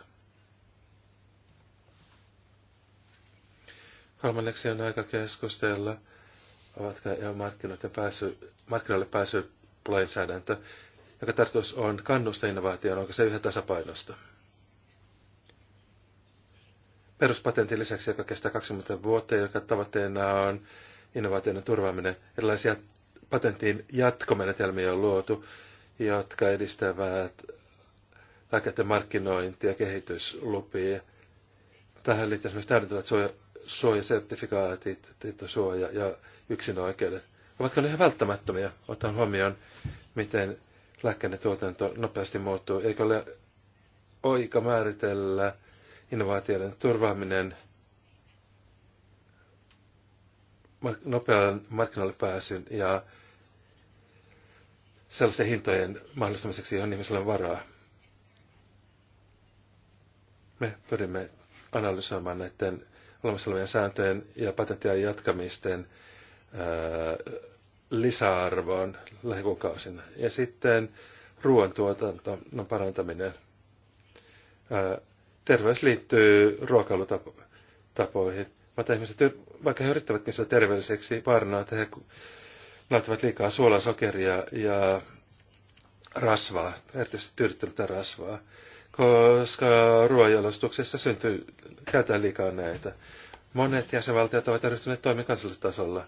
Kolmanneksi on aika keskustella, ovatko jo markkinoille pääsy, markkinoille pääsy lainsäädäntö, joka tarkoitus on kannusta innovaatioon, onko se yhä tasapainosta peruspatentin lisäksi, joka kestää 20 vuotta, joka tavoitteena on innovaatioiden turvaaminen. Erilaisia patentin jatkomenetelmiä on luotu, jotka edistävät lääkkeiden markkinointia ja kehityslupia. Tähän liittyy myös täydentävät suoja, suojasertifikaatit, tietosuoja ja yksinoikeudet. Ovatko ne ihan välttämättömiä, otan huomioon, miten lääkkeiden tuotanto nopeasti muuttuu? Eikö ole oika määritellä innovaatioiden turvaaminen, nopean markkinoille pääsyn ja sellaisten hintojen mahdollistamiseksi, johon ihmisellä on varaa. Me pyrimme analysoimaan näiden olemassa olevien sääntöjen ja patenttien jatkamisten ää, lisäarvoon lähikuukausina. Ja sitten ruoantuotannon parantaminen. Ää, terveys liittyy ruokailutapoihin. Mutta ihmiset, vaikka he yrittävätkin sitä terveelliseksi, vaarana, että he nauttivat liikaa suolaa, sokeria ja rasvaa, erityisesti tyydyttävää rasvaa, koska ruoanjalostuksessa syntyy, käytetään liikaa näitä. Monet jäsenvaltiot ovat ryhtyneet toimiin kansallisella tasolla.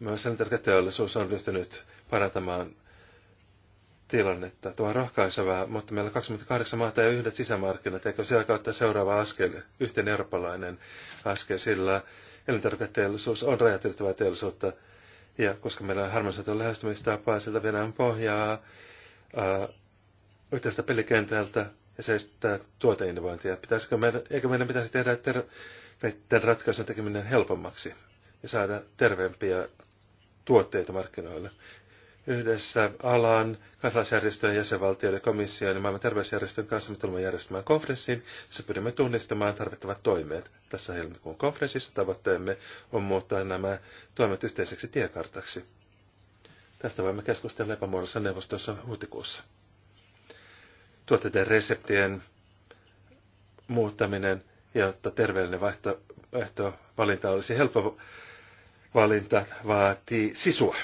Myös sen teollisuus on ryhtynyt parantamaan tilannetta. Tuo on rohkaisevaa, mutta meillä on 28 maata ja yhdet sisämarkkinat. Eikö siellä kautta seuraava askel, yhteen eurooppalainen askel, sillä elintarviketeollisuus on rajat teollisuutta. Ja koska meillä on harmonisoitu lähestymistapaa, sieltä viedään pohjaa yhteistä pelikentältä ja se estää tuoteinnovointia. Pitäisikö meidän, eikö meidän pitäisi tehdä terveiden ratkaisun tekeminen helpommaksi ja saada terveempiä tuotteita markkinoille? yhdessä alan, kansalaisjärjestöjen, jäsenvaltioiden, komission ja maailman terveysjärjestön kanssa me tulemme järjestämään konferenssin, jossa pyrimme tunnistamaan tarvittavat toimet. Tässä helmikuun konferenssissa tavoitteemme on muuttaa nämä toimet yhteiseksi tiekartaksi. Tästä voimme keskustella epämuodossa neuvostossa huhtikuussa. Tuotteiden reseptien muuttaminen, jotta terveellinen vaihto, valinta olisi helppo valinta, vaatii sisua.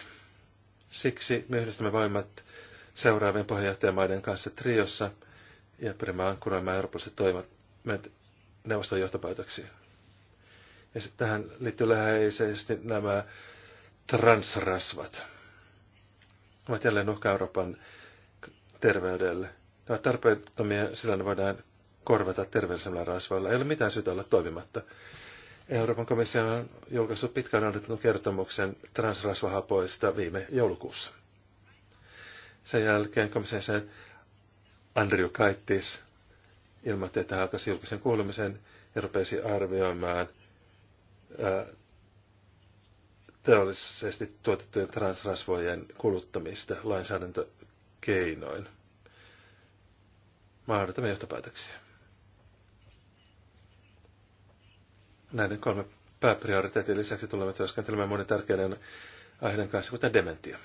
Siksi me yhdistämme voimat seuraavien puheenjohtajamaiden kanssa triossa ja pyrimme ankkuroimaan eurooppalaiset toimet neuvoston johtopäätöksiin. Ja sitten tähän liittyy läheisesti nämä transrasvat. Ovat jälleen uhka Euroopan terveydelle. Ne ovat tarpeettomia, sillä ne voidaan korvata terveellisellä rasvoilla. Ei ole mitään syytä olla toimimatta. Euroopan komissio on julkaissut pitkään odotetun kertomuksen transrasvahapoista viime joulukuussa. Sen jälkeen komission Andrew Kaittis ilmoitti, että hän alkaisi julkisen kuulemisen ja rupesi arvioimaan ää, teollisesti tuotettujen transrasvojen kuluttamista lainsäädäntökeinoin. Mä odotamme johtopäätöksiä. näiden kolme pääprioriteetin lisäksi tulemme työskentelemään monen tärkeiden aiheiden kanssa, kuten dementia.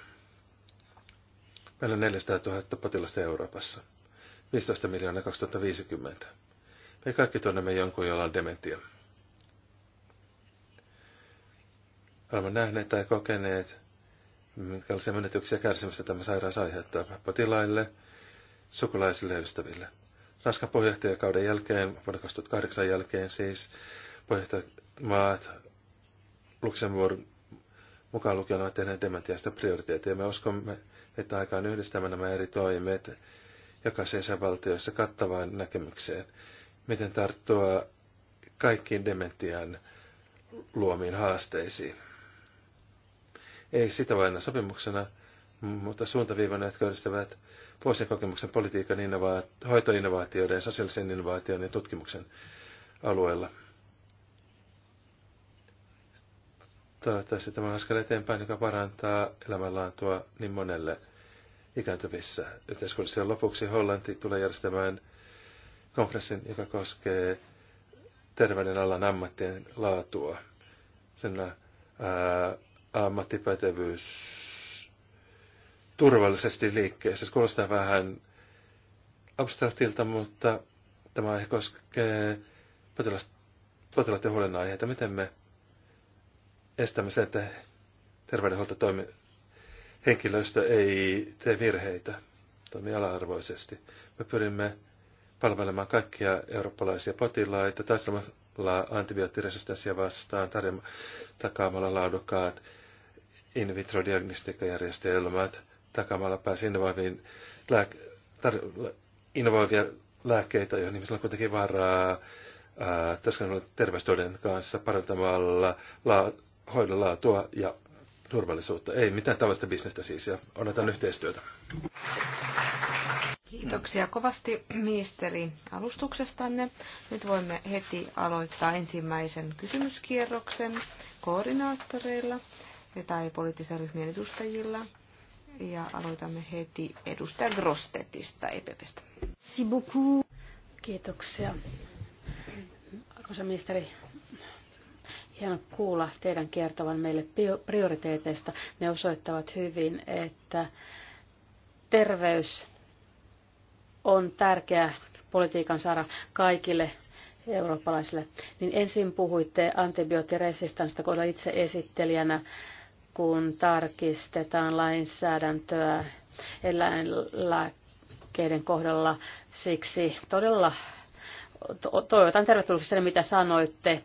Meillä on 400 000 potilasta Euroopassa, 15 miljoonaa 2050. Me kaikki tunnemme jonkun, jolla on dementia. Olemme nähneet tai kokeneet, minkälaisia menetyksiä kärsimistä tämä sairaus aiheuttaa potilaille, sukulaisille ja ystäville. Ranskan puheenjohtajakauden jälkeen, vuonna 2008 jälkeen siis, maat Luxemburg mukaan lukien ovat tehneet dementiasta prioriteetteja. Me uskomme, että aikaan yhdistämään nämä eri toimet jokaisessa valtiossa kattavaan näkemykseen, miten tarttua kaikkiin dementian luomiin haasteisiin. Ei sitä vain sopimuksena, mutta suuntaviivana, jotka yhdistävät vuosien kokemuksen politiikan, innova- hoitoinnovaatioiden, sosiaalisen innovaation ja tutkimuksen alueella – Toivottavasti tämä on askel eteenpäin, joka parantaa elämänlaatua niin monelle ikääntyvissä yhteiskunnissa. Lopuksi Hollanti tulee järjestämään konferenssin, joka koskee terveydenalan ammattien laatua. Sen äh, ammattipätevyys turvallisesti liikkeessä. Se kuulostaa vähän abstraktilta, mutta tämä aihe koskee potilas, potilaiden huolenaiheita. Miten me estämme sen, että terveydenhuoltotoimi henkilöstö ei tee virheitä, toimi ala-arvoisesti. Me pyrimme palvelemaan kaikkia eurooppalaisia potilaita taistelemalla antibioottiresistenssiä vastaan, tarjoma, takaamalla laadukkaat in vitro diagnostiikkajärjestelmät, takaamalla pääsi innovoiviin tar- innovoivia lääkkeitä, joihin ihmisillä on kuitenkin varaa, työskennellä terveystoiden kanssa parantamalla la- hoidon laatua ja turvallisuutta. Ei mitään tällaista bisnestä siis ja odotan yhteistyötä. Kiitoksia kovasti ministeri alustuksestanne. Nyt voimme heti aloittaa ensimmäisen kysymyskierroksen koordinaattoreilla tai poliittisten ryhmien edustajilla. Ja aloitamme heti edustaja Grostetista EPPstä. Kiitoksia. Arvoisa ministeri, hieno kuulla teidän kertovan meille prioriteeteista. Ne osoittavat hyvin, että terveys on tärkeä politiikan saada kaikille eurooppalaisille. Niin ensin puhuitte antibioottiresistanssista, kun itse esittelijänä, kun tarkistetaan lainsäädäntöä eläinlääkkeiden kohdalla. Siksi todella toivotan tervetulleeksi sen, mitä sanoitte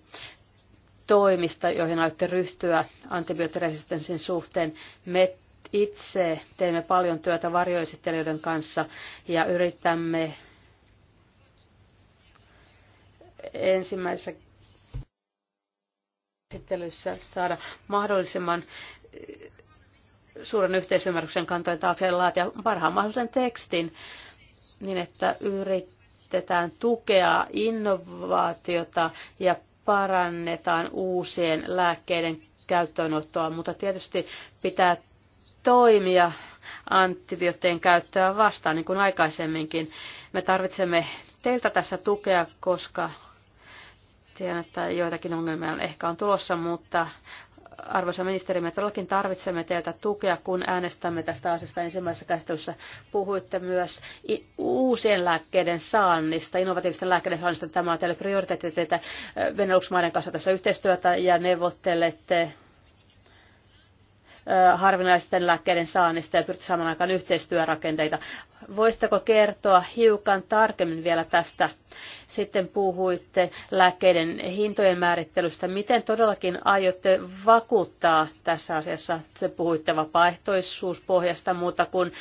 toimista, joihin aiotte ryhtyä antibioottiresistenssin suhteen. Me itse teemme paljon työtä varjoesittelijöiden kanssa ja yritämme ensimmäisessä käsittelyssä saada mahdollisimman suuren yhteisymmärryksen kantojen taakse laatia parhaan mahdollisen tekstin niin, että yritetään tukea innovaatiota ja parannetaan uusien lääkkeiden käyttöönottoa, mutta tietysti pitää toimia antibioottien käyttöä vastaan, niin kuin aikaisemminkin. Me tarvitsemme teiltä tässä tukea, koska tiedän, että joitakin ongelmia ehkä on tulossa, mutta arvoisa ministeri, me todellakin tarvitsemme teiltä tukea, kun äänestämme tästä asiasta ensimmäisessä käsittelyssä. Puhuitte myös uusien lääkkeiden saannista, innovatiivisten lääkkeiden saannista. Tämä on teille prioriteetti teitä maiden kanssa tässä yhteistyötä ja neuvottelette harvinaisten lääkkeiden saannista ja pyritte saamaan aikaan yhteistyörakenteita. Voisitteko kertoa hiukan tarkemmin vielä tästä? Sitten puhuitte lääkkeiden hintojen määrittelystä. Miten todellakin aiotte vakuuttaa tässä asiassa? Te puhuitte vapaaehtoisuuspohjasta, mutta kun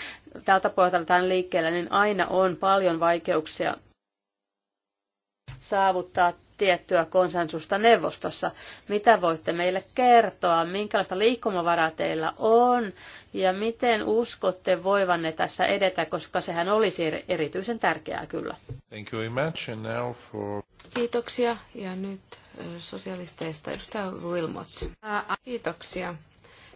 tältä pohjalta liikkeellä, niin aina on paljon vaikeuksia saavuttaa tiettyä konsensusta neuvostossa. Mitä voitte meille kertoa, minkälaista liikkumavaraa teillä on ja miten uskotte voivanne tässä edetä, koska sehän olisi erityisen tärkeää kyllä. Thank you very now for... Kiitoksia ja nyt sosialisteista edustaja Wilmot. Kiitoksia.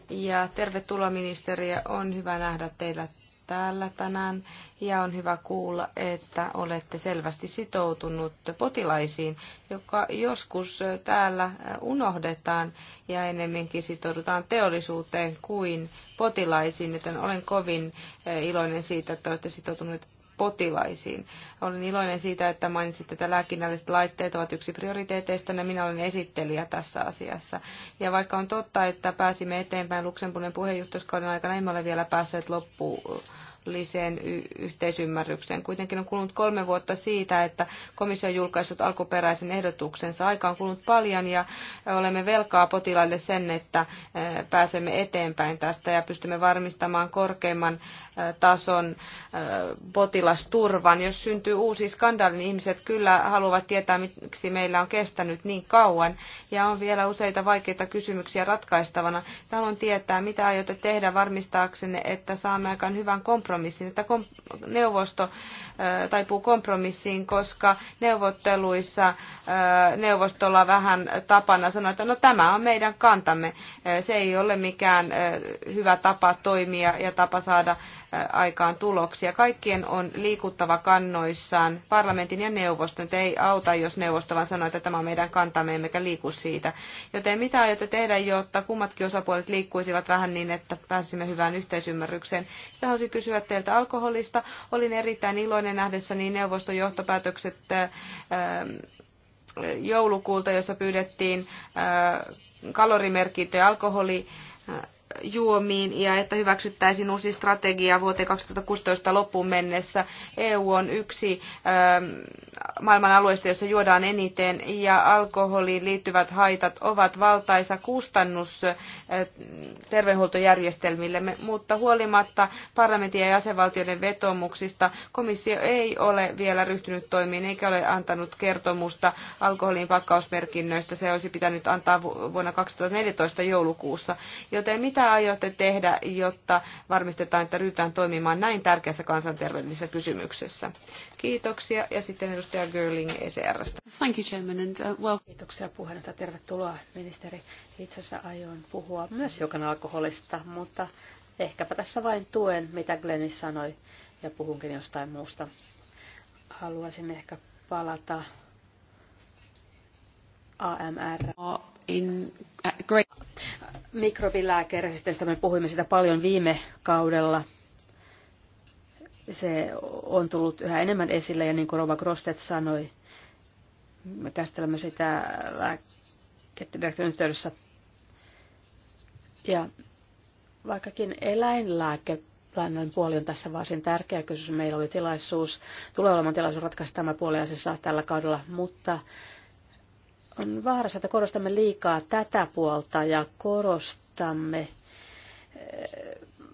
Ja tervetuloa ministeriä. On hyvä nähdä teillä täällä tänään ja on hyvä kuulla, että olette selvästi sitoutunut potilaisiin, joka joskus täällä unohdetaan ja enemmänkin sitoudutaan teollisuuteen kuin potilaisiin, joten olen kovin iloinen siitä, että olette sitoutuneet potilaisiin. Olen iloinen siitä, että mainitsit, että lääkinnälliset laitteet ovat yksi prioriteeteista, ja minä olen esittelijä tässä asiassa. Ja vaikka on totta, että pääsimme eteenpäin Luxemburgin puheenjohtajuuskauden aikana, emme ole vielä päässeet loppuun liseen y- yhteisymmärrykseen. Kuitenkin on kulunut kolme vuotta siitä, että komissio on julkaissut alkuperäisen ehdotuksensa. Aika on kulunut paljon ja olemme velkaa potilaille sen, että pääsemme eteenpäin tästä ja pystymme varmistamaan korkeimman tason potilasturvan. Jos syntyy uusi skandaali, niin ihmiset kyllä haluavat tietää, miksi meillä on kestänyt niin kauan. Ja on vielä useita vaikeita kysymyksiä ratkaistavana. haluan tietää, mitä aiotte tehdä varmistaaksenne, että saamme aikaan hyvän kompromissin, että kom- neuvosto taipuu kompromissiin, koska neuvotteluissa neuvostolla vähän tapana sanoa, että no tämä on meidän kantamme. Se ei ole mikään hyvä tapa toimia ja tapa saada aikaan tuloksia. Kaikkien on liikuttava kannoissaan. Parlamentin ja neuvoston Te ei auta, jos neuvosto vaan sanoo, että tämä on meidän kantamme, emmekä liiku siitä. Joten mitä aiotte tehdä, jotta kummatkin osapuolet liikkuisivat vähän niin, että pääsisimme hyvään yhteisymmärrykseen? Sitä haluaisin kysyä teiltä alkoholista. Olin erittäin iloinen nähdessäni neuvoston johtopäätökset äh, joulukuulta, jossa pyydettiin äh, kalorimerkintöjä alkoholi äh, juomiin ja että hyväksyttäisiin uusi strategia vuoteen 2016 loppuun mennessä. EU on yksi ähm, maailman alueista, jossa juodaan eniten ja alkoholiin liittyvät haitat ovat valtaisa kustannus äh, terveydenhuoltojärjestelmillemme, mutta huolimatta parlamentin ja jäsenvaltioiden vetomuksista komissio ei ole vielä ryhtynyt toimiin eikä ole antanut kertomusta alkoholin pakkausmerkinnöistä. Se olisi pitänyt antaa vuonna 2014 joulukuussa, joten mitä mitä aiotte tehdä, jotta varmistetaan, että ryhdytään toimimaan näin tärkeässä kansanterveydellisessä kysymyksessä? Kiitoksia. Ja sitten edustaja Görling ECRstä. Thank you, Chairman, and, uh, well... Kiitoksia puheenjohtaja. Tervetuloa, ministeri. Itse asiassa aion puhua myös hiukan alkoholista, mutta ehkäpä tässä vain tuen, mitä Glennis sanoi, ja puhunkin jostain muusta. Haluaisin ehkä palata AMR. In, uh, great mikrobilääkeresistenssistä me puhuimme sitä paljon viime kaudella. Se on tullut yhä enemmän esille ja niin kuin Rova Grostet sanoi, me käsittelemme sitä lääkedirektion yhteydessä. Ja vaikkakin eläinlääke Lännan puoli on tässä varsin tärkeä kysymys. Meillä oli tilaisuus, tulee olemaan tilaisuus ratkaista tämä puoli asiassa tällä kaudella, mutta on vaarassa, että korostamme liikaa tätä puolta ja korostamme eh,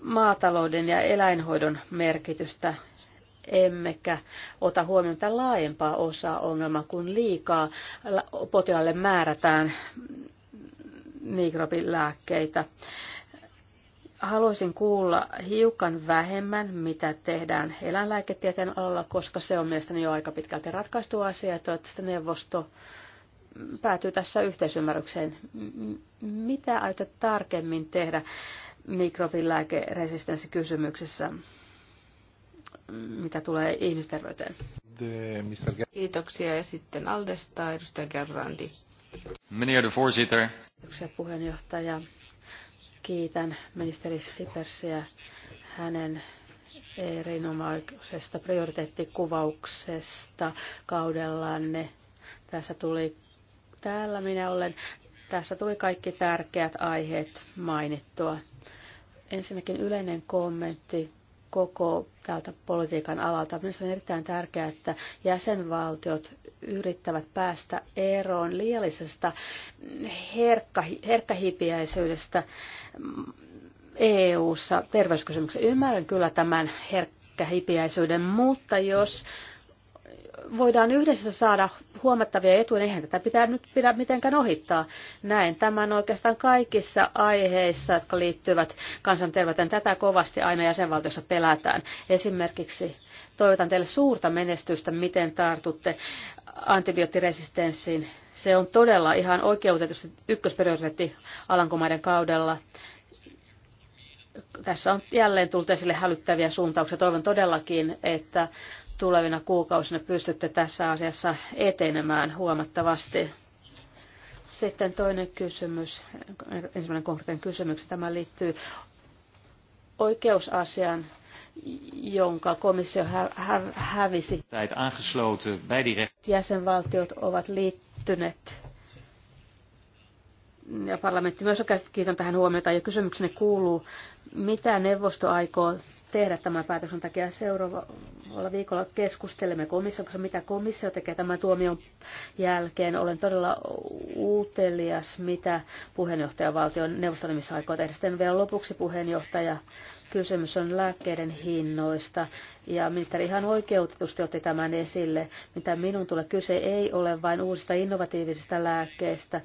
maatalouden ja eläinhoidon merkitystä, emmekä ota huomioon tätä laajempaa osaa ongelmaa, kun liikaa potilaalle määrätään mikrobilääkkeitä. Haluaisin kuulla hiukan vähemmän, mitä tehdään eläinlääketieteen alalla, koska se on mielestäni jo aika pitkälti ratkaistu asia ja toivottavasti neuvosto päätyy tässä yhteisymmärrykseen. Mitä aiotte tarkemmin tehdä mikrobilääkeresistenssikysymyksessä, mitä tulee ihmisterveyteen? Kiitoksia ja sitten Aldesta edustaja Gerrandi. Kiitoksia puheenjohtaja. Kiitän ministeri Slippersiä hänen erinomaisesta prioriteettikuvauksesta kaudellanne. Tässä tuli Täällä minä olen. Tässä tuli kaikki tärkeät aiheet mainittua. Ensinnäkin yleinen kommentti koko tältä politiikan alalta. Minusta on erittäin tärkeää, että jäsenvaltiot yrittävät päästä eroon liiallisesta herkka, herkkähipiäisyydestä EU-ssa terveyskysymyksessä. Ymmärrän kyllä tämän herkkähipiäisyyden, mutta jos voidaan yhdessä saada huomattavia etuja, eihän tätä pitää nyt pidä mitenkään ohittaa. näin tämän oikeastaan kaikissa aiheissa, jotka liittyvät kansanterveyteen. Tätä kovasti aina jäsenvaltiossa pelätään. Esimerkiksi toivotan teille suurta menestystä, miten tartutte antibioottiresistenssiin. Se on todella ihan oikeutetusti ykkösprioriteetti Alankomaiden kaudella tässä on jälleen tullut esille hälyttäviä suuntauksia. Toivon todellakin, että tulevina kuukausina pystytte tässä asiassa etenemään huomattavasti. Sitten toinen kysymys, ensimmäinen konkreettinen kysymys, tämä liittyy oikeusasian, jonka komissio hä- hä- hävisi. Jäsenvaltiot ovat liittyneet ja parlamentti myös on kiinnitän tähän huomiota. Ja kysymykseni kuuluu, mitä neuvosto aikoo tehdä tämän päätöksen takia. Seuraavalla viikolla keskustelemme komission kanssa, mitä komissio tekee tämän tuomion jälkeen. Olen todella uutelias, mitä puheenjohtajavaltion neuvoston nimissä aikoo tehdä. Sitten vielä lopuksi puheenjohtaja. Kysymys on lääkkeiden hinnoista ja ministeri ihan oikeutetusti otti tämän esille, mitä minun tulee. Kyse ei ole vain uusista innovatiivisista lääkkeistä,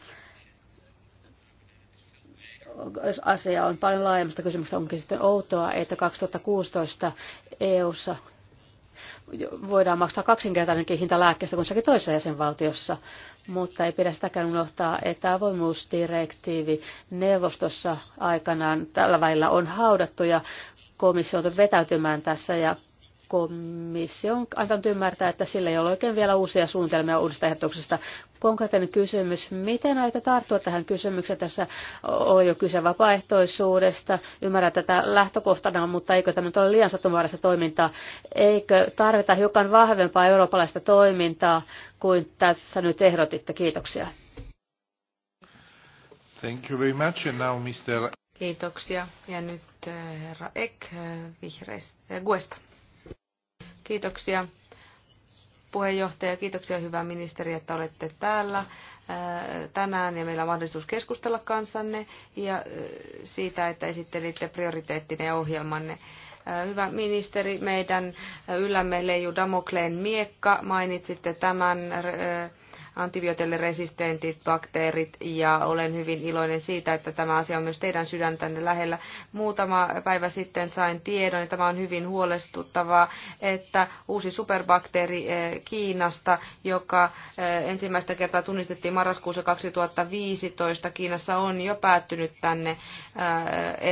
asia on paljon laajemmasta kysymyksestä. Onkin sitten outoa, että 2016 EU-ssa voidaan maksaa kaksinkertainenkin hinta lääkkeestä kuin sekin toisessa jäsenvaltiossa, mutta ei pidä sitäkään unohtaa, että avoimuusdirektiivi neuvostossa aikanaan tällä välillä on haudattu ja komissio on vetäytymään tässä ja komissio antaa antanut ymmärtää, että sillä ei ole oikein vielä uusia suunnitelmia uudesta ehdotuksesta. Konkreettinen kysymys, miten näitä tarttua tähän kysymykseen? Tässä oli jo kyse vapaaehtoisuudesta, ymmärrän tätä lähtökohtana, mutta eikö tämä ole liian sattumanvaraista toimintaa? Eikö tarvita hiukan vahvempaa eurooppalaista toimintaa kuin tässä nyt ehdotitte? Kiitoksia. Thank you very much. And now Mr. Kiitoksia. Ja nyt eh, herra Ek eh, vihreistä, eh, Guesta. Kiitoksia puheenjohtaja, kiitoksia hyvä ministeri, että olette täällä äh, tänään ja meillä on mahdollisuus keskustella kanssanne ja äh, siitä, että esittelitte prioriteettinen ohjelmanne. Äh, hyvä ministeri, meidän yllämme leiju Damokleen miekka, mainitsitte tämän antibiooteille resistentit bakteerit ja olen hyvin iloinen siitä, että tämä asia on myös teidän sydäntänne lähellä. Muutama päivä sitten sain tiedon että tämä on hyvin huolestuttavaa, että uusi superbakteeri eh, Kiinasta, joka eh, ensimmäistä kertaa tunnistettiin marraskuussa 2015 Kiinassa on jo päättynyt tänne eh,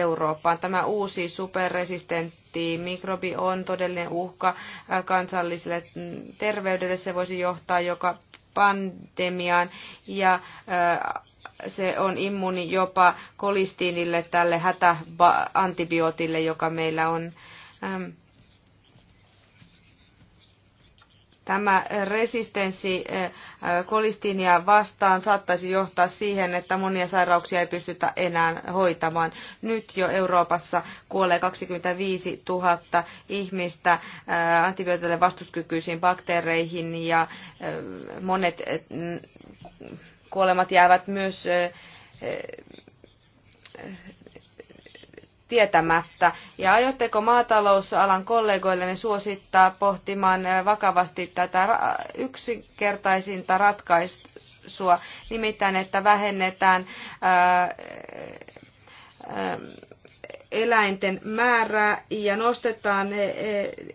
Eurooppaan. Tämä uusi superresistentti mikrobi on todellinen uhka kansalliselle mm, terveydelle. Se voisi johtaa joka pandemiaan ja se on immuuni jopa kolistiinille tälle hätäantibiootille, joka meillä on. Ähm, Tämä resistenssi eh, eh, kolistinia vastaan saattaisi johtaa siihen, että monia sairauksia ei pystytä enää hoitamaan. Nyt jo Euroopassa kuolee 25 000 ihmistä eh, antibiooteille vastuskykyisiin bakteereihin ja monet kuolemat jäävät myös tietämättä. Ja aiotteko maatalousalan kollegoillenne suosittaa pohtimaan eh, vakavasti tätä yksinkertaisinta ratkaisua, nimittäin että vähennetään ää, eh, ää, eh, eläinten määrää ja nostetaan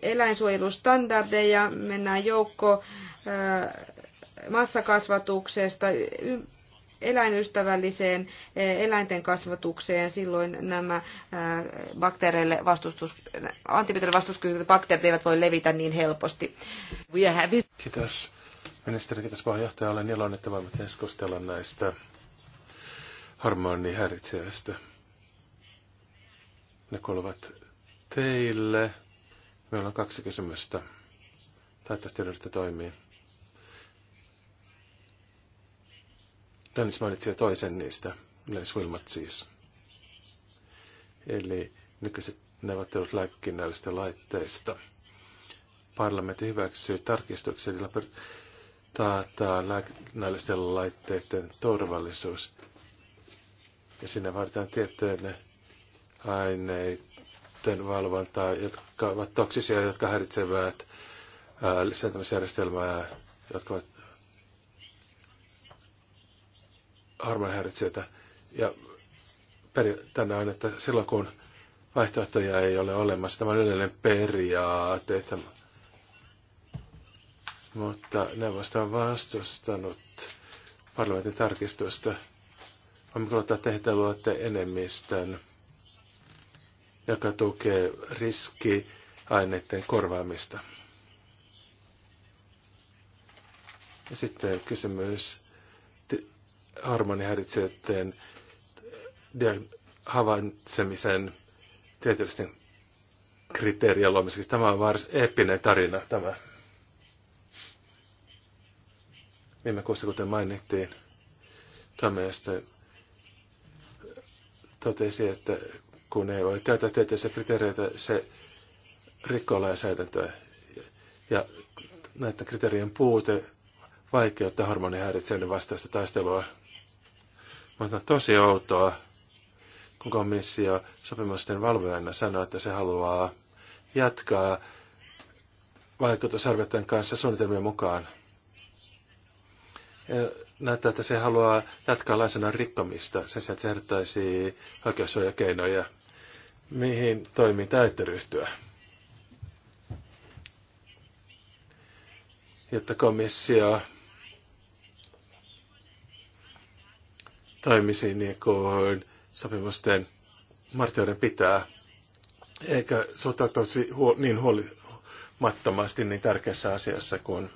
eläinsuojelustandardeja, mennään joukko massakasvatuksesta eläinystävälliseen eh, eläinten kasvatukseen, silloin nämä eh, bakteereille vastustus, antibiootille vastuskykyiset bakteerit eivät voi levitä niin helposti. Kiitos ministeri, kiitos puheenjohtaja. Olen iloinen, että voimme keskustella näistä häiritsevästä. Ne kuuluvat teille. Meillä on kaksi kysymystä. Toivottavasti että toimii. Dennis mainitsi jo toisen niistä, Lens Wilmat siis. Eli nykyiset neuvottelut lääkinnällisistä laitteista. Parlamentti hyväksyy tarkistuksen, jolla taataan lääkinnällisten laitteiden turvallisuus. Ja siinä vaaditaan tiettyjen aineiden valvontaa, jotka ovat toksisia, jotka häiritsevät lisääntämisjärjestelmää, jotka ovat harmonihäiritsijöitä. Ja tänne on, että silloin kun vaihtoehtoja ei ole olemassa, tämä on edelleen periaate, että, mutta neuvosto on vastustanut parlamentin tarkistusta. on ottaa tehtävä, luotte enemmistön, joka tukee riskiaineiden korvaamista. Ja sitten kysymys hormonihäiritsijöiden havaitsemisen tieteellisten kriteerien luomiseksi. Tämä on varsin eeppinen tarina tämä. Viime kuussa, kuten mainittiin, tuomioistuin totesi, että kun ei voi käyttää tieteellisiä kriteereitä, se rikkoo lainsäädäntöä. Ja näiden kriteerien puute vaikeuttaa hormonihäiritseiden vastaista taistelua. Mutta tosi outoa, kun komissio sopimusten valvojana sanoi, että se haluaa jatkaa vaikutusarvioiden kanssa suunnitelmien mukaan. Ja näyttää, että se haluaa jatkaa lainsäädännön rikkomista sen sijaan, että se herättäisi oikeussuojakeinoja, mihin toimii täytyy ryhtyä. Jotta komissio toimisi niin kuin sopimusten martioiden pitää, eikä suhtautuisi huo- niin huolimattomasti niin tärkeässä asiassa kuin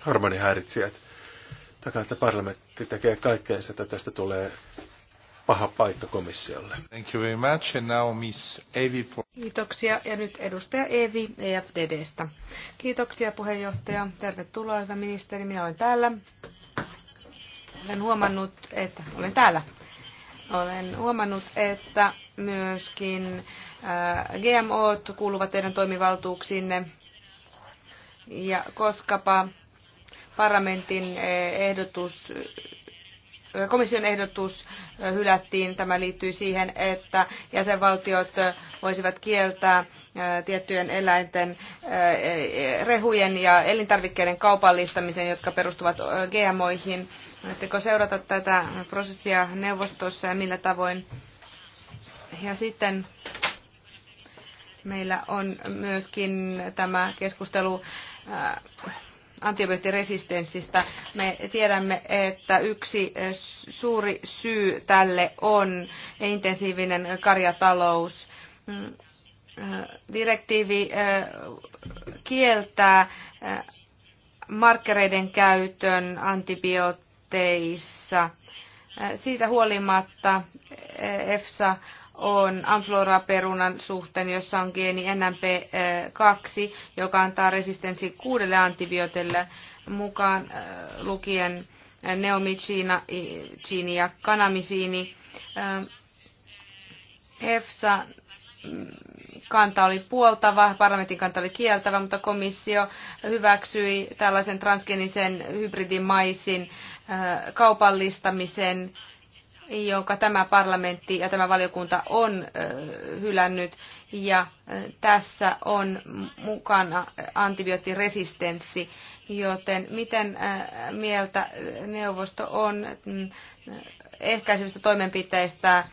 harmonihäiritsijät. Takaa, että parlamentti tekee kaikkea, että tästä tulee paha paikka komissiolle. Thank you very much. And now Miss Evi. Kiitoksia. Ja nyt edustaja Evi EFDDstä. Kiitoksia puheenjohtaja. Tervetuloa, hyvä ministeri. Minä olen täällä. Olen huomannut, että olen täällä. Olen huomannut, että myöskin äh, GMO kuuluvat teidän toimivaltuuksinne. Ja koskapa parlamentin eh, ehdotus eh, komission ehdotus eh, hylättiin. Tämä liittyy siihen, että jäsenvaltiot voisivat kieltää tiettyjen eläinten rehujen ja elintarvikkeiden kaupallistamisen, jotka perustuvat GMOihin. Oletteko seurata tätä prosessia neuvostossa ja millä tavoin? Ja sitten meillä on myöskin tämä keskustelu äh, antibioottiresistenssistä. Me tiedämme, että yksi äh, suuri syy tälle on intensiivinen karjatalous. Mm, äh, direktiivi kieltää markkereiden käytön antibioottia tavoitteissa. Äh, siitä huolimatta äh, EFSA on amfloraperunan suhteen, jossa on geeni NMP2, joka antaa resistenssi kuudelle antibiootille mukaan äh, lukien neomiciini ja kanamisiini. EFSA kanta oli puoltava, parlamentin kanta oli kieltävä, mutta komissio hyväksyi tällaisen transgenisen hybridimaisin kaupallistamisen, jonka tämä parlamentti ja tämä valiokunta on hylännyt. Ja tässä on mukana antibioottiresistenssi, joten miten mieltä neuvosto on mm, ehkäisevistä toimenpiteistä,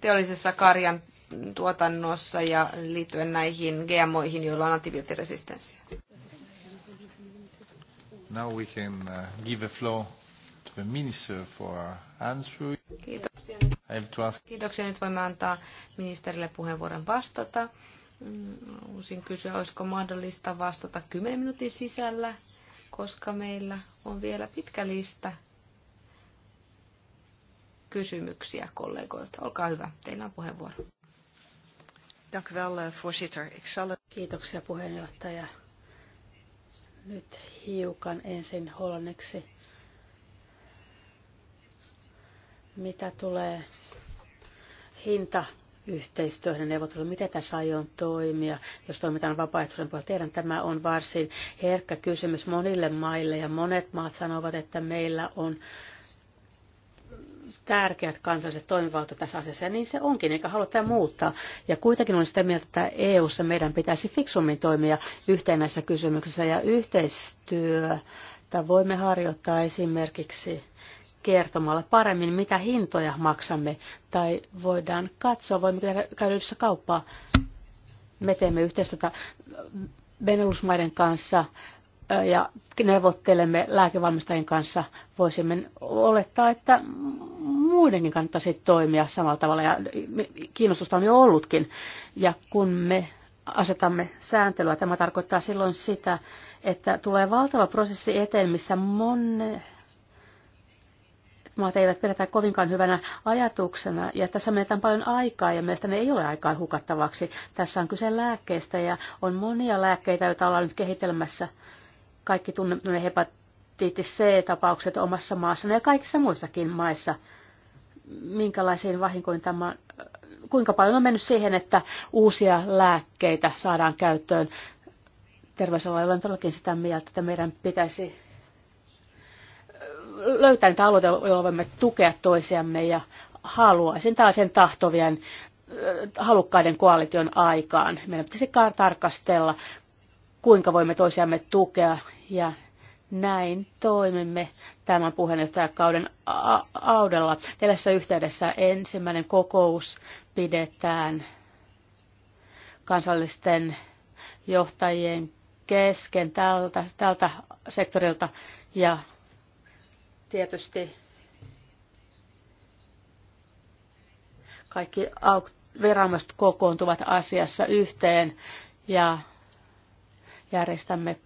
teollisessa karjan tuotannossa ja liittyen näihin GMOihin, joilla on antibioottiresistenssiä. Now we can uh, give a floor to the minister for answer. Kiitoksia. I have to ask. Kiitoksia. Nyt voimme antaa ministerille puheenvuoron vastata. Mm, uusin kysyä, olisiko mahdollista vastata 10 minuutin sisällä, koska meillä on vielä pitkä lista kysymyksiä kollegoilta. Olkaa hyvä, teillä on puheenvuoro. Eh, Kiitoksia puheenjohtaja. Nyt hiukan ensin hollanniksi. Mitä tulee hinta yhteistyöhön neuvotteluun, miten tässä aion toimia, jos toimitaan vapaaehtoisen puolella. Tiedän, tämä on varsin herkkä kysymys monille maille ja monet maat sanovat, että meillä on tärkeät kansalliset toimivalta tässä asiassa, ja niin se onkin, eikä halua tämä muuttaa. Ja kuitenkin olen sitä mieltä, että EU-ssa meidän pitäisi fiksummin toimia yhteen näissä kysymyksissä, ja yhteistyötä voimme harjoittaa esimerkiksi kertomalla paremmin, mitä hintoja maksamme, tai voidaan katsoa, voimme käydä yhdessä kauppaa. Me teemme yhteistyötä Benelux-maiden kanssa ja neuvottelemme lääkevalmistajien kanssa, voisimme olettaa, että muidenkin kannattaisi toimia samalla tavalla, ja kiinnostusta on jo ollutkin. Ja kun me asetamme sääntelyä, tämä tarkoittaa silloin sitä, että tulee valtava prosessi eteen, missä monet maat eivät pidetä kovinkaan hyvänä ajatuksena, ja tässä menetään paljon aikaa, ja mielestäni ei ole aikaa hukattavaksi. Tässä on kyse lääkkeistä, ja on monia lääkkeitä, joita ollaan nyt kehittelemässä kaikki tunnemme hepatiitis C-tapaukset omassa maassa ja kaikissa muissakin maissa. Minkälaisiin vahinkoihin tämä, kuinka paljon on mennyt siihen, että uusia lääkkeitä saadaan käyttöön? Terveysalalla olen todellakin sitä mieltä, että meidän pitäisi löytää niitä alueita, joilla voimme tukea toisiamme ja haluaisin sen tahtovien äh, halukkaiden koalition aikaan. Meidän pitäisi tarkastella, kuinka voimme toisiamme tukea ja näin toimimme tämän puheenjohtajakauden audella. tässä yhteydessä ensimmäinen kokous pidetään kansallisten johtajien kesken tältä, tältä sektorilta ja tietysti kaikki viranomaiset kokoontuvat asiassa yhteen ja järjestämme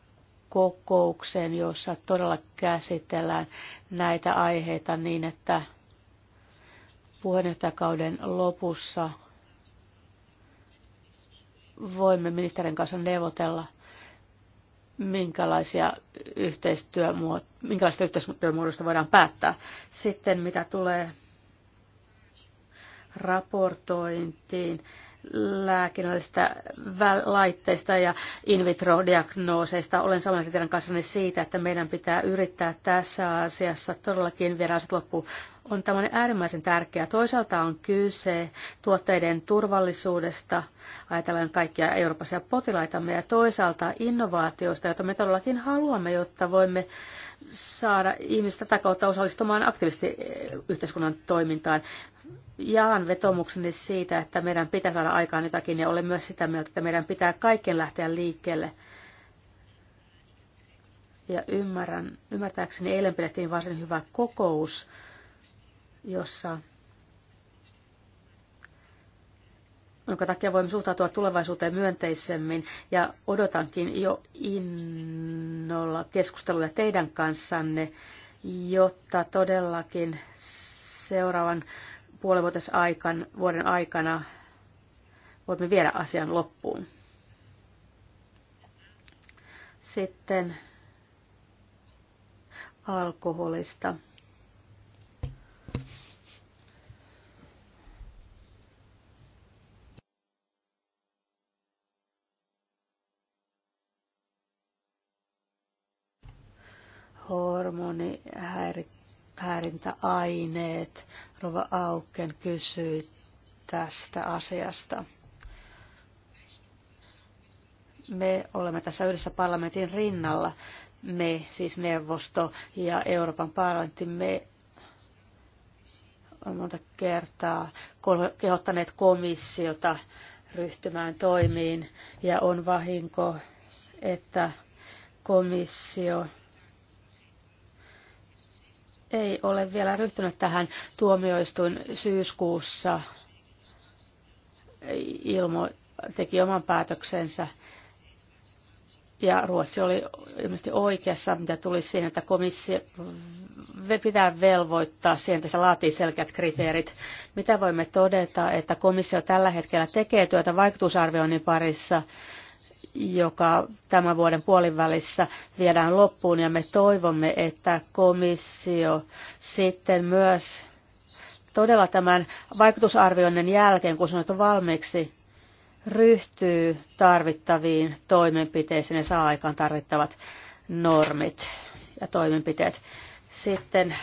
kokoukseen, jossa todella käsitellään näitä aiheita niin, että puheenjohtajakauden lopussa voimme ministerin kanssa neuvotella, minkälaisia yhteistyömuodosta, minkälaista yhteistyömuodosta voidaan päättää. Sitten mitä tulee raportointiin, lääkinnällisistä laitteista ja in vitro-diagnooseista. Olen samaa teidän kanssanne siitä, että meidän pitää yrittää tässä asiassa todellakin viedä asiat loppuun. On tämmöinen äärimmäisen tärkeää. Toisaalta on kyse tuotteiden turvallisuudesta, ajatellaan kaikkia eurooppalaisia potilaitamme, ja toisaalta innovaatioista, joita me todellakin haluamme, jotta voimme saada ihmistä tätä kautta osallistumaan aktiivisesti eh, yhteiskunnan toimintaan jaan vetomukseni siitä, että meidän pitää saada aikaan jotakin ja olen myös sitä mieltä, että meidän pitää kaiken lähteä liikkeelle. Ja ymmärrän, ymmärtääkseni eilen pidettiin varsin hyvä kokous, jossa jonka takia voimme suhtautua tulevaisuuteen myönteisemmin ja odotankin jo innolla keskusteluja teidän kanssanne, jotta todellakin seuraavan puolivuotisaikan, vuoden aikana voimme viedä asian loppuun. Sitten alkoholista. hormonihäirikkö häirintäaineet. Rova Auken kysyi tästä asiasta. Me olemme tässä yhdessä parlamentin rinnalla. Me, siis neuvosto ja Euroopan parlamentti, me on monta kertaa kehottaneet komissiota ryhtymään toimiin ja on vahinko, että komissio ei ole vielä ryhtynyt tähän tuomioistuin syyskuussa ilmo, teki oman päätöksensä. Ja Ruotsi oli ilmeisesti oikeassa, mitä tuli siinä, että komissio pitää velvoittaa siihen, että se laatii selkeät kriteerit. Mitä voimme todeta, että komissio tällä hetkellä tekee työtä vaikutusarvioinnin parissa joka tämän vuoden puolivälissä viedään loppuun ja me toivomme, että komissio sitten myös todella tämän vaikutusarvioinnin jälkeen, kun se on valmiiksi, ryhtyy tarvittaviin toimenpiteisiin ja saa aikaan tarvittavat normit ja toimenpiteet. Sitten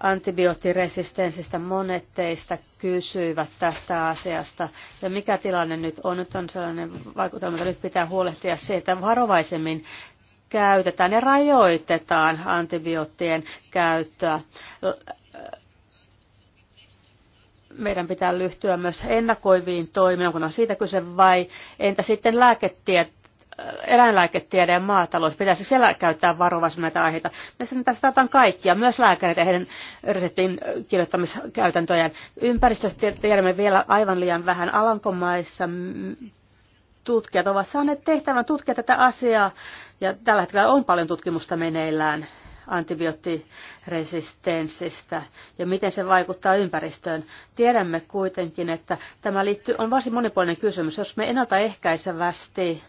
antibioottiresistenssistä. Monet teistä kysyivät tästä asiasta. Ja mikä tilanne nyt on? Nyt on sellainen vaikutelma, että nyt pitää huolehtia siitä, että varovaisemmin käytetään ja rajoitetaan antibioottien käyttöä. Meidän pitää lyhtyä myös ennakoiviin toimiin, kun on siitä kyse, vai entä sitten lääketieteen? eläinlääketiede ja maatalous, pitäisi siellä käyttää varovasti näitä aiheita. sen tässä taataan kaikkia, myös lääkäreitä ja heidän reseptin kirjoittamiskäytäntöjään. Ympäristöstä tiedämme vielä aivan liian vähän Alankomaissa. Tutkijat ovat saaneet tehtävän tutkia tätä asiaa ja tällä hetkellä on paljon tutkimusta meneillään antibioottiresistenssistä ja miten se vaikuttaa ympäristöön. Tiedämme kuitenkin, että tämä liittyy, on varsin monipuolinen kysymys. Jos me ennaltaehkäisevästi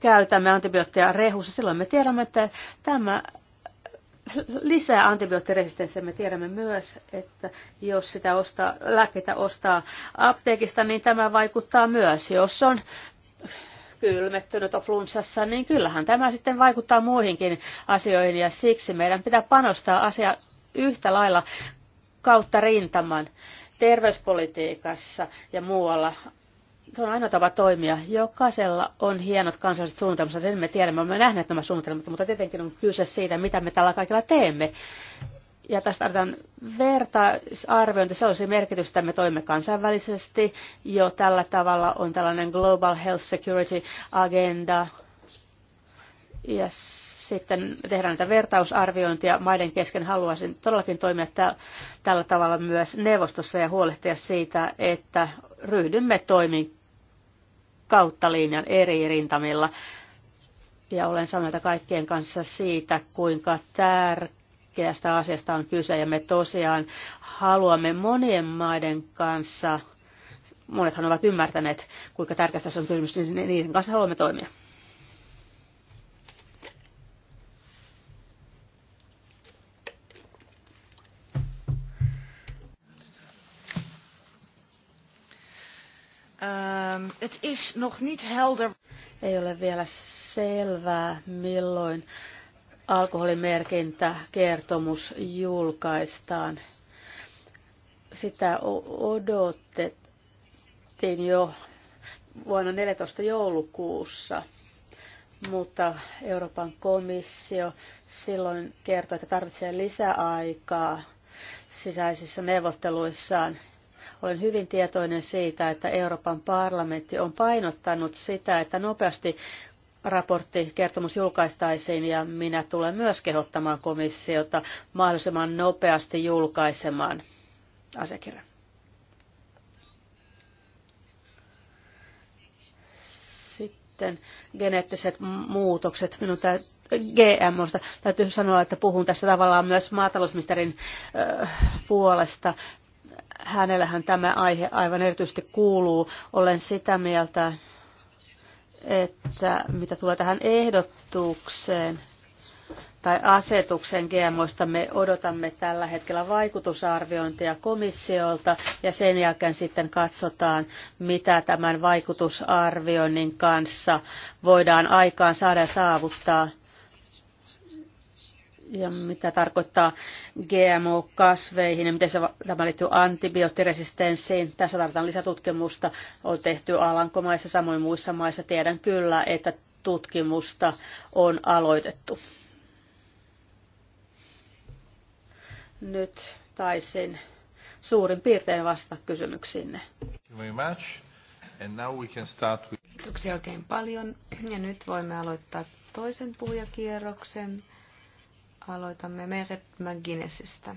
käytämme antibiootteja rehussa, silloin me tiedämme, että tämä lisää antibioottiresistenssiä. Me tiedämme myös, että jos sitä ostaa, lääkkeitä ostaa apteekista, niin tämä vaikuttaa myös. Jos on kylmettynyt on flunssassa, niin kyllähän tämä sitten vaikuttaa muihinkin asioihin ja siksi meidän pitää panostaa asia yhtä lailla kautta rintaman terveyspolitiikassa ja muualla se on aina tapa toimia. Jokaisella on hienot kansalliset suunnitelmat, sen me tiedämme, olemme nähneet nämä suunnitelmat, mutta tietenkin on kyse siitä, mitä me tällä kaikilla teemme. Ja tästä tarvitaan vertaisarviointi, se olisi merkitystä, että me toimme kansainvälisesti. Jo tällä tavalla on tällainen Global Health Security Agenda. Ja sitten tehdään näitä vertausarviointia maiden kesken. Haluaisin todellakin toimia tällä tavalla myös neuvostossa ja huolehtia siitä, että ryhdymme toimiin kautta linjan eri rintamilla. Ja olen samalta kaikkien kanssa siitä, kuinka tärkeästä asiasta on kyse. Ja me tosiaan haluamme monien maiden kanssa, monethan ovat ymmärtäneet, kuinka tärkeästä se on kysymys, niin niiden kanssa haluamme toimia. Ehm, is nog niet helder. Ei ole vielä selvää, milloin alkoholimerkintä kertomus julkaistaan. Sitä odotettiin jo vuonna 14 joulukuussa, mutta Euroopan komissio silloin kertoi, että tarvitsee lisäaikaa sisäisissä neuvotteluissaan olen hyvin tietoinen siitä, että Euroopan parlamentti on painottanut sitä, että nopeasti raportti, kertomus julkaistaisiin ja minä tulen myös kehottamaan komissiota mahdollisimman nopeasti julkaisemaan asiakirjan. sitten geneettiset muutokset. Minun tä- GMOsta täytyy sanoa, että puhun tässä tavallaan myös maatalousministerin puolesta hänellähän tämä aihe aivan erityisesti kuuluu. Olen sitä mieltä, että mitä tulee tähän ehdotukseen tai asetuksen GMOista, me odotamme tällä hetkellä vaikutusarviointia komissiolta ja sen jälkeen sitten katsotaan, mitä tämän vaikutusarvioinnin kanssa voidaan aikaan saada saavuttaa ja mitä tarkoittaa GMO-kasveihin ja miten se, tämä liittyy antibioottiresistenssiin. Tässä tarvitaan lisätutkimusta. On tehty Alankomaissa, samoin muissa maissa. Tiedän kyllä, että tutkimusta on aloitettu. Nyt taisin suurin piirtein vastata kysymyksiinne. Kiitoksia oikein paljon. Ja nyt voimme aloittaa toisen puhujakierroksen. Aloitamme Meret McGuinnessistä.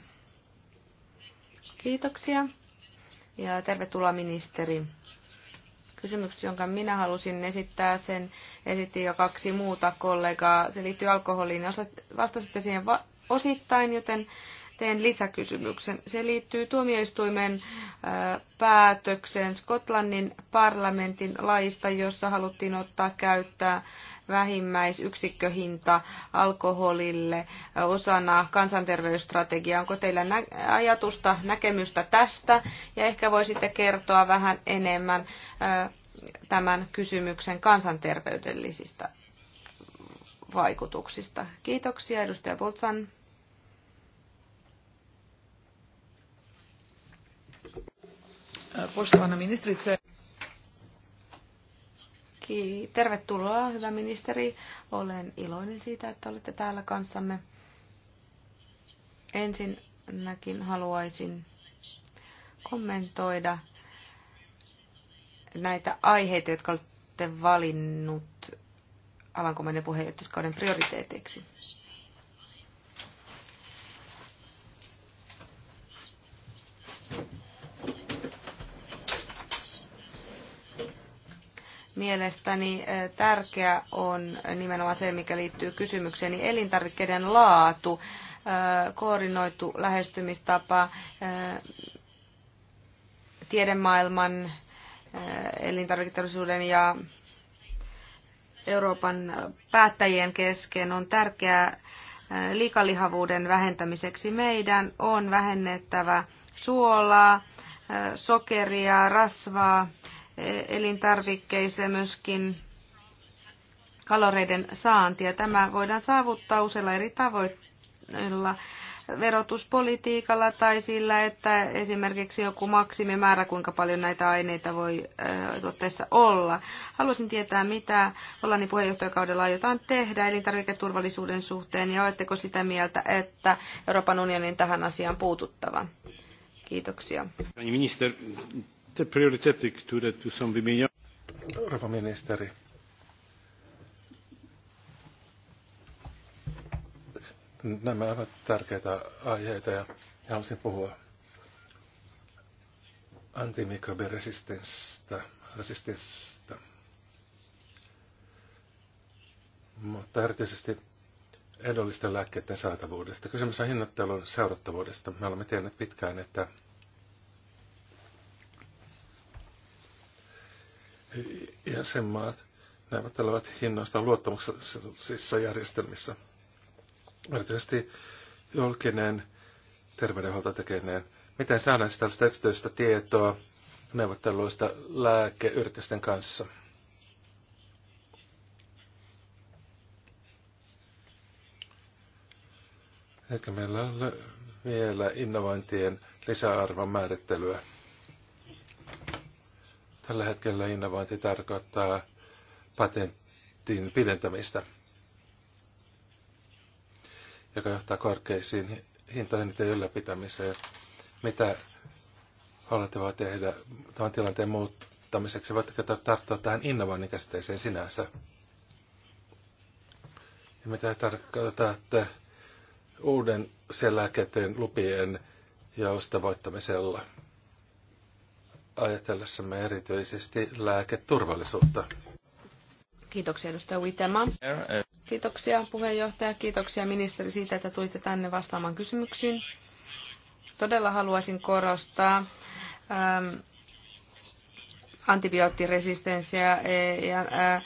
Kiitoksia ja tervetuloa ministeri. Kysymys, jonka minä halusin esittää, sen esitti jo kaksi muuta kollegaa. Se liittyy alkoholiin. Vastasitte siihen va- osittain, joten teen lisäkysymyksen. Se liittyy tuomioistuimen päätökseen Skotlannin parlamentin laista, jossa haluttiin ottaa käyttää vähimmäisyksikköhinta alkoholille osana kansanterveysstrategiaa. Onko teillä ajatusta, näkemystä tästä? Ja ehkä voisitte kertoa vähän enemmän tämän kysymyksen kansanterveydellisistä vaikutuksista. Kiitoksia, edustaja Boltsan. Poštovana ministrice, Tervetuloa, hyvä ministeri. Olen iloinen siitä, että olette täällä kanssamme. Ensinnäkin haluaisin kommentoida näitä aiheita, jotka olette valinnut Alankomainen puheenjohtajuuskauden prioriteeteiksi. Mielestäni eh, tärkeä on nimenomaan se, mikä liittyy kysymykseen, niin elintarvikkeiden laatu, eh, koordinoitu lähestymistapa, eh, tiedemaailman, elintarviketeollisuuden ja Euroopan päättäjien kesken on tärkeää liikalihavuuden vähentämiseksi. Meidän on vähennettävä suolaa, sokeria, rasvaa, elintarvikkeisiin myöskin kaloreiden saantia. Tämä voidaan saavuttaa useilla eri tavoilla verotuspolitiikalla tai sillä, että esimerkiksi joku maksimimäärä, kuinka paljon näitä aineita voi tuotteessa olla. Haluaisin tietää, mitä Hollannin puheenjohtajakaudella aiotaan tehdä elintarviketurvallisuuden suhteen ja oletteko sitä mieltä, että Euroopan unionin tähän asiaan puututtava? Kiitoksia. Minister, te prioriteter, które tu są wymienione. Rouva ministeri. Nämä ovat tärkeitä aiheita ja haluaisin puhua antimikrobiresistenssistä, Mutta erityisesti edullisten lääkkeiden saatavuudesta. Kysymys on hinnoittelun seurattavuudesta. Me olemme tienneet pitkään, että jäsenmaat neuvottelevat hinnoista luottamuksellisissa järjestelmissä. Erityisesti julkinen terveydenhuolto tekee Miten saadaan tällaista yksityistä tietoa neuvotteluista lääkeyritysten kanssa? Ehkä meillä ole vielä innovointien lisäarvon määrittelyä. Tällä hetkellä innovointi tarkoittaa patentin pidentämistä, joka johtaa korkeisiin hintoihin niiden ylläpitämiseen. Mitä olette voi tehdä tämän tilanteen muuttamiseksi? Voitteko tarttua tähän innovoinnin käsitteeseen sinänsä? Ja mitä tarkoittaa, että uuden sen lääketteen lupien ja ostavoittamisella? ajatellessamme erityisesti lääketurvallisuutta. Kiitoksia edustaja Witema. Kiitoksia puheenjohtaja, kiitoksia ministeri siitä, että tulitte tänne vastaamaan kysymyksiin. Todella haluaisin korostaa ähm, antibioottiresistenssiä e, ja äh,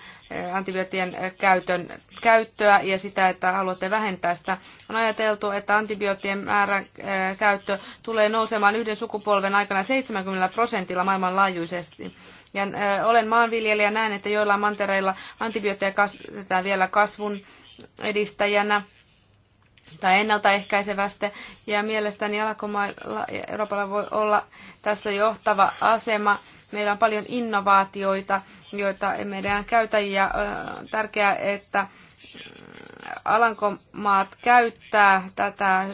antibioottien käytön, käyttöä ja sitä, että haluatte vähentää sitä. On ajateltu, että antibioottien määrän äh, käyttö tulee nousemaan yhden sukupolven aikana 70 prosentilla maailmanlaajuisesti. Ja äh, olen maanviljelijä näen, että joillain mantereilla antibiootteja kasvatetaan vielä kasvun edistäjänä tai ennaltaehkäisevästi. Ja mielestäni Alakomailla Euroopalla voi olla tässä johtava asema. Meillä on paljon innovaatioita joita emme enää käytä. Ja on tärkeää, että Alankomaat käyttää tätä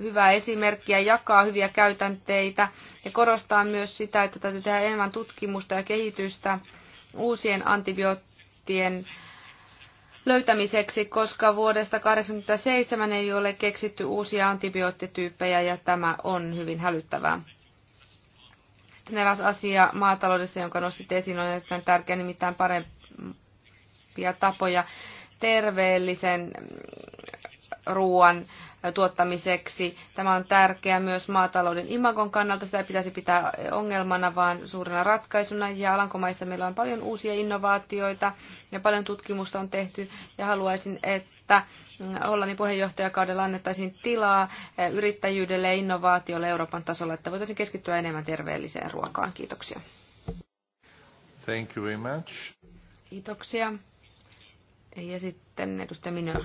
hyvää esimerkkiä, jakaa hyviä käytänteitä ja korostaa myös sitä, että täytyy tehdä enemmän tutkimusta ja kehitystä uusien antibioottien löytämiseksi, koska vuodesta 1987 ei ole keksitty uusia antibioottityyppejä ja tämä on hyvin hälyttävää. Sitten eräs asia maataloudessa, jonka nostit esiin, on erittäin tärkeä, nimittäin parempia tapoja terveellisen ruoan tuottamiseksi. Tämä on tärkeää myös maatalouden imagon kannalta. Sitä ei pitäisi pitää ongelmana, vaan suurena ratkaisuna. Ja Alankomaissa meillä on paljon uusia innovaatioita ja paljon tutkimusta on tehty. Ja haluaisin, että että Hollannin puheenjohtajakaudella annettaisiin tilaa yrittäjyydelle ja innovaatiolle Euroopan tasolla, että voitaisiin keskittyä enemmän terveelliseen ruokaan. Kiitoksia. Thank you very much. Kiitoksia. Ja sitten edustaja Minör.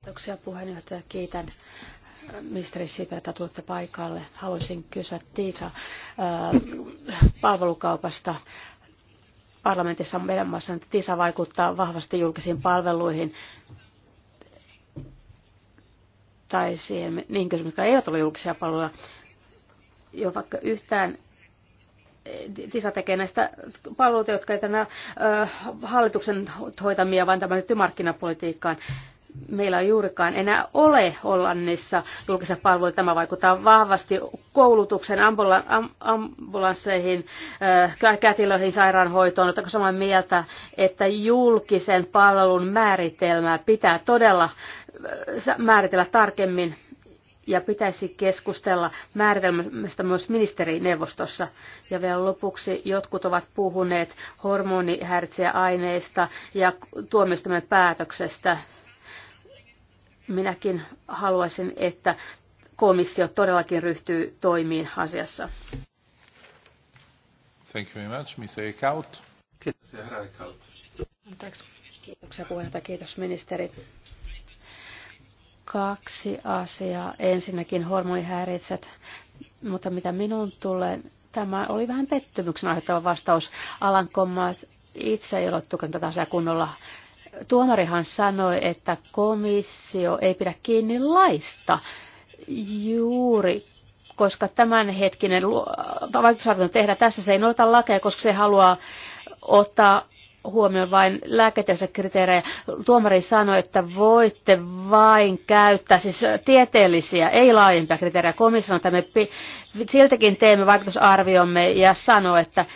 Kiitoksia puheenjohtaja. Kiitän äh, ministeri Sipilä, että tulette paikalle. Haluaisin kysyä Tiisa äh, palvelukaupasta parlamentissa meidän maassa TISA vaikuttaa vahvasti julkisiin palveluihin tai siihen, niihin kysymyksiin, jotka eivät ole julkisia palveluja. Jo vaikka yhtään eh, TISA tekee näistä palveluita, jotka eivät ole hallituksen hoitamia, vaan tämä liittyy markkinapolitiikkaan meillä on juurikaan enää ole Hollannissa julkisia palveluita. Tämä vaikuttaa vahvasti koulutuksen, ambulansseihin, äh, kätilöihin, sairaanhoitoon. Oletko samaa mieltä, että julkisen palvelun määritelmää pitää todella äh, määritellä tarkemmin ja pitäisi keskustella määritelmästä myös ministerineuvostossa. Ja vielä lopuksi jotkut ovat puhuneet hormonihäiritsejäaineista ja tuomioistuimen päätöksestä Minäkin haluaisin, että komissio todellakin ryhtyy toimiin asiassa. Thank you very much, Mr. Eikaut. Kiitos, herra Eickhout. Anteeksi. Kiitoksia puheenjohtaja, kiitos ministeri. Kaksi asiaa. Ensinnäkin hormonihäiritset, mutta mitä minun tulee, tämä oli vähän pettymyksen aiheuttava vastaus. Alankomaat itse ei ole tukenut tätä asiaa kunnolla tuomarihan sanoi, että komissio ei pidä kiinni laista juuri koska tämänhetkinen vaikutusarvio tehdä tässä, se ei noita lakeja, koska se haluaa ottaa huomioon vain lääketieteellisiä kriteerejä. Tuomari sanoi, että voitte vain käyttää siis tieteellisiä, ei laajempia kriteerejä. Komissio on että me siltikin teemme vaikutusarviomme ja sanoi, että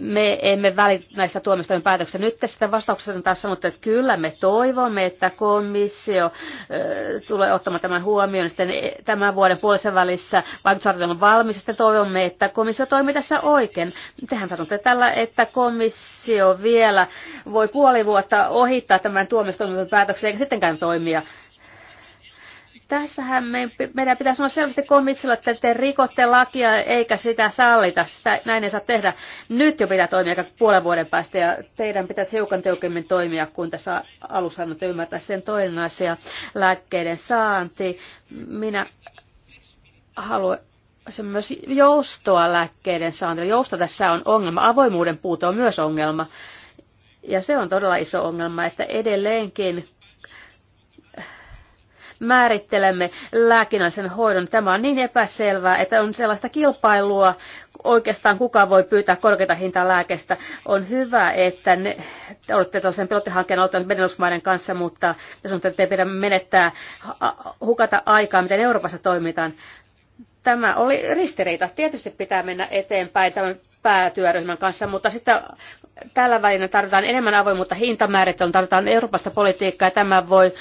me emme väli näistä tuomistojen päätöksistä. Nyt tässä vastauksessa on taas sanottu, että kyllä me toivomme, että komissio tulee ottamaan tämän huomioon sitten e, tämän vuoden puolisen välissä vaikutusarvio on valmis. Sitten toivomme, että komissio toimii tässä oikein. Tehän sanotte tällä, että komissio vielä voi puoli vuotta ohittaa tämän tuomistojen päätöksen eikä sittenkään toimia. Tässähän me, meidän pitää olla selvästi komissilla, että te rikotte lakia eikä sitä sallita. Sitä, näin ei saa tehdä. Nyt jo pitää toimia aika puolen vuoden päästä ja teidän pitäisi hiukan tiukemmin toimia, kun tässä alussa annatte ymmärtää sen toinen asia, lääkkeiden saanti. Minä haluan se myös joustoa lääkkeiden saanti. Jousto tässä on ongelma. Avoimuuden puute on myös ongelma. Ja se on todella iso ongelma, että edelleenkin määrittelemme lääkinnällisen hoidon. Tämä on niin epäselvää, että on sellaista kilpailua, oikeastaan kuka voi pyytää korkeita hintaa lääkestä. On hyvä, että ne, te olette tällaisen pilottihankkeen aloittaneet Benelux-maiden kanssa, mutta te on, että ei pidä menettää, hukata aikaa, miten Euroopassa toimitaan. Tämä oli ristiriita. Tietysti pitää mennä eteenpäin tämän päätyöryhmän kanssa, mutta sitten tällä välillä tarvitaan enemmän avoimuutta hintamäärittelyyn, tarvitaan Euroopasta politiikkaa ja tämä voi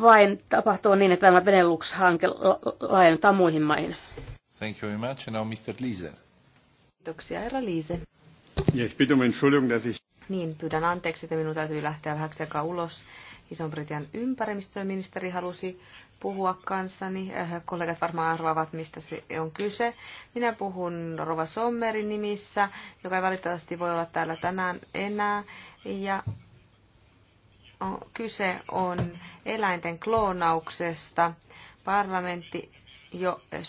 vain tapahtuu niin, että tämä Benelux-hanke laajentaa muihin maihin. Thank you very much. And now Mr. Liese. Kiitoksia, herra Liise. Ja, ich bitte um Entschuldigung, dass ich... Niin, pyydän anteeksi, että minun täytyy lähteä vähäksi aikaa ulos. iso britian ympäristöministeri halusi puhua kanssani. Äh, kollegat varmaan arvaavat, mistä se on kyse. Minä puhun Rova Sommerin nimissä, joka ei valitettavasti voi olla täällä tänään enää. Ja kyse on eläinten kloonauksesta. Parlamentti jo eh,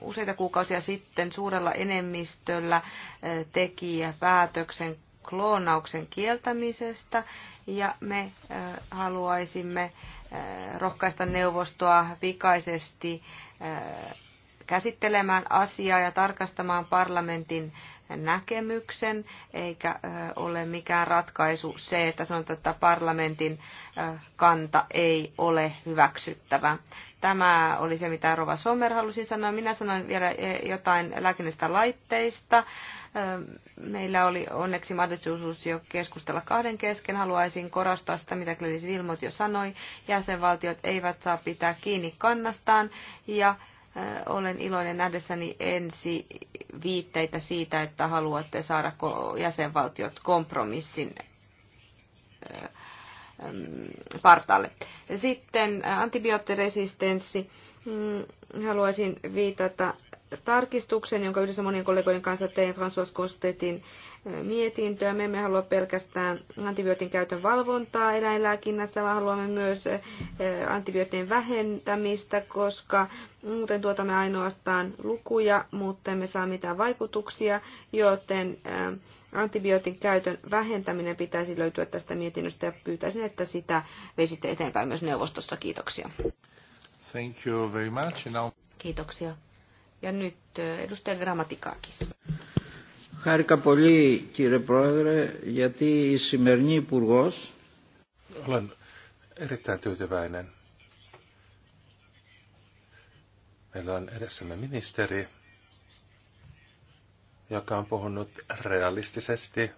useita kuukausia sitten suurella enemmistöllä eh, teki päätöksen kloonauksen kieltämisestä ja me eh, haluaisimme rohkaista neuvostoa pikaisesti käsittelemään asiaa ja tarkastamaan parlamentin näkemyksen, eikä ole mikään ratkaisu se, että sanotaan, että parlamentin kanta ei ole hyväksyttävä. Tämä oli se, mitä Rova Sommer halusi sanoa. Minä sanoin vielä e, jotain lääkinnistä laitteista. Meillä oli onneksi mahdollisuus jo keskustella kahden kesken. Haluaisin korostaa sitä, mitä Glenis Vilmot jo sanoi. Jäsenvaltiot eivät saa pitää kiinni kannastaan ja Äh, olen iloinen nähdessäni ensi viitteitä siitä, että haluatte saada jäsenvaltiot kompromissin äh, partaalle. Sitten äh, antibioottiresistenssi. Mm, haluaisin viitata tarkistuksen, jonka yhdessä monien kollegoiden kanssa tein François Kostetin mietintöä. Me emme halua pelkästään antibiootin käytön valvontaa eläinlääkinnässä, vaan haluamme myös antibioottien vähentämistä, koska muuten tuotamme ainoastaan lukuja, mutta emme saa mitään vaikutuksia, joten antibiootin käytön vähentäminen pitäisi löytyä tästä mietinnöstä ja pyytäisin, että sitä veisitte eteenpäin myös neuvostossa. Kiitoksia. Thank you very much. Now... Kiitoksia. Ja nyt edustaja Grammatikaakis. Χάρηκα πολύ κύριε Πρόεδρε γιατί η σημερινή υπουργό. Olen erittäin tyytyväinen. Meillä on edessämme ministeri, joka on puhunut realistisesti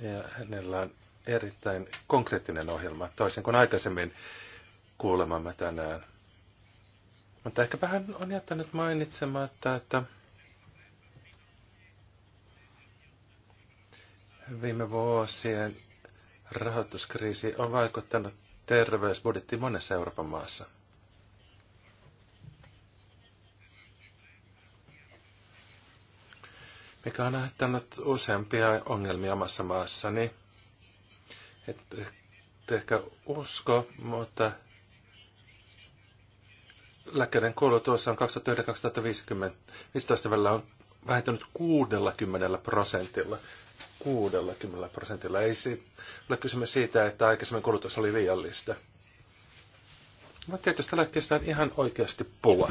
ja hänellä on erittäin konkreettinen ohjelma, toisin kuin aikaisemmin kuulemamme tänään. Mutta ehkäpä hän on jättänyt mainitsematta, että viime vuosien rahoituskriisi on vaikuttanut terveysbudjettiin monessa Euroopan maassa. mikä on aiheuttanut useampia ongelmia omassa maassani. Et, et ehkä usko, mutta lääkkeiden kuollut on 2009-2015 välillä on vähentynyt 60 prosentilla. 60 prosentilla. Ei ole kysymys siitä, että aikaisemmin kulutus oli liiallista. Mutta tietysti lääkkeistä on ihan oikeasti pula.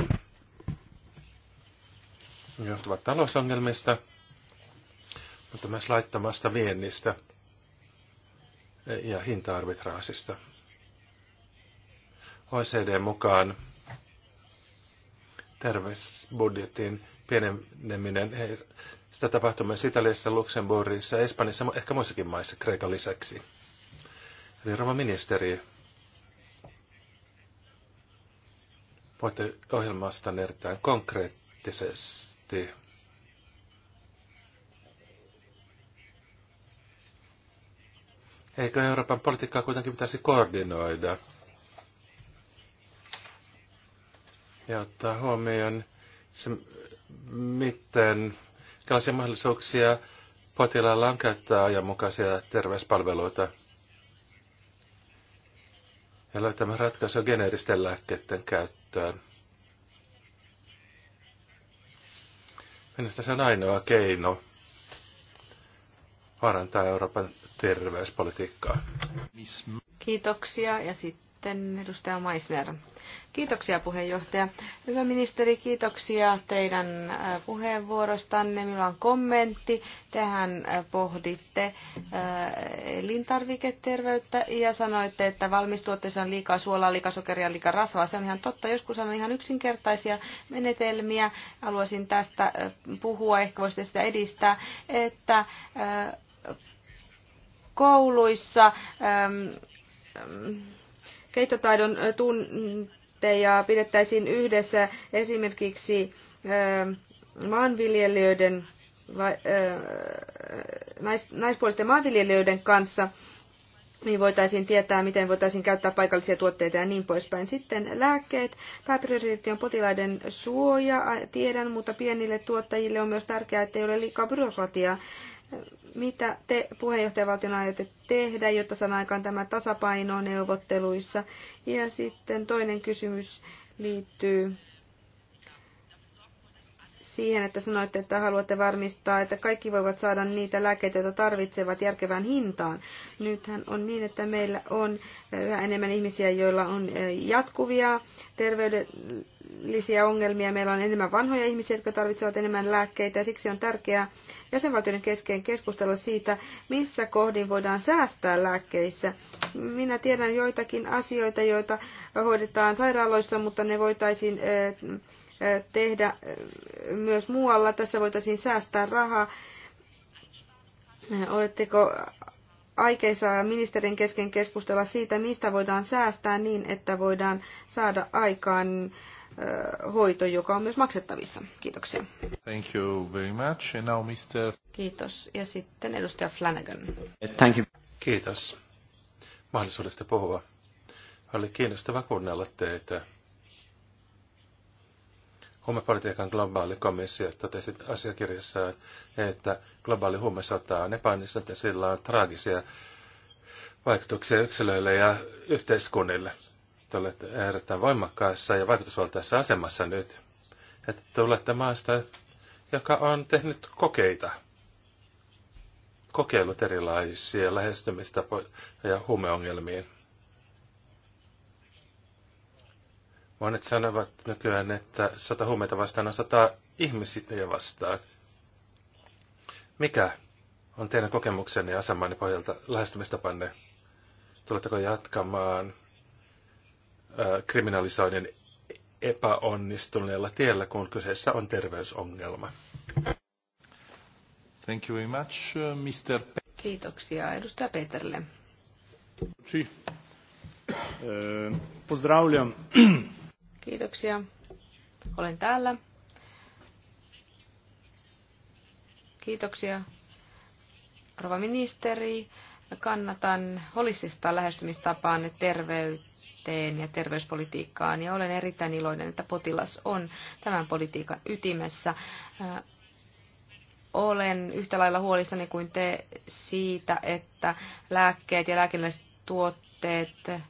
Ne johtuvat talousongelmista, mutta myös laittamasta viennistä ja hinta-arbitraasista. OECD mukaan terveysbudjetin pieneneminen. Sitä tapahtui myös Italiassa, Luxemburgissa, Espanjassa, ehkä muissakin maissa, Kreikan lisäksi. Eli Rova ministeri, voitte ohjelmasta erittäin konkreettisesti Eikö Euroopan politiikkaa kuitenkin pitäisi koordinoida? ja ottaa huomioon se, miten, tällaisia mahdollisuuksia potilaalla on käyttää ajanmukaisia terveyspalveluita. Ja löytämään ratkaisu geneeristen lääkkeiden käyttöön. Minusta se on ainoa keino parantaa Euroopan terveyspolitiikkaa. Kiitoksia ja sitten sitten edustaja Maisner. Kiitoksia puheenjohtaja. Hyvä ministeri, kiitoksia teidän äh, puheenvuorostanne. Minulla on kommentti. Tehän äh, pohditte äh, elintarviketerveyttä ja sanoitte, että valmistuotteissa on liikaa suolaa, liikasokeria, liikaa rasvaa. Se on ihan totta. Joskus on ihan yksinkertaisia menetelmiä. Haluaisin tästä puhua, ehkä voisitte sitä edistää, että kouluissa ähm, keittotaidon tunteja pidettäisiin yhdessä esimerkiksi maanviljelijöiden, naispuolisten maanviljelijöiden kanssa, niin voitaisiin tietää, miten voitaisiin käyttää paikallisia tuotteita ja niin poispäin. Sitten lääkkeet. Pääprioriteetti on potilaiden suoja, tiedän, mutta pienille tuottajille on myös tärkeää, että ei ole liikaa byrokratiaa. Mitä te puheenjohtajavaltion aiotte tehdä, jotta saadaan aikaan tämä tasapaino neuvotteluissa? Ja sitten toinen kysymys liittyy siihen, että sanoitte, että haluatte varmistaa, että kaikki voivat saada niitä lääkkeitä, joita tarvitsevat järkevään hintaan. Nythän on niin, että meillä on yhä enemmän ihmisiä, joilla on jatkuvia terveydellisiä ongelmia. Meillä on enemmän vanhoja ihmisiä, jotka tarvitsevat enemmän lääkkeitä ja siksi on tärkeää jäsenvaltioiden kesken keskustella siitä, missä kohdin voidaan säästää lääkkeissä. Minä tiedän joitakin asioita, joita hoidetaan sairaaloissa, mutta ne voitaisiin tehdä myös muualla. Tässä voitaisiin säästää rahaa. Oletteko aikeissa ministerin kesken keskustella siitä, mistä voidaan säästää niin, että voidaan saada aikaan hoito, joka on myös maksettavissa. Kiitoksia. Thank you very much. And now Mr. Kiitos. Ja sitten edustaja Flanagan. Thank you. Kiitos mahdollisuudesta puhua. Oli kiinnostava kuunnella teitä. Huumepolitiikan globaali komissio totesi asiakirjassa, että globaali huumesota on epäonnistunut ja sillä on traagisia vaikutuksia yksilöille ja yhteiskunnille. Te olette erittäin voimakkaassa ja vaikutusvaltaisessa asemassa nyt. Että te olette maasta, joka on tehnyt kokeita. Kokeilut erilaisia lähestymistapoja ja huumeongelmiin Monet sanovat nykyään, että sota huumeita vastaan on sota ihmisiä vastaan. Mikä on teidän kokemuksenne ja asemanne pohjalta lähestymistapanne? Tuletteko jatkamaan äh, kriminalisoinnin epäonnistuneella tiellä, kun kyseessä on terveysongelma? Thank you very much, uh, Mr. Pe- Kiitoksia edustaja Peterille. Pozdravljam Kiitoksia. Olen täällä. Kiitoksia, rouva ministeri. Kannatan holistista lähestymistapaan terveyteen ja terveyspolitiikkaan ja olen erittäin iloinen, että potilas on tämän politiikan ytimessä. Äh, olen yhtä lailla huolissani kuin te siitä, että lääkkeet ja lääkinnälliset tuotteet äh,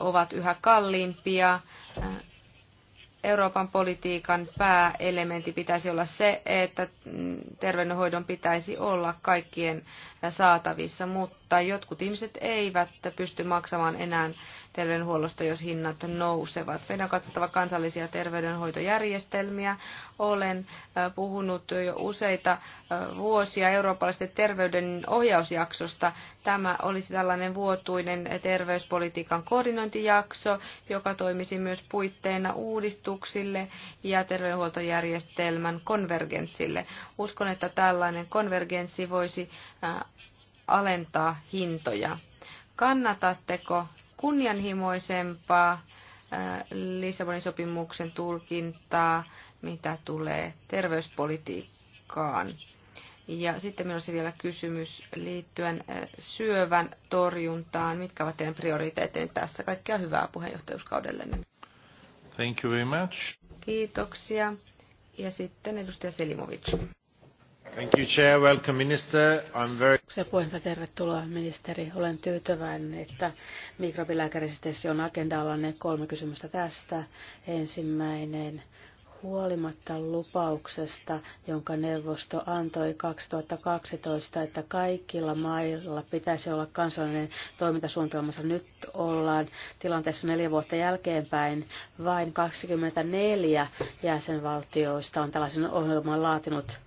ovat yhä kalliimpia Äh, Euroopan politiikan pääelementti pitäisi olla se, että terveydenhoidon pitäisi olla kaikkien saatavissa, mutta jotkut ihmiset eivät pysty maksamaan enää terveydenhuollosta, jos hinnat nousevat. Meidän on katsottava kansallisia terveydenhoitojärjestelmiä. Olen puhunut jo useita vuosia eurooppalaisten terveyden ohjausjaksosta. Tämä olisi tällainen vuotuinen terveyspolitiikan koordinointijakso, joka toimisi myös puitteena uudistuksille ja terveydenhuoltojärjestelmän konvergenssille. Uskon, että tällainen konvergenssi voisi alentaa hintoja. Kannatatteko kunnianhimoisempaa äh, Lissabonin sopimuksen tulkintaa, mitä tulee terveyspolitiikkaan. Ja sitten minulla olisi vielä kysymys liittyen äh, syövän torjuntaan. Mitkä ovat teidän prioriteetteenne tässä? Kaikkea hyvää puheenjohtajuuskaudelle. Thank you very much. Kiitoksia. Ja sitten edustaja Selimovic. Thank you, tervetuloa ministeri. Olen tyytyväinen, että mikrobilääkäresistenssi on agendalla ne kolme kysymystä tästä. Ensimmäinen huolimatta lupauksesta, jonka neuvosto antoi 2012, että kaikilla mailla pitäisi olla kansallinen jossa Nyt ollaan tilanteessa neljä vuotta jälkeenpäin. Vain 24 jäsenvaltioista on tällaisen ohjelman laatinut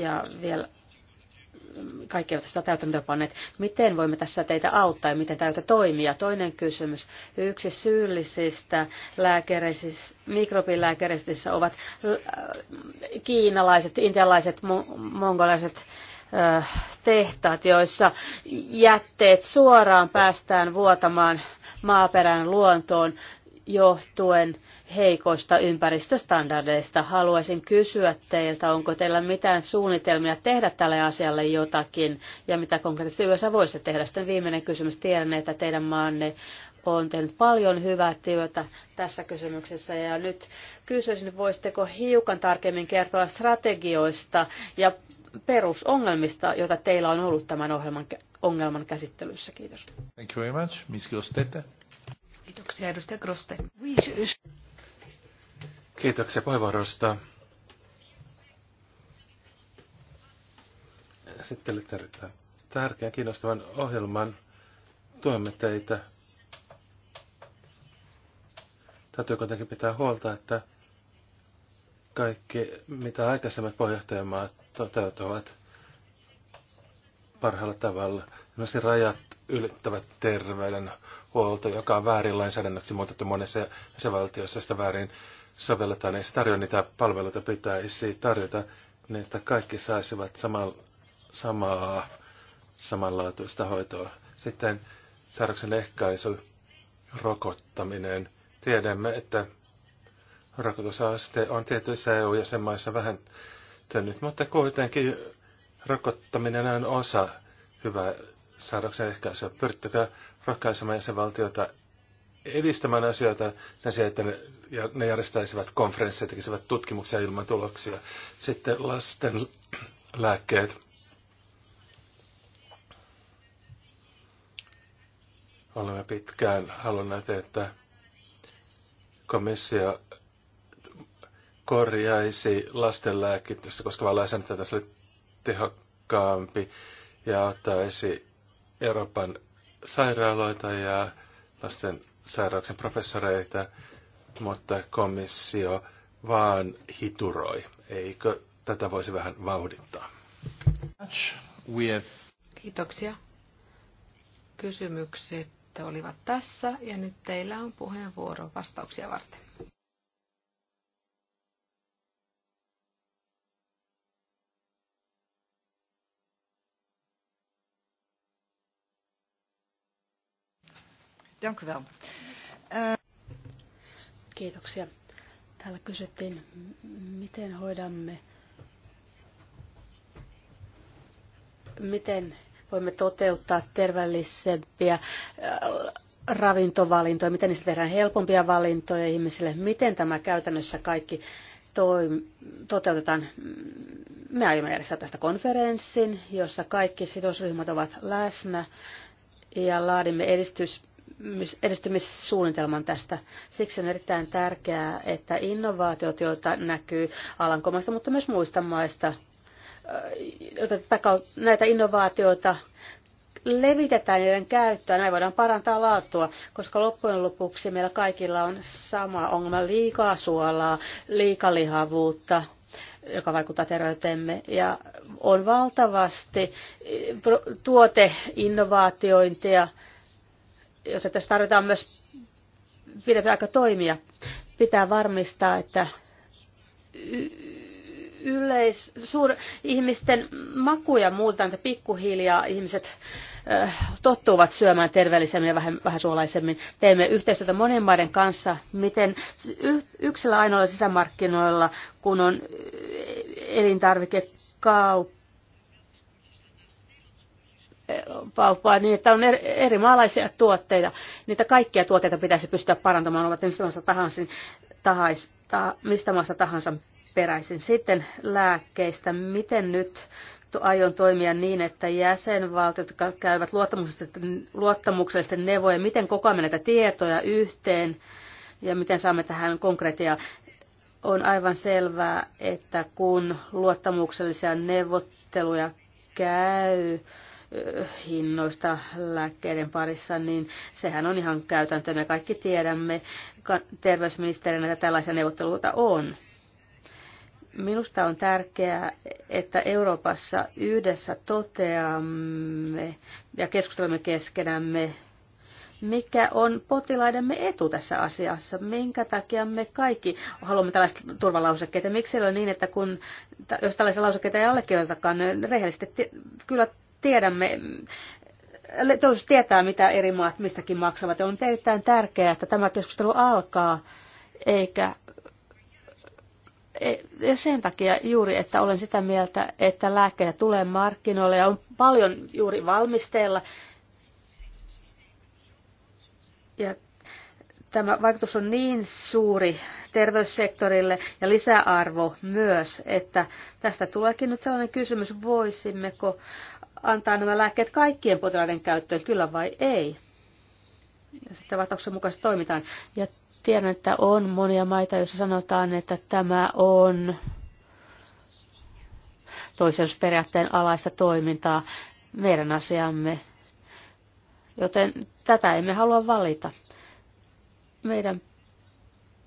ja vielä kaikki ovat sitä täytäntöönpanneet. Miten voimme tässä teitä auttaa ja miten täytä toimia? Toinen kysymys. Yksi syyllisistä mikrobilääkäreistä ovat äh, kiinalaiset, intialaiset, mongolaiset äh, tehtaat, joissa jätteet suoraan päästään vuotamaan maaperän luontoon johtuen heikoista ympäristöstandardeista. Haluaisin kysyä teiltä, onko teillä mitään suunnitelmia tehdä tälle asialle jotakin ja mitä konkreettisesti yössä voisitte tehdä. Sitten viimeinen kysymys. Tiedän, että teidän maanne on tehnyt paljon hyvää työtä tässä kysymyksessä ja nyt kysyisin, voisitteko hiukan tarkemmin kertoa strategioista ja perusongelmista, joita teillä on ollut tämän ohjelman, ongelman käsittelyssä. Kiitos. Thank you very much. Miss Kiitoksia, edustaja Groste. Kiitoksia puheenvuorosta. Esittelitte tärkeän kiinnostavan ohjelman. Tuemme teitä. Täytyy kuitenkin pitää huolta, että kaikki, mitä aikaisemmat puheenjohtajamaat toteutuvat parhaalla tavalla, esimerkiksi rajat ylittävät terveydenhuolto, joka on väärin lainsäädännöksi muutettu monessa valtiossa sitä väärin sovelletaan, niin se tarjoaa niitä palveluita, pitäisi tarjota, niin että kaikki saisivat sama, samaa, samanlaatuista hoitoa. Sitten sairauksen ehkäisy, rokottaminen. Tiedämme, että rokotusaste on tietyissä EU-jäsenmaissa vähentynyt, mutta kuitenkin rokottaminen on osa hyvää sairauksen ehkäisyä. Pyrittekö rohkaisemaan jäsenvaltiota edistämään asioita sen sijaan, että ne, ja ne järjestäisivät konferensseja, tekisivät tutkimuksia ilman tuloksia. Sitten lasten lääkkeet. Olemme pitkään halunneet, että komissio korjaisi lasten lääkitystä koskevaa lainsäädäntöä, tässä oli tehokkaampi ja ottaisi Euroopan sairaaloita ja lasten sairauksen professoreita, mutta komissio vaan hituroi. Eikö tätä voisi vähän vauhdittaa? Kiitoksia. Kysymykset olivat tässä ja nyt teillä on puheenvuoro vastauksia varten. Dank u wel. Kiitoksia. Täällä kysyttiin, miten hoidamme, miten voimme toteuttaa terveellisempiä äh, ravintovalintoja, miten niistä tehdään helpompia valintoja ihmisille, miten tämä käytännössä kaikki toi, toteutetaan. Me aiomme järjestää tästä konferenssin, jossa kaikki sidosryhmät ovat läsnä ja laadimme edistys, edistymissuunnitelman tästä. Siksi on erittäin tärkeää, että innovaatiot, joita näkyy Alankomaista, mutta myös muista maista, näitä innovaatioita levitetään niiden käyttöä, näin voidaan parantaa laatua, koska loppujen lopuksi meillä kaikilla on sama ongelma, liikaa suolaa, liikalihavuutta, joka vaikuttaa terveyteemme. Ja on valtavasti tuoteinnovaatiointia, joten tässä tarvitaan myös pidempi aika toimia. Pitää varmistaa, että yleis, suur, ihmisten makuja muutetaan, että pikkuhiljaa ihmiset äh, tottuvat syömään terveellisemmin ja vähän, vähän suolaisemmin. Teemme yhteistyötä monien maiden kanssa, miten yksillä ainoilla sisämarkkinoilla, kun on äh, elintarvikekauppa, kauppaa niin, että on eri maalaisia tuotteita. Niitä kaikkia tuotteita pitäisi pystyä parantamaan, ovat mistä maasta tahansa, tahais, ta, mistä maasta tahansa peräisin. Sitten lääkkeistä. Miten nyt aion toimia niin, että jäsenvaltiot käyvät luottamuksellisten, luottamuksellisten neuvoja, miten kokoamme näitä tietoja yhteen ja miten saamme tähän konkreettia. On aivan selvää, että kun luottamuksellisia neuvotteluja käy, hinnoista lääkkeiden parissa, niin sehän on ihan käytäntö. Me kaikki tiedämme terveysministerinä, että tällaisia neuvotteluita on. Minusta on tärkeää, että Euroopassa yhdessä toteamme ja keskustelemme keskenämme, mikä on potilaidemme etu tässä asiassa, minkä takia me kaikki haluamme tällaista turvalausekkeita. Miksi ei ole niin, että kun, jos tällaisia lausekkeita ei allekirjoitakaan, niin rehellisesti kyllä tiedämme, teollisuus tietää, mitä eri maat mistäkin maksavat. On erittäin tärkeää, että tämä keskustelu alkaa, eikä e- ja sen takia juuri, että olen sitä mieltä, että lääkkeitä tulee markkinoille ja on paljon juuri valmisteilla. Ja tämä vaikutus on niin suuri terveyssektorille ja lisäarvo myös, että tästä tuleekin nyt sellainen kysymys, voisimmeko antaa nämä lääkkeet kaikkien potilaiden käyttöön, kyllä vai ei. Ja sitten vastauksen mukaisesti toimitaan. Ja tiedän, että on monia maita, joissa sanotaan, että tämä on toisellisuusperiaatteen alaista toimintaa meidän asiamme. Joten tätä emme halua valita. Meidän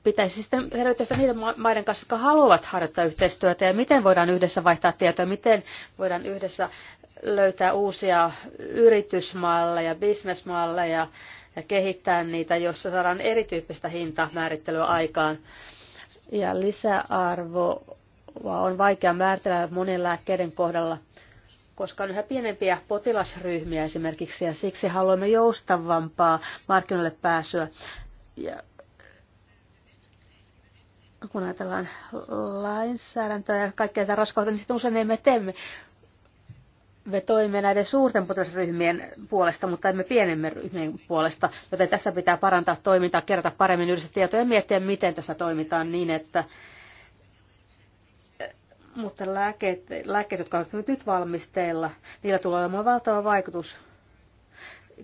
pitäisi sitten tehdä yhteistyötä niiden maiden kanssa, jotka haluavat harjoittaa yhteistyötä ja miten voidaan yhdessä vaihtaa tietoa, miten voidaan yhdessä löytää uusia yritysmalleja, bisnesmalleja ja kehittää niitä, jossa saadaan erityyppistä hintamäärittelyä aikaan. Ja lisäarvo on vaikea määritellä monen lääkkeiden kohdalla, koska on yhä pienempiä potilasryhmiä esimerkiksi, ja siksi haluamme joustavampaa markkinoille pääsyä. Ja kun ajatellaan lainsäädäntöä ja kaikkea tätä raskautta, niin sitten usein emme teemme vetoimme näiden suurten potilasryhmien puolesta, mutta emme pienemmän ryhmien puolesta, joten tässä pitää parantaa toimintaa, kerätä paremmin yhdessä tietoja ja miettiä, miten tässä toimitaan niin, että mutta lääkeet, lääkeet, jotka ovat nyt valmisteilla, niillä tulee olemaan valtava vaikutus.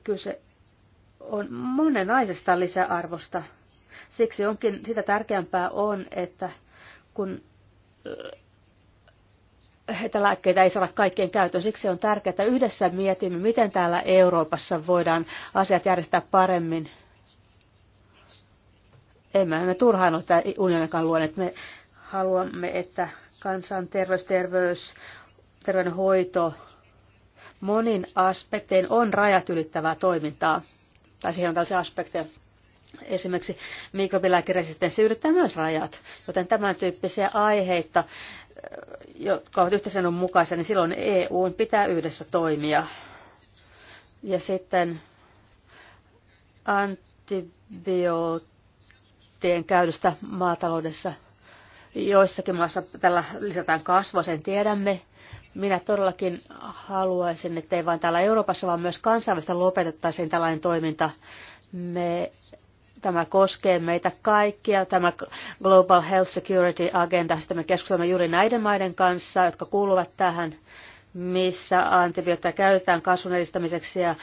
Kyse on monenlaisesta lisäarvosta. Siksi onkin sitä tärkeämpää on, että kun että lääkkeitä ei saada kaikkien käyttöön. Siksi on tärkeää, että yhdessä mietimme, miten täällä Euroopassa voidaan asiat järjestää paremmin. Emme me turhaan ole tämä unionikaan luoneet. Me haluamme, että kansanterveys, terveys, terveydenhoito monin aspektein on rajat ylittävää toimintaa. Tai siihen on tällaisia aspekteja. Esimerkiksi mikrobilääkiresistenssi yrittää myös rajat, joten tämän tyyppisiä aiheita jotka ovat yhteisen mukaisia, niin silloin EU pitää yhdessä toimia. Ja sitten antibioottien käytöstä maataloudessa. Joissakin maissa tällä lisätään kasvua, sen tiedämme. Minä todellakin haluaisin, että ei vain täällä Euroopassa, vaan myös kansainvälistä lopetettaisiin tällainen toiminta. Me Tämä koskee meitä kaikkia, tämä Global Health Security Agenda, sitä me keskustelemme juuri näiden maiden kanssa, jotka kuuluvat tähän, missä antibiootteja käytetään kasvun edistämiseksi ja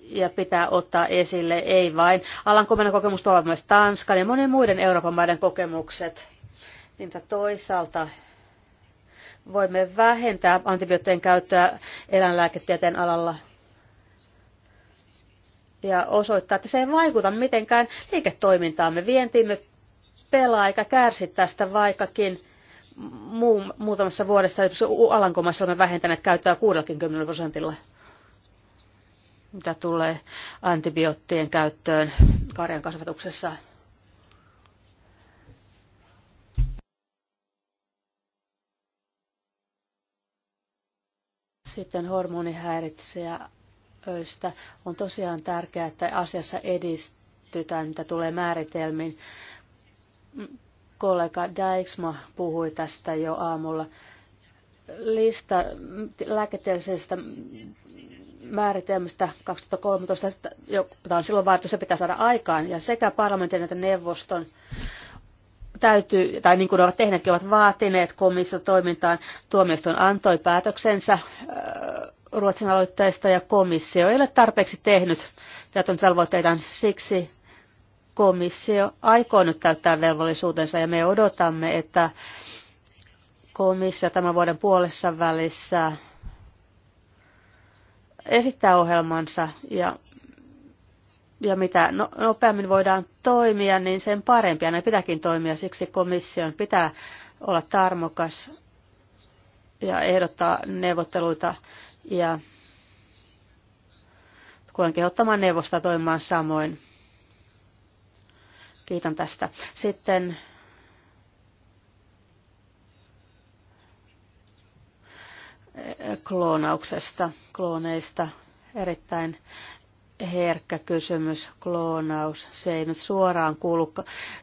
ja pitää ottaa esille, ei vain Alankomainen kokemus, tuolla myös Tanskan ja monen muiden Euroopan maiden kokemukset. Niin toisaalta voimme vähentää antibioottien käyttöä eläinlääketieteen alalla ja osoittaa, että se ei vaikuta mitenkään liiketoimintaamme, vientiimme pelaa eikä kärsi tästä, vaikkakin muu, muutamassa vuodessa Alankomassa olemme vähentäneet käyttöä 60 prosentilla, mitä tulee antibioottien käyttöön karjan kasvatuksessa. Sitten hormonihäiritsejä sähköistä. On tosiaan tärkeää, että asiassa edistytään, mitä tulee määritelmiin. Kollega Dijksma puhui tästä jo aamulla. Lista lääketieteellisestä määritelmistä 2013, jota on silloin että se pitää saada aikaan. Ja sekä parlamentin että neuvoston täytyy, tai niin kuin ne ovat tehneetkin, ovat vaatineet komissa toimintaan. Tuomioistuin antoi päätöksensä öö, Ruotsin aloitteesta ja komissio ei ole tarpeeksi tehnyt täyttänyt velvoitteitaan. Siksi komissio aikoo nyt täyttää velvollisuutensa ja me odotamme, että komissio tämän vuoden puolessa välissä esittää ohjelmansa ja, ja mitä no, nopeammin voidaan toimia, niin sen parempia ne pitääkin toimia. Siksi komission pitää olla tarmokas ja ehdottaa neuvotteluita ja tulen kehottamaan neuvosta toimimaan samoin. Kiitän tästä. Sitten kloonauksesta, klooneista. Erittäin herkkä kysymys, kloonaus. Se ei nyt suoraan kuulu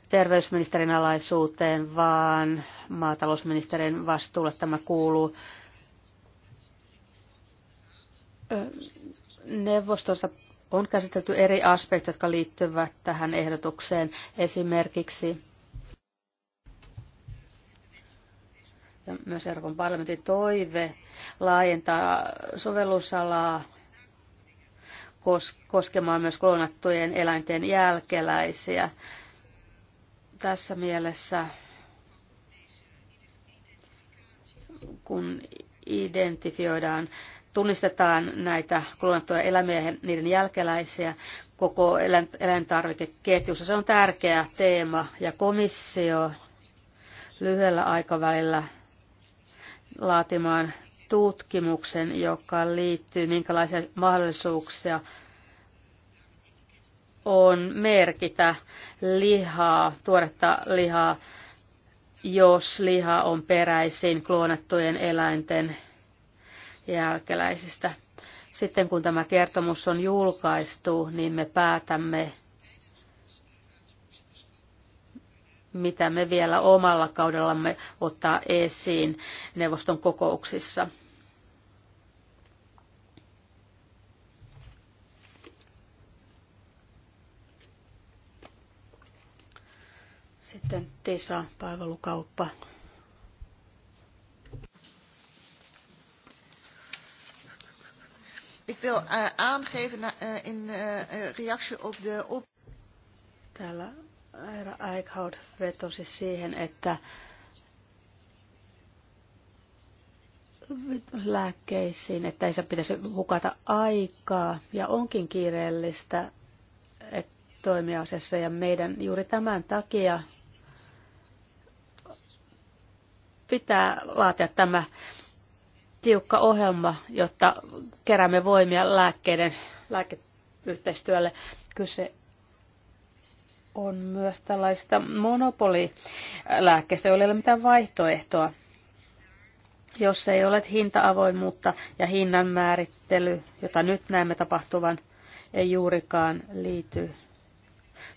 terveysministerin alaisuuteen, vaan maatalousministerin vastuulle tämä kuuluu neuvostossa on käsitelty eri aspekteja, jotka liittyvät tähän ehdotukseen. Esimerkiksi ja myös Euroopan parlamentin toive laajentaa sovellusalaa koskemaan myös klonattujen eläinten jälkeläisiä. Tässä mielessä, kun identifioidaan tunnistetaan näitä kulunettuja eläimiä ja niiden jälkeläisiä koko eläintarvikeketjussa. Se on tärkeä teema ja komissio lyhyellä aikavälillä laatimaan tutkimuksen, joka liittyy minkälaisia mahdollisuuksia on merkitä lihaa, tuoretta lihaa, jos liha on peräisin kloonattujen eläinten jälkeläisistä. Sitten kun tämä kertomus on julkaistu, niin me päätämme, mitä me vielä omalla kaudellamme ottaa esiin neuvoston kokouksissa. Sitten TISA, palvelukauppa. wil uh, aangeven na, uh, in uh, reactie op de op... Täällä Aira Eichhout vetosi siihen, että lääkkeisiin, että ei se pitäisi hukata aikaa ja onkin kiireellistä että toimia asiassa ja meidän juuri tämän takia pitää laatia tämä tiukka ohjelma, jotta keräämme voimia lääkkeiden lääkeyhteistyölle. Kyse on myös tällaista monopolilääkkeistä, joilla ei ole mitään vaihtoehtoa. Jos ei ole hinta-avoimuutta ja hinnan määrittely, jota nyt näemme tapahtuvan, ei juurikaan liity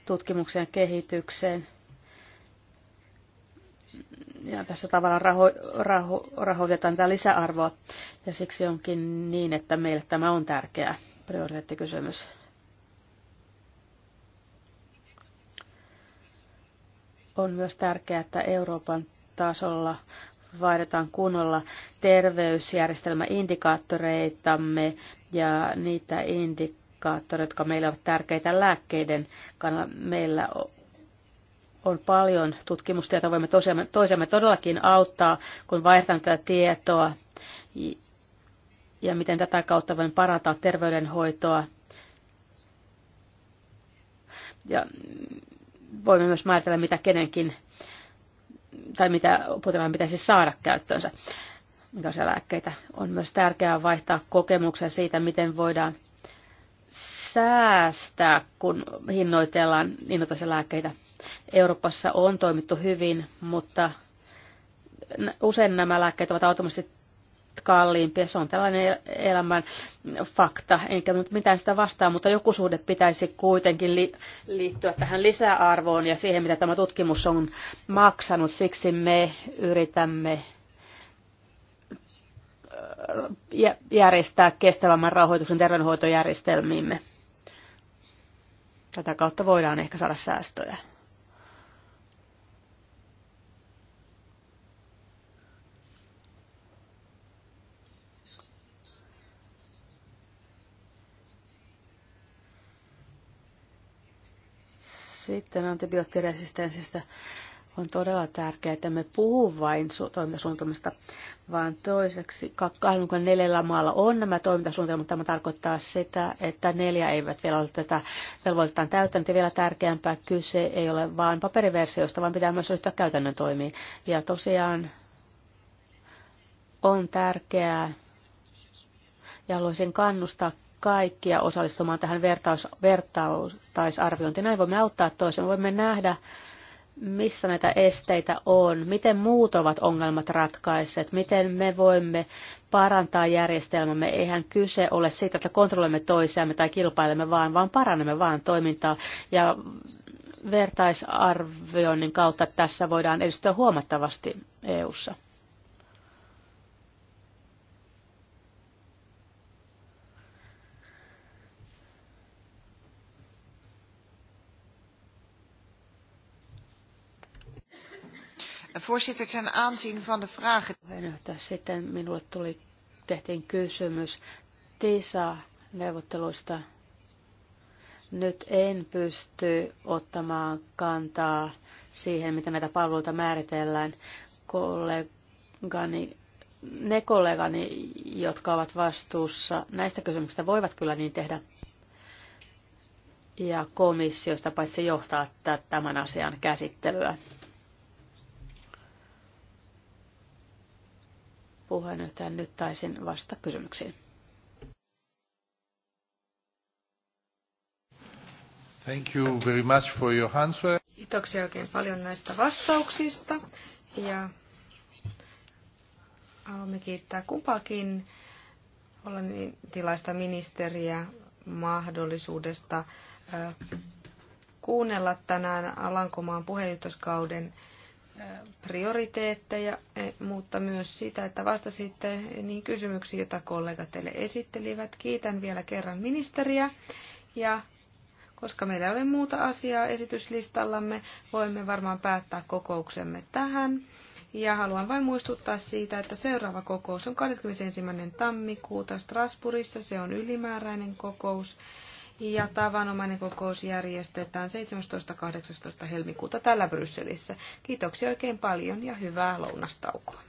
tutkimukseen kehitykseen ja tässä tavalla raho, raho, rahoitetaan tätä lisäarvoa. Ja siksi onkin niin, että meille tämä on tärkeä prioriteettikysymys. On myös tärkeää, että Euroopan tasolla vaihdetaan kunnolla terveysjärjestelmäindikaattoreitamme ja niitä indikaattoreita, jotka meillä ovat tärkeitä lääkkeiden kannalta. Meillä on paljon tutkimusta, jota voimme toisiamme, toisiamme todellakin auttaa, kun vaihdetaan tätä tietoa ja miten tätä kautta voimme parantaa terveydenhoitoa. Ja voimme myös määritellä, mitä kenenkin tai mitä potilaan pitäisi saada käyttöönsä, minkälaisia lääkkeitä. On myös tärkeää vaihtaa kokemuksia siitä, miten voidaan säästää, kun hinnoitellaan innoitaisia lääkkeitä. Euroopassa on toimittu hyvin, mutta usein nämä lääkkeet ovat automaattisesti kalliimpia. Se on tällainen e- elämän fakta, enkä nyt mitään sitä vastaa, mutta joku suhde pitäisi kuitenkin li- liittyä tähän lisäarvoon ja siihen, mitä tämä tutkimus on maksanut. Siksi me yritämme järjestää kestävämmän rahoituksen terveydenhoitojärjestelmiimme. Tätä kautta voidaan ehkä saada säästöjä. Sitten antibioottiresistenssistä on todella tärkeää, että me puhu vain toimintasuunnitelmista, vaan toiseksi 24 maalla on nämä toimintasuunnitelmat, tämä tarkoittaa sitä, että neljä eivät vielä ole tätä velvoitetaan täyttänyt. Ja vielä tärkeämpää kyse ei ole vain paperiversiosta, vaan pitää myös ryhtyä käytännön toimiin. Ja tosiaan on tärkeää, ja haluaisin kannustaa kaikkia osallistumaan tähän vertaus, vertausarviointiin. Näin voimme auttaa toisen. Voimme nähdä, missä näitä esteitä on, miten muut ovat ongelmat ratkaiset, miten me voimme parantaa järjestelmämme. Eihän kyse ole siitä, että kontrolloimme toisiamme tai kilpailemme vaan, vaan parannamme vaan toimintaa. Ja vertaisarvioinnin kautta tässä voidaan edistyä huomattavasti EU:ssa. Voorzitter, ten aanzien van de vragen. Sitten minulle tuli, tehtiin kysymys TISA-neuvotteluista. Nyt en pysty ottamaan kantaa siihen, miten näitä palveluita määritellään. Kollegani, ne kollegani, jotka ovat vastuussa näistä kysymyksistä, voivat kyllä niin tehdä. Ja komissiosta paitsi johtaa tämän asian käsittelyä. puheenjohtaja, nyt taisin vasta kysymyksiin. Thank you very much for your answer. Kiitoksia oikein paljon näistä vastauksista ja haluamme kiittää kumpakin tilaista ministeriä mahdollisuudesta kuunnella tänään Alankomaan puheenjohtajuuskauden prioriteetteja, e, mutta myös sitä, että vastasitte niin kysymyksiin, joita kollegat teille esittelivät. Kiitän vielä kerran ministeriä ja koska meillä ei ole muuta asiaa esityslistallamme, voimme varmaan päättää kokouksemme tähän. Ja haluan vain muistuttaa siitä, että seuraava kokous on 21. tammikuuta Strasbourgissa. Se on ylimääräinen kokous ja tavanomainen kokous järjestetään 17.–18. helmikuuta täällä Brysselissä. Kiitoksia oikein paljon ja hyvää lounastaukoa.